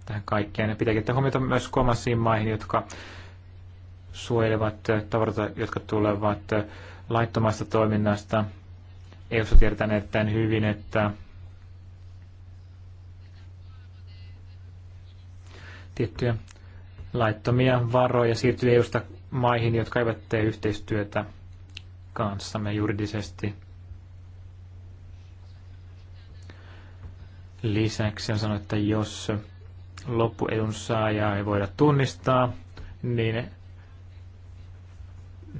tähän kaikkeen. Ja pitää kiinnittää huomiota myös kolmansiin maihin, jotka suojelevat tavarat, jotka tulevat laittomasta toiminnasta. EU-ssa tiedetään erittäin hyvin, että tiettyjä laittomia varoja siirtyy eu maihin, jotka eivät tee yhteistyötä kanssamme juridisesti. Lisäksi on sanottu, että jos loppu EUn saajaa ei voida tunnistaa, niin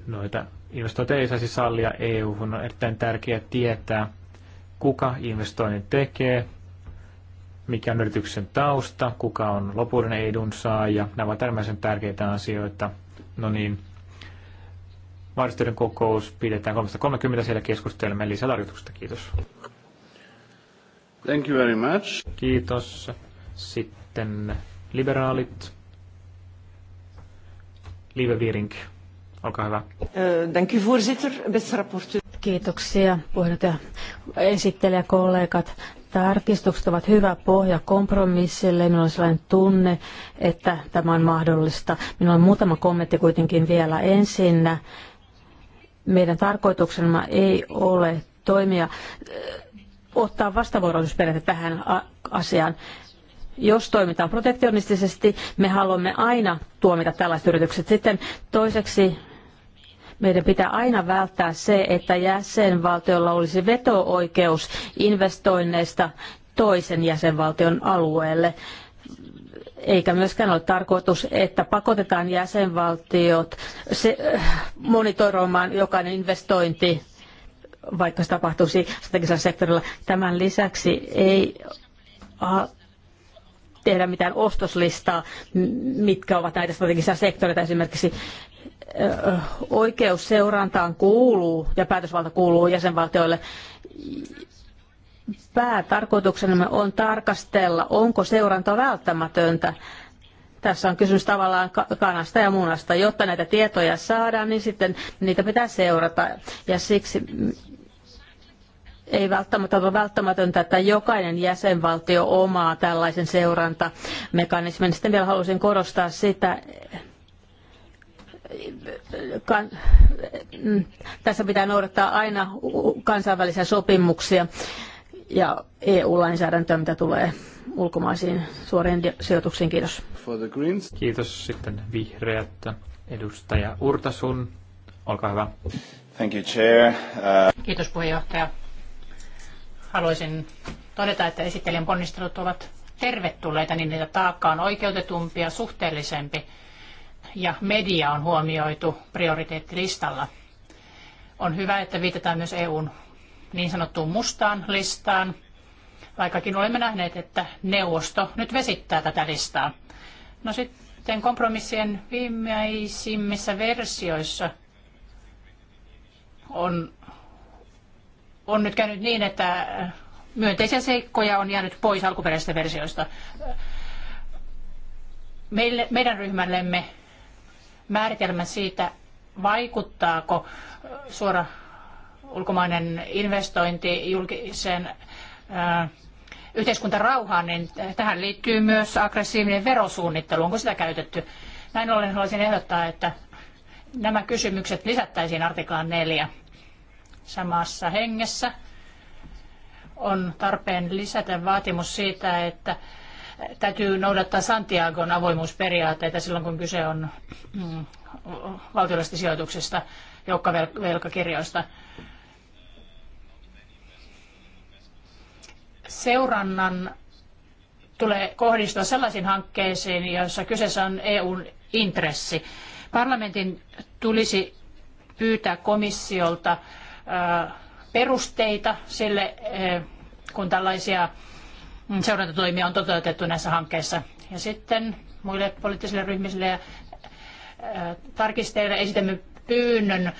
noita investointeja ei saisi sallia eu On erittäin tärkeää tietää, kuka investoinnin tekee, mikä on yrityksen tausta, kuka on lopullinen edunsaaja. Nämä ovat äärimmäisen tärkeitä asioita. No niin, kokous pidetään 3.30. Siellä keskustelemme lisätarjoituksesta. Kiitos. Thank you very much. Kiitos. Sitten liberaalit. Liebe Wiering. Olkaa hyvä. Thank eh, you, voorzitter. Beste rapporteur. Kiitoksia puheenjohtaja kollegat. Tarkistukset ovat hyvä pohja kompromissille. Minulla on sellainen tunne, että tämä on mahdollista. Minulla on muutama kommentti kuitenkin vielä ensinnä. Meidän tarkoituksena ei ole toimia, eh, ottaa vastavuoroisuusperiaate tähän asiaan jos toimitaan protektionistisesti, me haluamme aina tuomita tällaiset yritykset. Sitten toiseksi meidän pitää aina välttää se, että jäsenvaltiolla olisi veto-oikeus investoinneista toisen jäsenvaltion alueelle. Eikä myöskään ole tarkoitus, että pakotetaan jäsenvaltiot se, äh, monitoroimaan jokainen investointi, vaikka se tapahtuisi strategisella sektorilla. Tämän lisäksi ei tehdä mitään ostoslistaa, mitkä ovat näitä strategisia sektoreita esimerkiksi oikeus seurantaan kuuluu ja päätösvalta kuuluu jäsenvaltioille. Päätarkoituksenamme on tarkastella, onko seuranta välttämätöntä. Tässä on kysymys tavallaan kanasta ja munasta. Jotta näitä tietoja saadaan, niin sitten niitä pitää seurata. Ja siksi ei välttämättä ole välttämätöntä, että jokainen jäsenvaltio omaa tällaisen seurantamekanismin. Sitten vielä haluaisin korostaa sitä, kan, tässä pitää noudattaa aina kansainvälisiä sopimuksia ja EU-lainsäädäntöä, mitä tulee ulkomaisiin suoriin sijoituksiin. Kiitos. Kiitos sitten vihreät. Edustaja Urtasun, olkaa hyvä. Thank you, chair. Uh... Kiitos puheenjohtaja. Haluaisin todeta, että esittelijän ponnistelut ovat tervetulleita, niin niitä taakka on oikeutetumpi ja suhteellisempi ja media on huomioitu prioriteettilistalla. On hyvä, että viitataan myös EUn niin sanottuun mustaan listaan, vaikkakin olemme nähneet, että neuvosto nyt vesittää tätä listaa. No sitten kompromissien viimeisimmissä versioissa on, on nyt käynyt niin, että myönteisiä seikkoja on jäänyt pois alkuperäisistä versioista. Meille, meidän ryhmällemme määritelmä siitä, vaikuttaako suora ulkomainen investointi julkiseen yhteiskuntarauhaan, niin tähän liittyy myös aggressiivinen verosuunnittelu. Onko sitä käytetty? Näin ollen haluaisin ehdottaa, että nämä kysymykset lisättäisiin artiklaan 4 samassa hengessä. On tarpeen lisätä vaatimus siitä, että täytyy noudattaa Santiagon avoimuusperiaatteita silloin, kun kyse on mm, valtiollisesta sijoituksesta, joukkovelkakirjoista. Seurannan tulee kohdistua sellaisiin hankkeisiin, joissa kyseessä on EUn intressi. Parlamentin tulisi pyytää komissiolta äh, perusteita sille, äh, kun tällaisia seurantatoimia on toteutettu näissä hankkeissa. Ja sitten muille poliittisille ryhmille ja tarkisteille esitämme pyynnön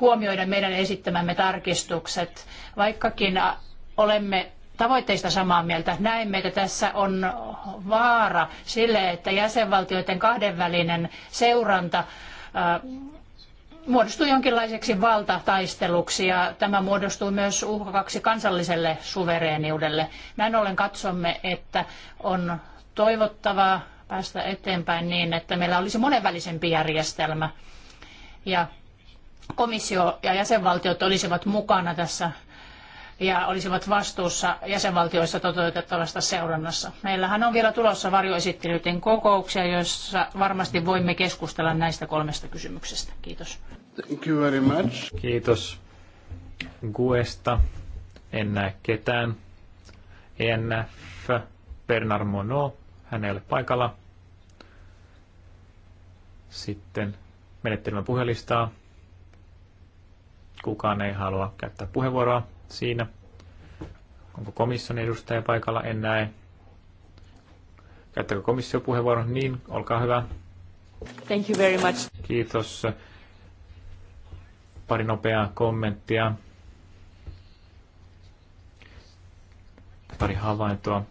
huomioida meidän esittämämme tarkistukset. Vaikkakin olemme tavoitteista samaa mieltä, näemme, että tässä on vaara sille, että jäsenvaltioiden kahdenvälinen seuranta muodostui jonkinlaiseksi valtataisteluksi ja tämä muodostui myös uhkaksi kansalliselle suvereeniudelle. Näin ollen katsomme, että on toivottavaa päästä eteenpäin niin, että meillä olisi monenvälisempi järjestelmä ja komissio ja jäsenvaltiot olisivat mukana tässä ja olisivat vastuussa jäsenvaltioissa toteutettavasta seurannassa. Meillähän on vielä tulossa varjoesittelyiden kokouksia, joissa varmasti voimme keskustella näistä kolmesta kysymyksestä. Kiitos. Thank you very much. Kiitos. Guesta. En näe ketään. ENF. Bernard Monod. Hän ei ole paikalla. Sitten menettelemme puhelistaa. Kukaan ei halua käyttää puheenvuoroa siinä. Onko komission edustaja paikalla? En näe. Käyttäkö komissio puheenvuoron? Niin, olkaa hyvä. Thank you very much. Kiitos. Pari nopeaa kommenttia. Pari havaintoa.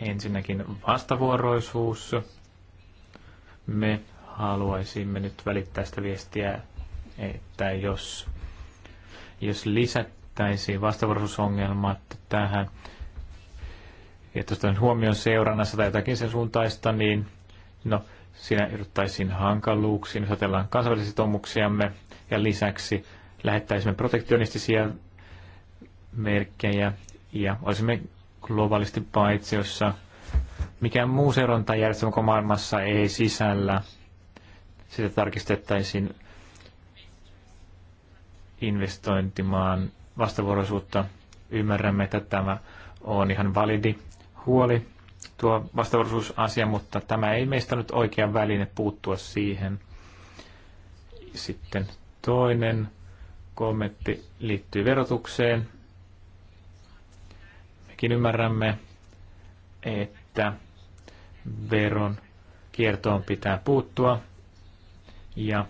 Ensinnäkin vastavuoroisuus. Me haluaisimme nyt välittää sitä viestiä, että jos, jos lisät liitettäisiin vastavuoroisuusongelmat tähän, että jos huomioon seurannassa tai jotakin sen suuntaista, niin no, siinä jouduttaisiin hankaluuksiin, jos ajatellaan kansainvälisiä sitoumuksiamme ja lisäksi lähettäisimme protektionistisia merkkejä ja olisimme globaalisti paitsi, jossa mikään muu seurantajärjestelmä koko maailmassa ei sisällä. Sitä tarkistettaisiin investointimaan vastavuoroisuutta. Ymmärrämme, että tämä on ihan validi huoli, tuo vastavuoroisuusasia, mutta tämä ei meistä nyt oikea väline puuttua siihen. Sitten toinen kommentti liittyy verotukseen. Mekin ymmärrämme, että veron kiertoon pitää puuttua ja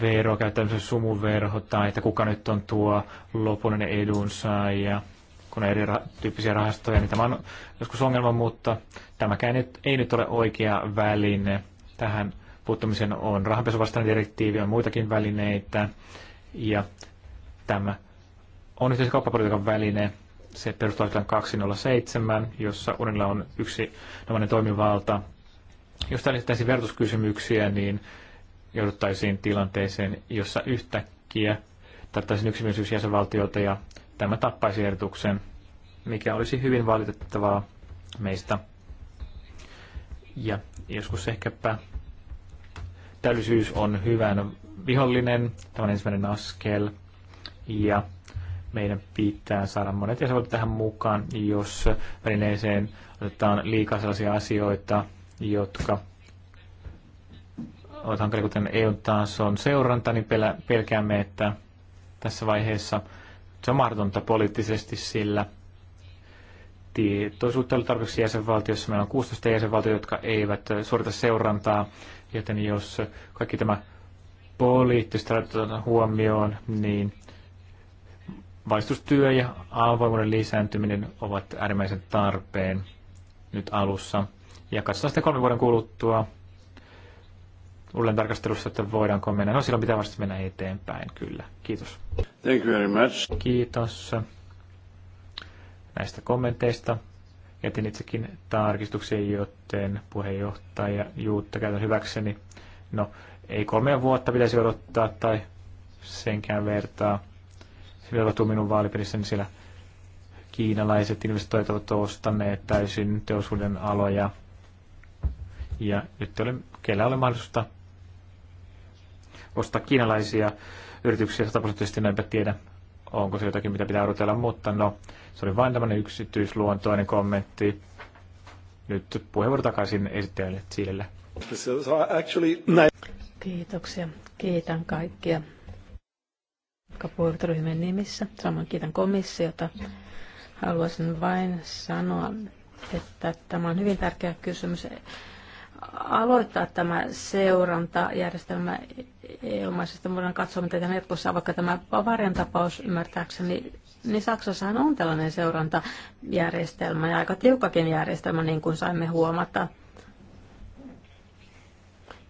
veroa, käytetään sumuverho tai että kuka nyt on tuo lopullinen edunsaaja, kun on eri tyyppisiä rahastoja, niin tämä on joskus ongelma, mutta tämäkään nyt, ei nyt ole oikea väline. Tähän puuttumisen on rahanpesuvastainen direktiivi, on muitakin välineitä ja tämä on yhteisen kauppapolitiikan väline, se perustuu 207, jossa unilla on yksi toimivalta. Jos täällä esittäisi vertauskysymyksiä, niin jouduttaisiin tilanteeseen, jossa yhtäkkiä tarvittaisiin yksimielisyys jäsenvaltiota ja tämä tappaisi ehdotuksen, mikä olisi hyvin valitettavaa meistä. Ja joskus ehkäpä täydellisyys on hyvän vihollinen, tämä on ensimmäinen askel, ja meidän pitää saada monet jäsenvaltiot tähän mukaan, jos välineeseen otetaan liikaa sellaisia asioita, jotka ovat hankalia, kuten EU-tason seuranta, niin pelkäämme, että tässä vaiheessa se on mahdotonta poliittisesti, sillä tietoisuutta ei tarpeeksi jäsenvaltiossa. Meillä on 16 jäsenvaltiota, jotka eivät suorita seurantaa, joten jos kaikki tämä poliittista otetaan huomioon, niin valistustyö ja avoimuuden lisääntyminen ovat äärimmäisen tarpeen nyt alussa. Ja katsotaan sitten kolmen vuoden kuluttua, uuden tarkastelussa, että voidaanko mennä. No silloin pitää vasta mennä eteenpäin, kyllä. Kiitos. Thank you very much. Kiitos näistä kommenteista. Jätin itsekin tarkistuksia, joten puheenjohtaja Juutta käytän hyväkseni. No, ei kolmea vuotta pitäisi odottaa tai senkään vertaa. Se tapahtuu minun vaalipiirissäni niin siellä kiinalaiset investoijat ovat ostaneet täysin teollisuuden aloja. Ja nyt ei ole, kellä ole mahdollisuutta ostaa kiinalaisia yrityksiä sataprosenttisesti, no enpä tiedä, onko se jotakin, mitä pitää odotella, mutta no, se oli vain tämmöinen yksityisluontoinen kommentti. Nyt puheenvuoro takaisin esittäjälle Siilelle. Kiitoksia. Kiitän kaikkia puheenvuororyhmän nimissä. Samoin kiitän komissiota. Haluaisin vain sanoa, että tämä on hyvin tärkeä kysymys aloittaa tämä seurantajärjestelmä EU-maisesti. Voidaan katsoa, mitä tämä jatkossa, vaikka tämä Bavarian tapaus ymmärtääkseni, niin Saksassahan on tällainen seurantajärjestelmä ja aika tiukakin järjestelmä, niin kuin saimme huomata.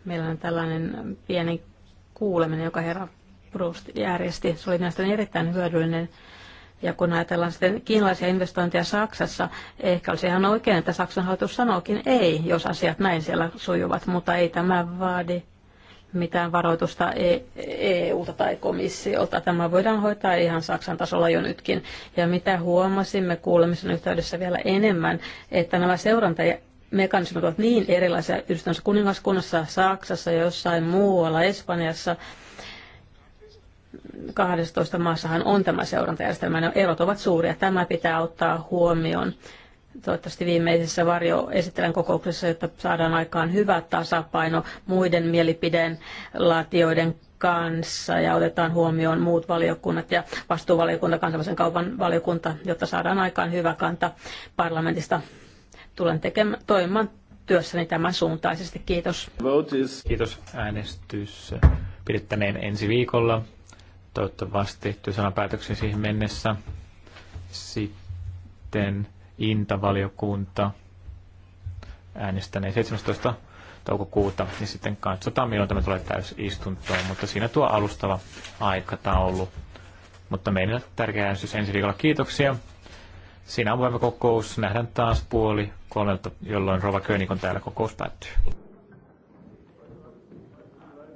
Meillä on tällainen pieni kuuleminen, joka herra Proust järjesti. Se oli mielestäni erittäin hyödyllinen ja kun ajatellaan sitten kiinalaisia investointeja Saksassa, ehkä olisi ihan oikein, että Saksan hallitus sanookin ei, jos asiat näin siellä sujuvat, mutta ei tämä vaadi mitään varoitusta eu e tai komissiolta. Tämä voidaan hoitaa ihan Saksan tasolla jo nytkin. Ja mitä huomasimme kuulemisen yhteydessä vielä enemmän, että nämä seuranta mekanismit ovat niin erilaisia yhdistyneessä kuningaskunnassa, Saksassa ja jossain muualla, Espanjassa, 12 maassahan on tämä seurantajärjestelmä, ne erot ovat suuria. Tämä pitää ottaa huomioon toivottavasti viimeisessä varjoesittelen kokouksessa, jotta saadaan aikaan hyvä tasapaino muiden mielipideen laatioiden kanssa ja otetaan huomioon muut valiokunnat ja vastuuvaliokunta, kansallisen kaupan valiokunta, jotta saadaan aikaan hyvä kanta parlamentista. Tulen tekemään, toimimaan työssäni tämän suuntaisesti. Kiitos. Kiitos äänestys pidettäneen ensi viikolla. Toivottavasti työsanapäätöksen päätöksen siihen mennessä. Sitten Intavaliokunta äänestänee 17. toukokuuta niin sitten katsotaan milloin tämä tulee täysistuntoon, mutta siinä tuo alustava aikataulu. Mutta meillä tärkeä äänestys ensi viikolla. Kiitoksia. Siinä on kokous. Nähdään taas puoli kolmelta, jolloin Rova König on täällä kokous päättyy.